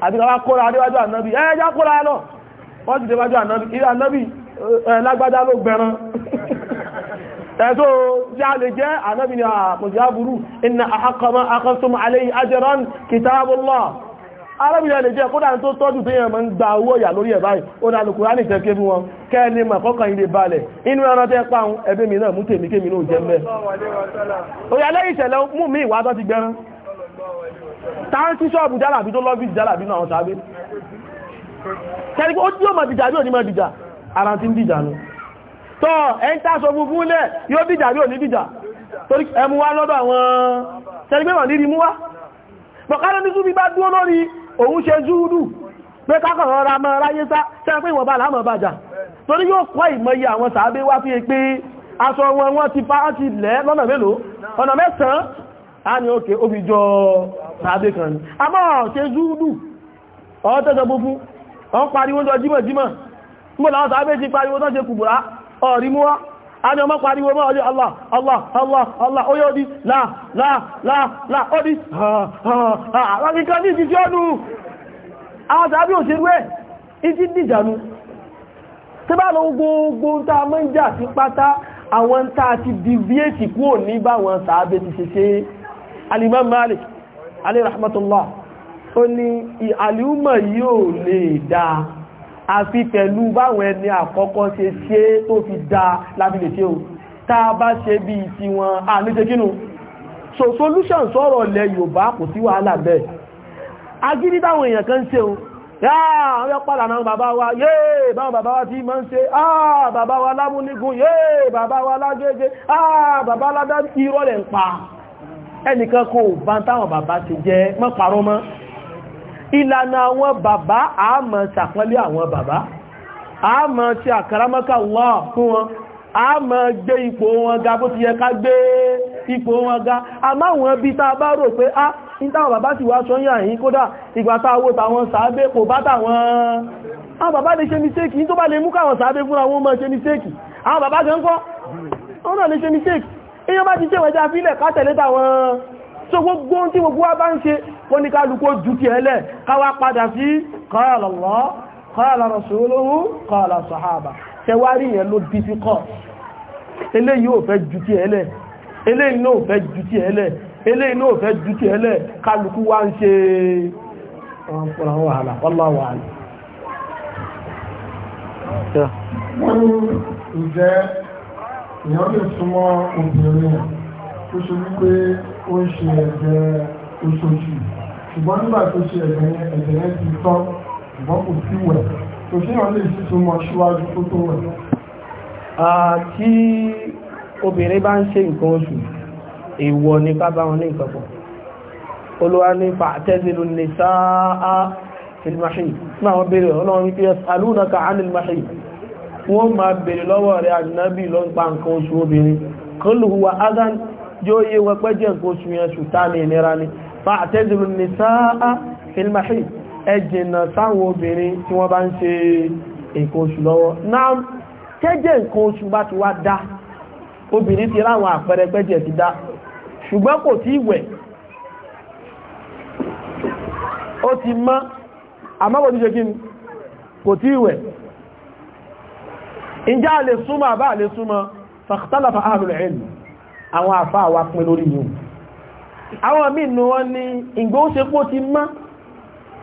àti kàwà kóra níwájú ànábì ẹjá kóra lọ wọ́n ti déwájú ànábì ilé ànábì lágbádá ló gbẹran <laughs> ẹ̀tọ́ tí a lè jẹ́ ànábì ni àpòsí àbúrú inna ahakama akọ́sùn alayhi ajran kitabullah arábìnrin ẹ̀lẹ̀ jẹ́ kódà tó tọ́jú tó yẹn ma ń gba owó ìyà lórí ẹ̀bá yìí ó dá lùkùrá nìtẹ́ ké fún wọn kẹ́ẹ̀lé mà kọ́kàn ilé balẹ̀ inú ẹran tẹ́ pa ẹbí mi náà mú tèmi kémi náà jẹ́ mẹ́ òyàlẹ́ ìṣẹ̀lẹ̀ mú mi ìwà tó ti gbẹ́rán tàà sí ṣọ́ọ̀bù jálàbí tó lọ́bí jálàbí náà sàábé kẹ́ríkó ó tí ó mọ̀ dìjà bí ò ní mọ̀ dìjà ara ti ń dìjà nù tọ́ ẹn tá sọ fún fúnlẹ̀ yóò dìjà bí ò ní dìjà torí ẹmú wá lọ́dọ̀ àwọn kẹ́ríkó wà nírí mú wá bọ̀kárẹ́ ní súnbí bá dúró lórí òun ṣe zúúdù pé kákọ̀ọ́ ra mọ́ ráyé sá wá fi pé aṣọ wọn wọn ti fa á ti lẹ̀ lọ́nà mélòó a ní òkè ó fi jọ tàbí kan ní a máa ṣe zúúdù ọ̀tọ́jọ gbogbo wọ́n jọ jímọ̀ jímọ̀ mọ́ láwọn sàábé ti pariwo tán ṣe kùbùrá ọ̀rí mú wá a ní ọmọ mọ́ àwọn ti deviate kúrò ní báwọn sàábé ti ṣe ṣe alimam malik alẹ́ rahmatullah ó ní àlúmọ̀ yóò lè dá àfi pẹ̀lú báwọn ẹni àkọ́kọ́ ṣe ṣe tó fi dá láti lè ṣe o bá ṣe bí i ti wọn à ní ṣe kínú so solution sọ̀rọ̀ lẹ Yorùbá kò sí wàhálà bẹ́ẹ̀ agídí táwọn èèyàn kan ṣe o yáà àwọn ọpàlà náà bàbá wa yéè báwọn bàbá wa tí máa ń ṣe àà ah, bàbá wa lámúnigun yéè bàbá wa lágége àà ah, bàbá ládájú irọ́ lẹ̀ ń pa ẹnìkan kò bá táwọn bàbá ti jẹ mọ́ parọ́ mọ́ ìlànà àwọn bàbá àmọ́ sàpọ́lé àwọn bàbá àmọ́ tí àkàrámọ́kà Allah fún wọn àmọ́ gbé ipò wọn ga bó ti yẹ ká gbé ipò wọn ga a wọn bí tá a bá rò pé á ah, ní táwọn bàbá sì wá àwọn bàbá lè ṣe mistake èyàn bá ti ṣe wẹ̀dá fílẹ̀ kátẹ̀lé tàwọn tó gbogbo tí gbogbo wa bá ń ṣe wọ́n ní kálukú jù ti ẹlẹ̀ káwà padà sí qala Allah qala rasuluhu qala sahaba tẹwárí yẹn ló difficult eléyìí ò fẹ́ jù ti ẹlẹ̀ eléyìí náà ò fẹ́ jù ti ẹlẹ̀ eléyìí náà ò fẹ́ jù ti ẹlẹ̀ kálukú wa ń ṣe wọn fúnra wàhálà wallahu a'lam èèyàn lè súnmọ́ obìnrin tó ṣe wípé ó ń ṣe ẹ̀jẹ̀ oṣooṣù ṣùgbọ́n nígbà tó ṣe ẹ̀jẹ̀ yẹn ẹ̀jẹ̀ yẹn ti tán ṣùgbọ́n kò sí wẹ̀ tó ṣe èèyàn lè súnmọ́ síwájú kó tó wẹ̀. tí obìnrin bá ń ṣe nǹkan oṣù èèwọ̀ ni ká bá wọn ní nǹkan pọ̀ olúwa ní fa'tazilu nisaa fil mahid tí àwọn béèrè ọlọ́run wípé yas'alunaka 'anil mahid wọ́n máa bèèrè lọ́wọ́ rẹ̀ ànábì ló ń pa nǹkan oṣù obìnrin kọlùwà adán yóò yé wọ́n jẹ́ nǹkan oṣù yẹn ṣùtá ní ìnira ni fa àtẹ́dùrù ní sáà filmahi ẹjìnà sáwọn obìnrin tí wọ́n bá ń ṣe nǹkan oṣù lọ́wọ́ náà tẹ́jẹ́ nǹkan oṣù bá ti wá dá obìnrin ti ráwọn àpẹẹrẹ kò tí wẹ̀ ìjá lè súnmọ́ àbá lè súnmọ́ fàkítàlàfà ààrùn ẹ̀lú àwọn àfá àwà pín lórí yìí àwọn mínú wọn ni ìgbó ṣe pó ti má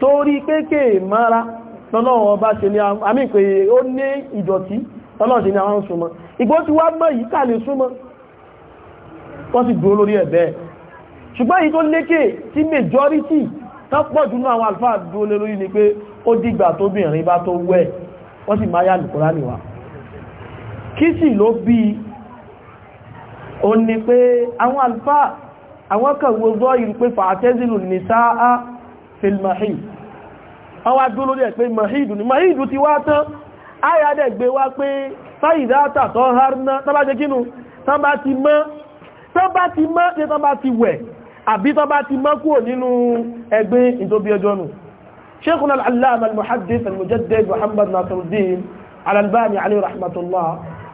torí kéèkè mara lọ́lọ́wọ́ bá ṣe ní àmì pé ó ní ìdọ̀tí lọ́lọ́wọ́ ṣe ní àwọn súnmọ́ ìgbó ti wá mọ́ yìí kà lè súnmọ́ wọ́n sì dúró lórí ẹ̀bẹ́ ṣùgbọ́n èyí máa yà lùkúrá nìwàá kí sì ló bí o ní pé àwọn alfa àwọn kàwọ́ zọ́ ìlú pé fàátẹ́zìlù ní sáà filmahid àwọn adúró rẹ̀ pé mahidu ni mahidu ti wá tán ayádẹ̀ gbé wá pé fáìdáta tọ́ harná tọ́bá jẹ́ kínú tọ́bá ti mọ́ tọ́bá ti mọ́ ní tọ́bá ti wẹ̀ àbí tọ́bá ti mọ́ kúrò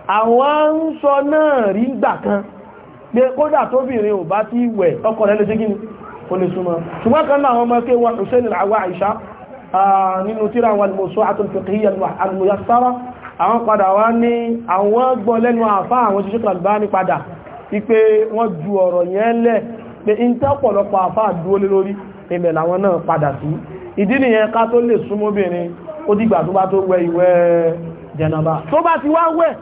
àwọn ń sọ náà rí gbà kan pé kódà tóbìnrin ò bá ti wẹ̀ ọkọ rẹ̀ lè ṣe gíní kò lè súnmọ́ ṣùgbọ́n kan náà àwọn ọmọ kéwà Hussein àwọ àìṣá nínú tíra àwọn alìmọ̀sọ́ àtúnfẹ̀kìyà alìmọ̀yására àwọn padà wá ní àwọn gbọ́ lẹ́nu àfá àwọn ṣíṣẹ́ Albani padà wípé wọ́n ju ọ̀rọ̀ yẹn lẹ̀ pé in tẹ́pọ̀lọpọ̀ àfá dúó lé lórí ẹ̀mẹ̀ làwọn náà tó bá ti wá wẹ̀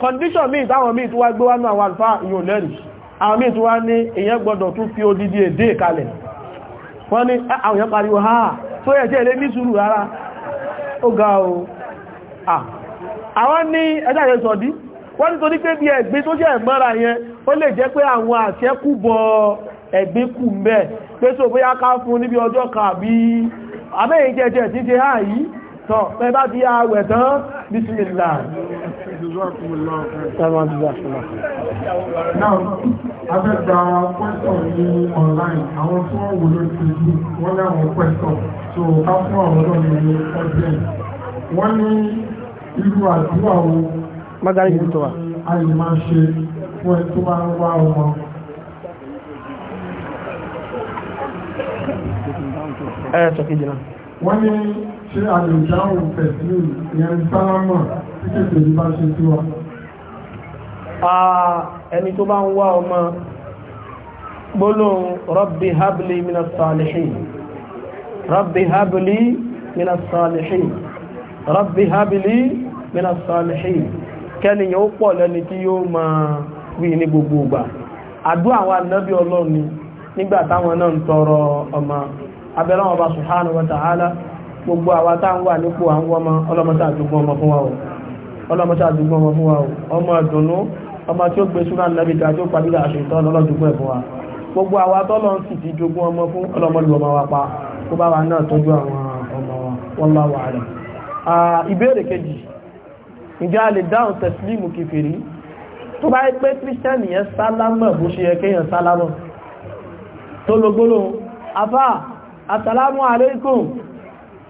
condition míì táwọn míì tó wá gbé wánú àwọn àlùfáà ìyàn lẹ́rìí àwọn míì tó wá ní èyàn fi odidi èdè kalẹ̀ wọ́n ni ah, àwọn èyàn pariwo ha tó yẹ̀ tí ẹ̀lé ní sùúrù rárá ó ga o àwọn ní ẹjá ìyẹn sọ̀dí wọ́n ní pé bí ẹ̀gbin tó jẹ́ yẹn ó lè jẹ́ pé àwọn kù mẹ́ pé tó bóyá ká fún níbi ọjọ́ ti tọ́ pẹ́ bá ti àwẹ̀ tán bísímìlá Now, abẹ́gbà pẹ́sọ̀ ní online, àwọn tí wọ́n wò ló ti rí wọ́n láwọn pẹ́sọ̀ tó ká fún àwọn ọ̀dọ́ Magari ti tọ́wà. A yìí máa ṣe fún ẹ tó máa ń wá ọmọ. Ẹ sọ kejì Wọ́n ní ṣé àlèjáhùn pẹ̀lú ìyẹn sálámà tí kèfè ní bá ṣe sí wa ẹni tó bá ń wá ọmọ gbólóhùn rabbi habli mina salihin rabbi habli mina salihin rabbi habli mina salihin kẹ́niyàn ó pọ̀ lẹ́ni tí yóò máa wí ní gbogbo ìgbà àdúà àwọn ànábì Ọlọ́run nígbà táwọn náà ń tọrọ ọmọ abẹ́lọ́wọ́ bá subhanahu wa ta'ala gbogbo àwa tá ń wà nípò à ń wọ́ ọmọ ọlọ́mọta àdúgbò ọmọ fún wa o ọlọ́mọta àdúgbò ọmọ fún wa o ọmọ ìdùnnú ọmọ tí ó gbé súnà lẹ́bi tí a tó padì àṣẹ ìtọ́nà ọlọ́dúgbò ẹ̀fọ́ wa gbogbo àwa tọ́lọ́ ń sì ti jogún ọmọ fún ọlọ́mọlù ọmọ wa pa kó bá wa náà tọ́jú àwọn ìbéèrè kejì ǹjẹ́ a lè dáhùn tẹ̀sílímù kìfèrí tó bá yẹ pé kírísítẹ́nì yẹn sálámọ̀ bó ṣe yẹ kéèyàn sálámọ̀ tó logolo afá asàlámù aláìkùm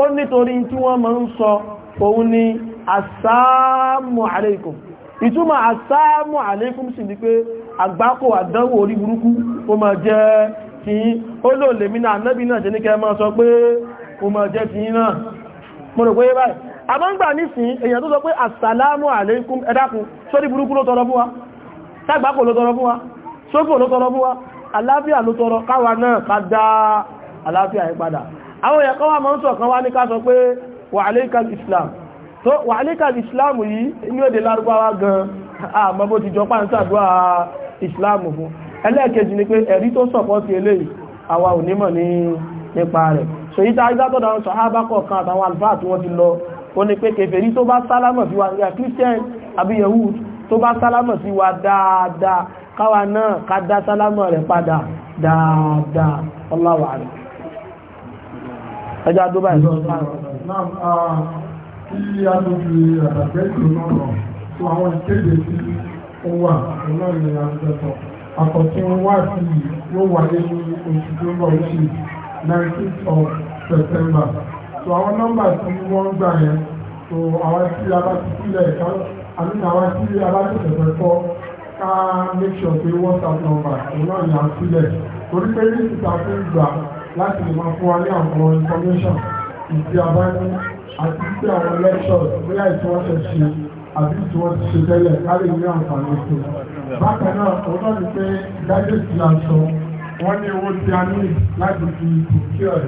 ó nítorí tí wọ́n ma ń sọ òun ni sì ni pé àgbákò àdánwò orí burúkú ó ma jẹ́ tí ó lò lè mínà anábì náà jẹ́ ní kẹ́ máa sọ pé ó ma jẹ́ tí náà mo pé báyìí àmọ́ ń gbà nísìn tó sọ pé assalamu alaikum ẹ dákun burúkú ló tọrọ wa tọrọ wa tọrọ wa àwọn èèyàn kan wá mọ́ ń sọ̀kan wá ní ká sọ pé wà aléìkàl islam tó wà aléìkàl islam yìí ní èdè lárúbáwá gan àmọ́ bó ti jọ pàǹsàdúrà islam fún ẹlẹ́ẹ̀kejì ni pé ẹ̀rí tó sọ̀pọ̀ ti eléyìí àwa ò nípa rẹ̀ so yíta igbátọ̀dọ̀ àwọn sọ̀hábà kọ̀ọ̀kan àtàwọn alfáà tí wọ́n ti lọ ó ní pé christian àbí yehud tó bá sálámọ̀ sí wa dáadáa káwa náà ká dá sálámọ̀ rẹ̀ Allahu a'lam ẹjá tó báyìí kí a tó fi àtàkẹ́ ìrònà ọ̀rọ̀ tó àwọn ìkéde tí ó wà ọ̀nà ìrìn àjọsọ àkọ̀tún wà sí yóò wáyé ní oṣù tó ń bọ̀ oṣù 19th of September tó àwọn nọ́mbà tí wọ́n gbà yẹn tó àwọn tí aláṣẹ́sílẹ̀ ẹ̀ka àmì àwọn tí aláṣẹ́sẹ̀fẹ́ kọ́ make sure pé WhatsApp number ọ̀nà ìrìn àjọsílẹ̀ torí pé ní ìta fún ìgbà láti lè máa fún wa ní àwọn information ìdí abáyé àti títí àwọn lectures bóyá ìtí wọ́n ṣe ṣe àbí ìtí wọ́n ti ṣe tẹ́lẹ̀ kárí ní àǹfààní tó. Bákan náà, òun náà ni pé gájẹ́sì la sọ, wọ́n ní owó tí a ní láti fi ìtìkí ọ̀rẹ́.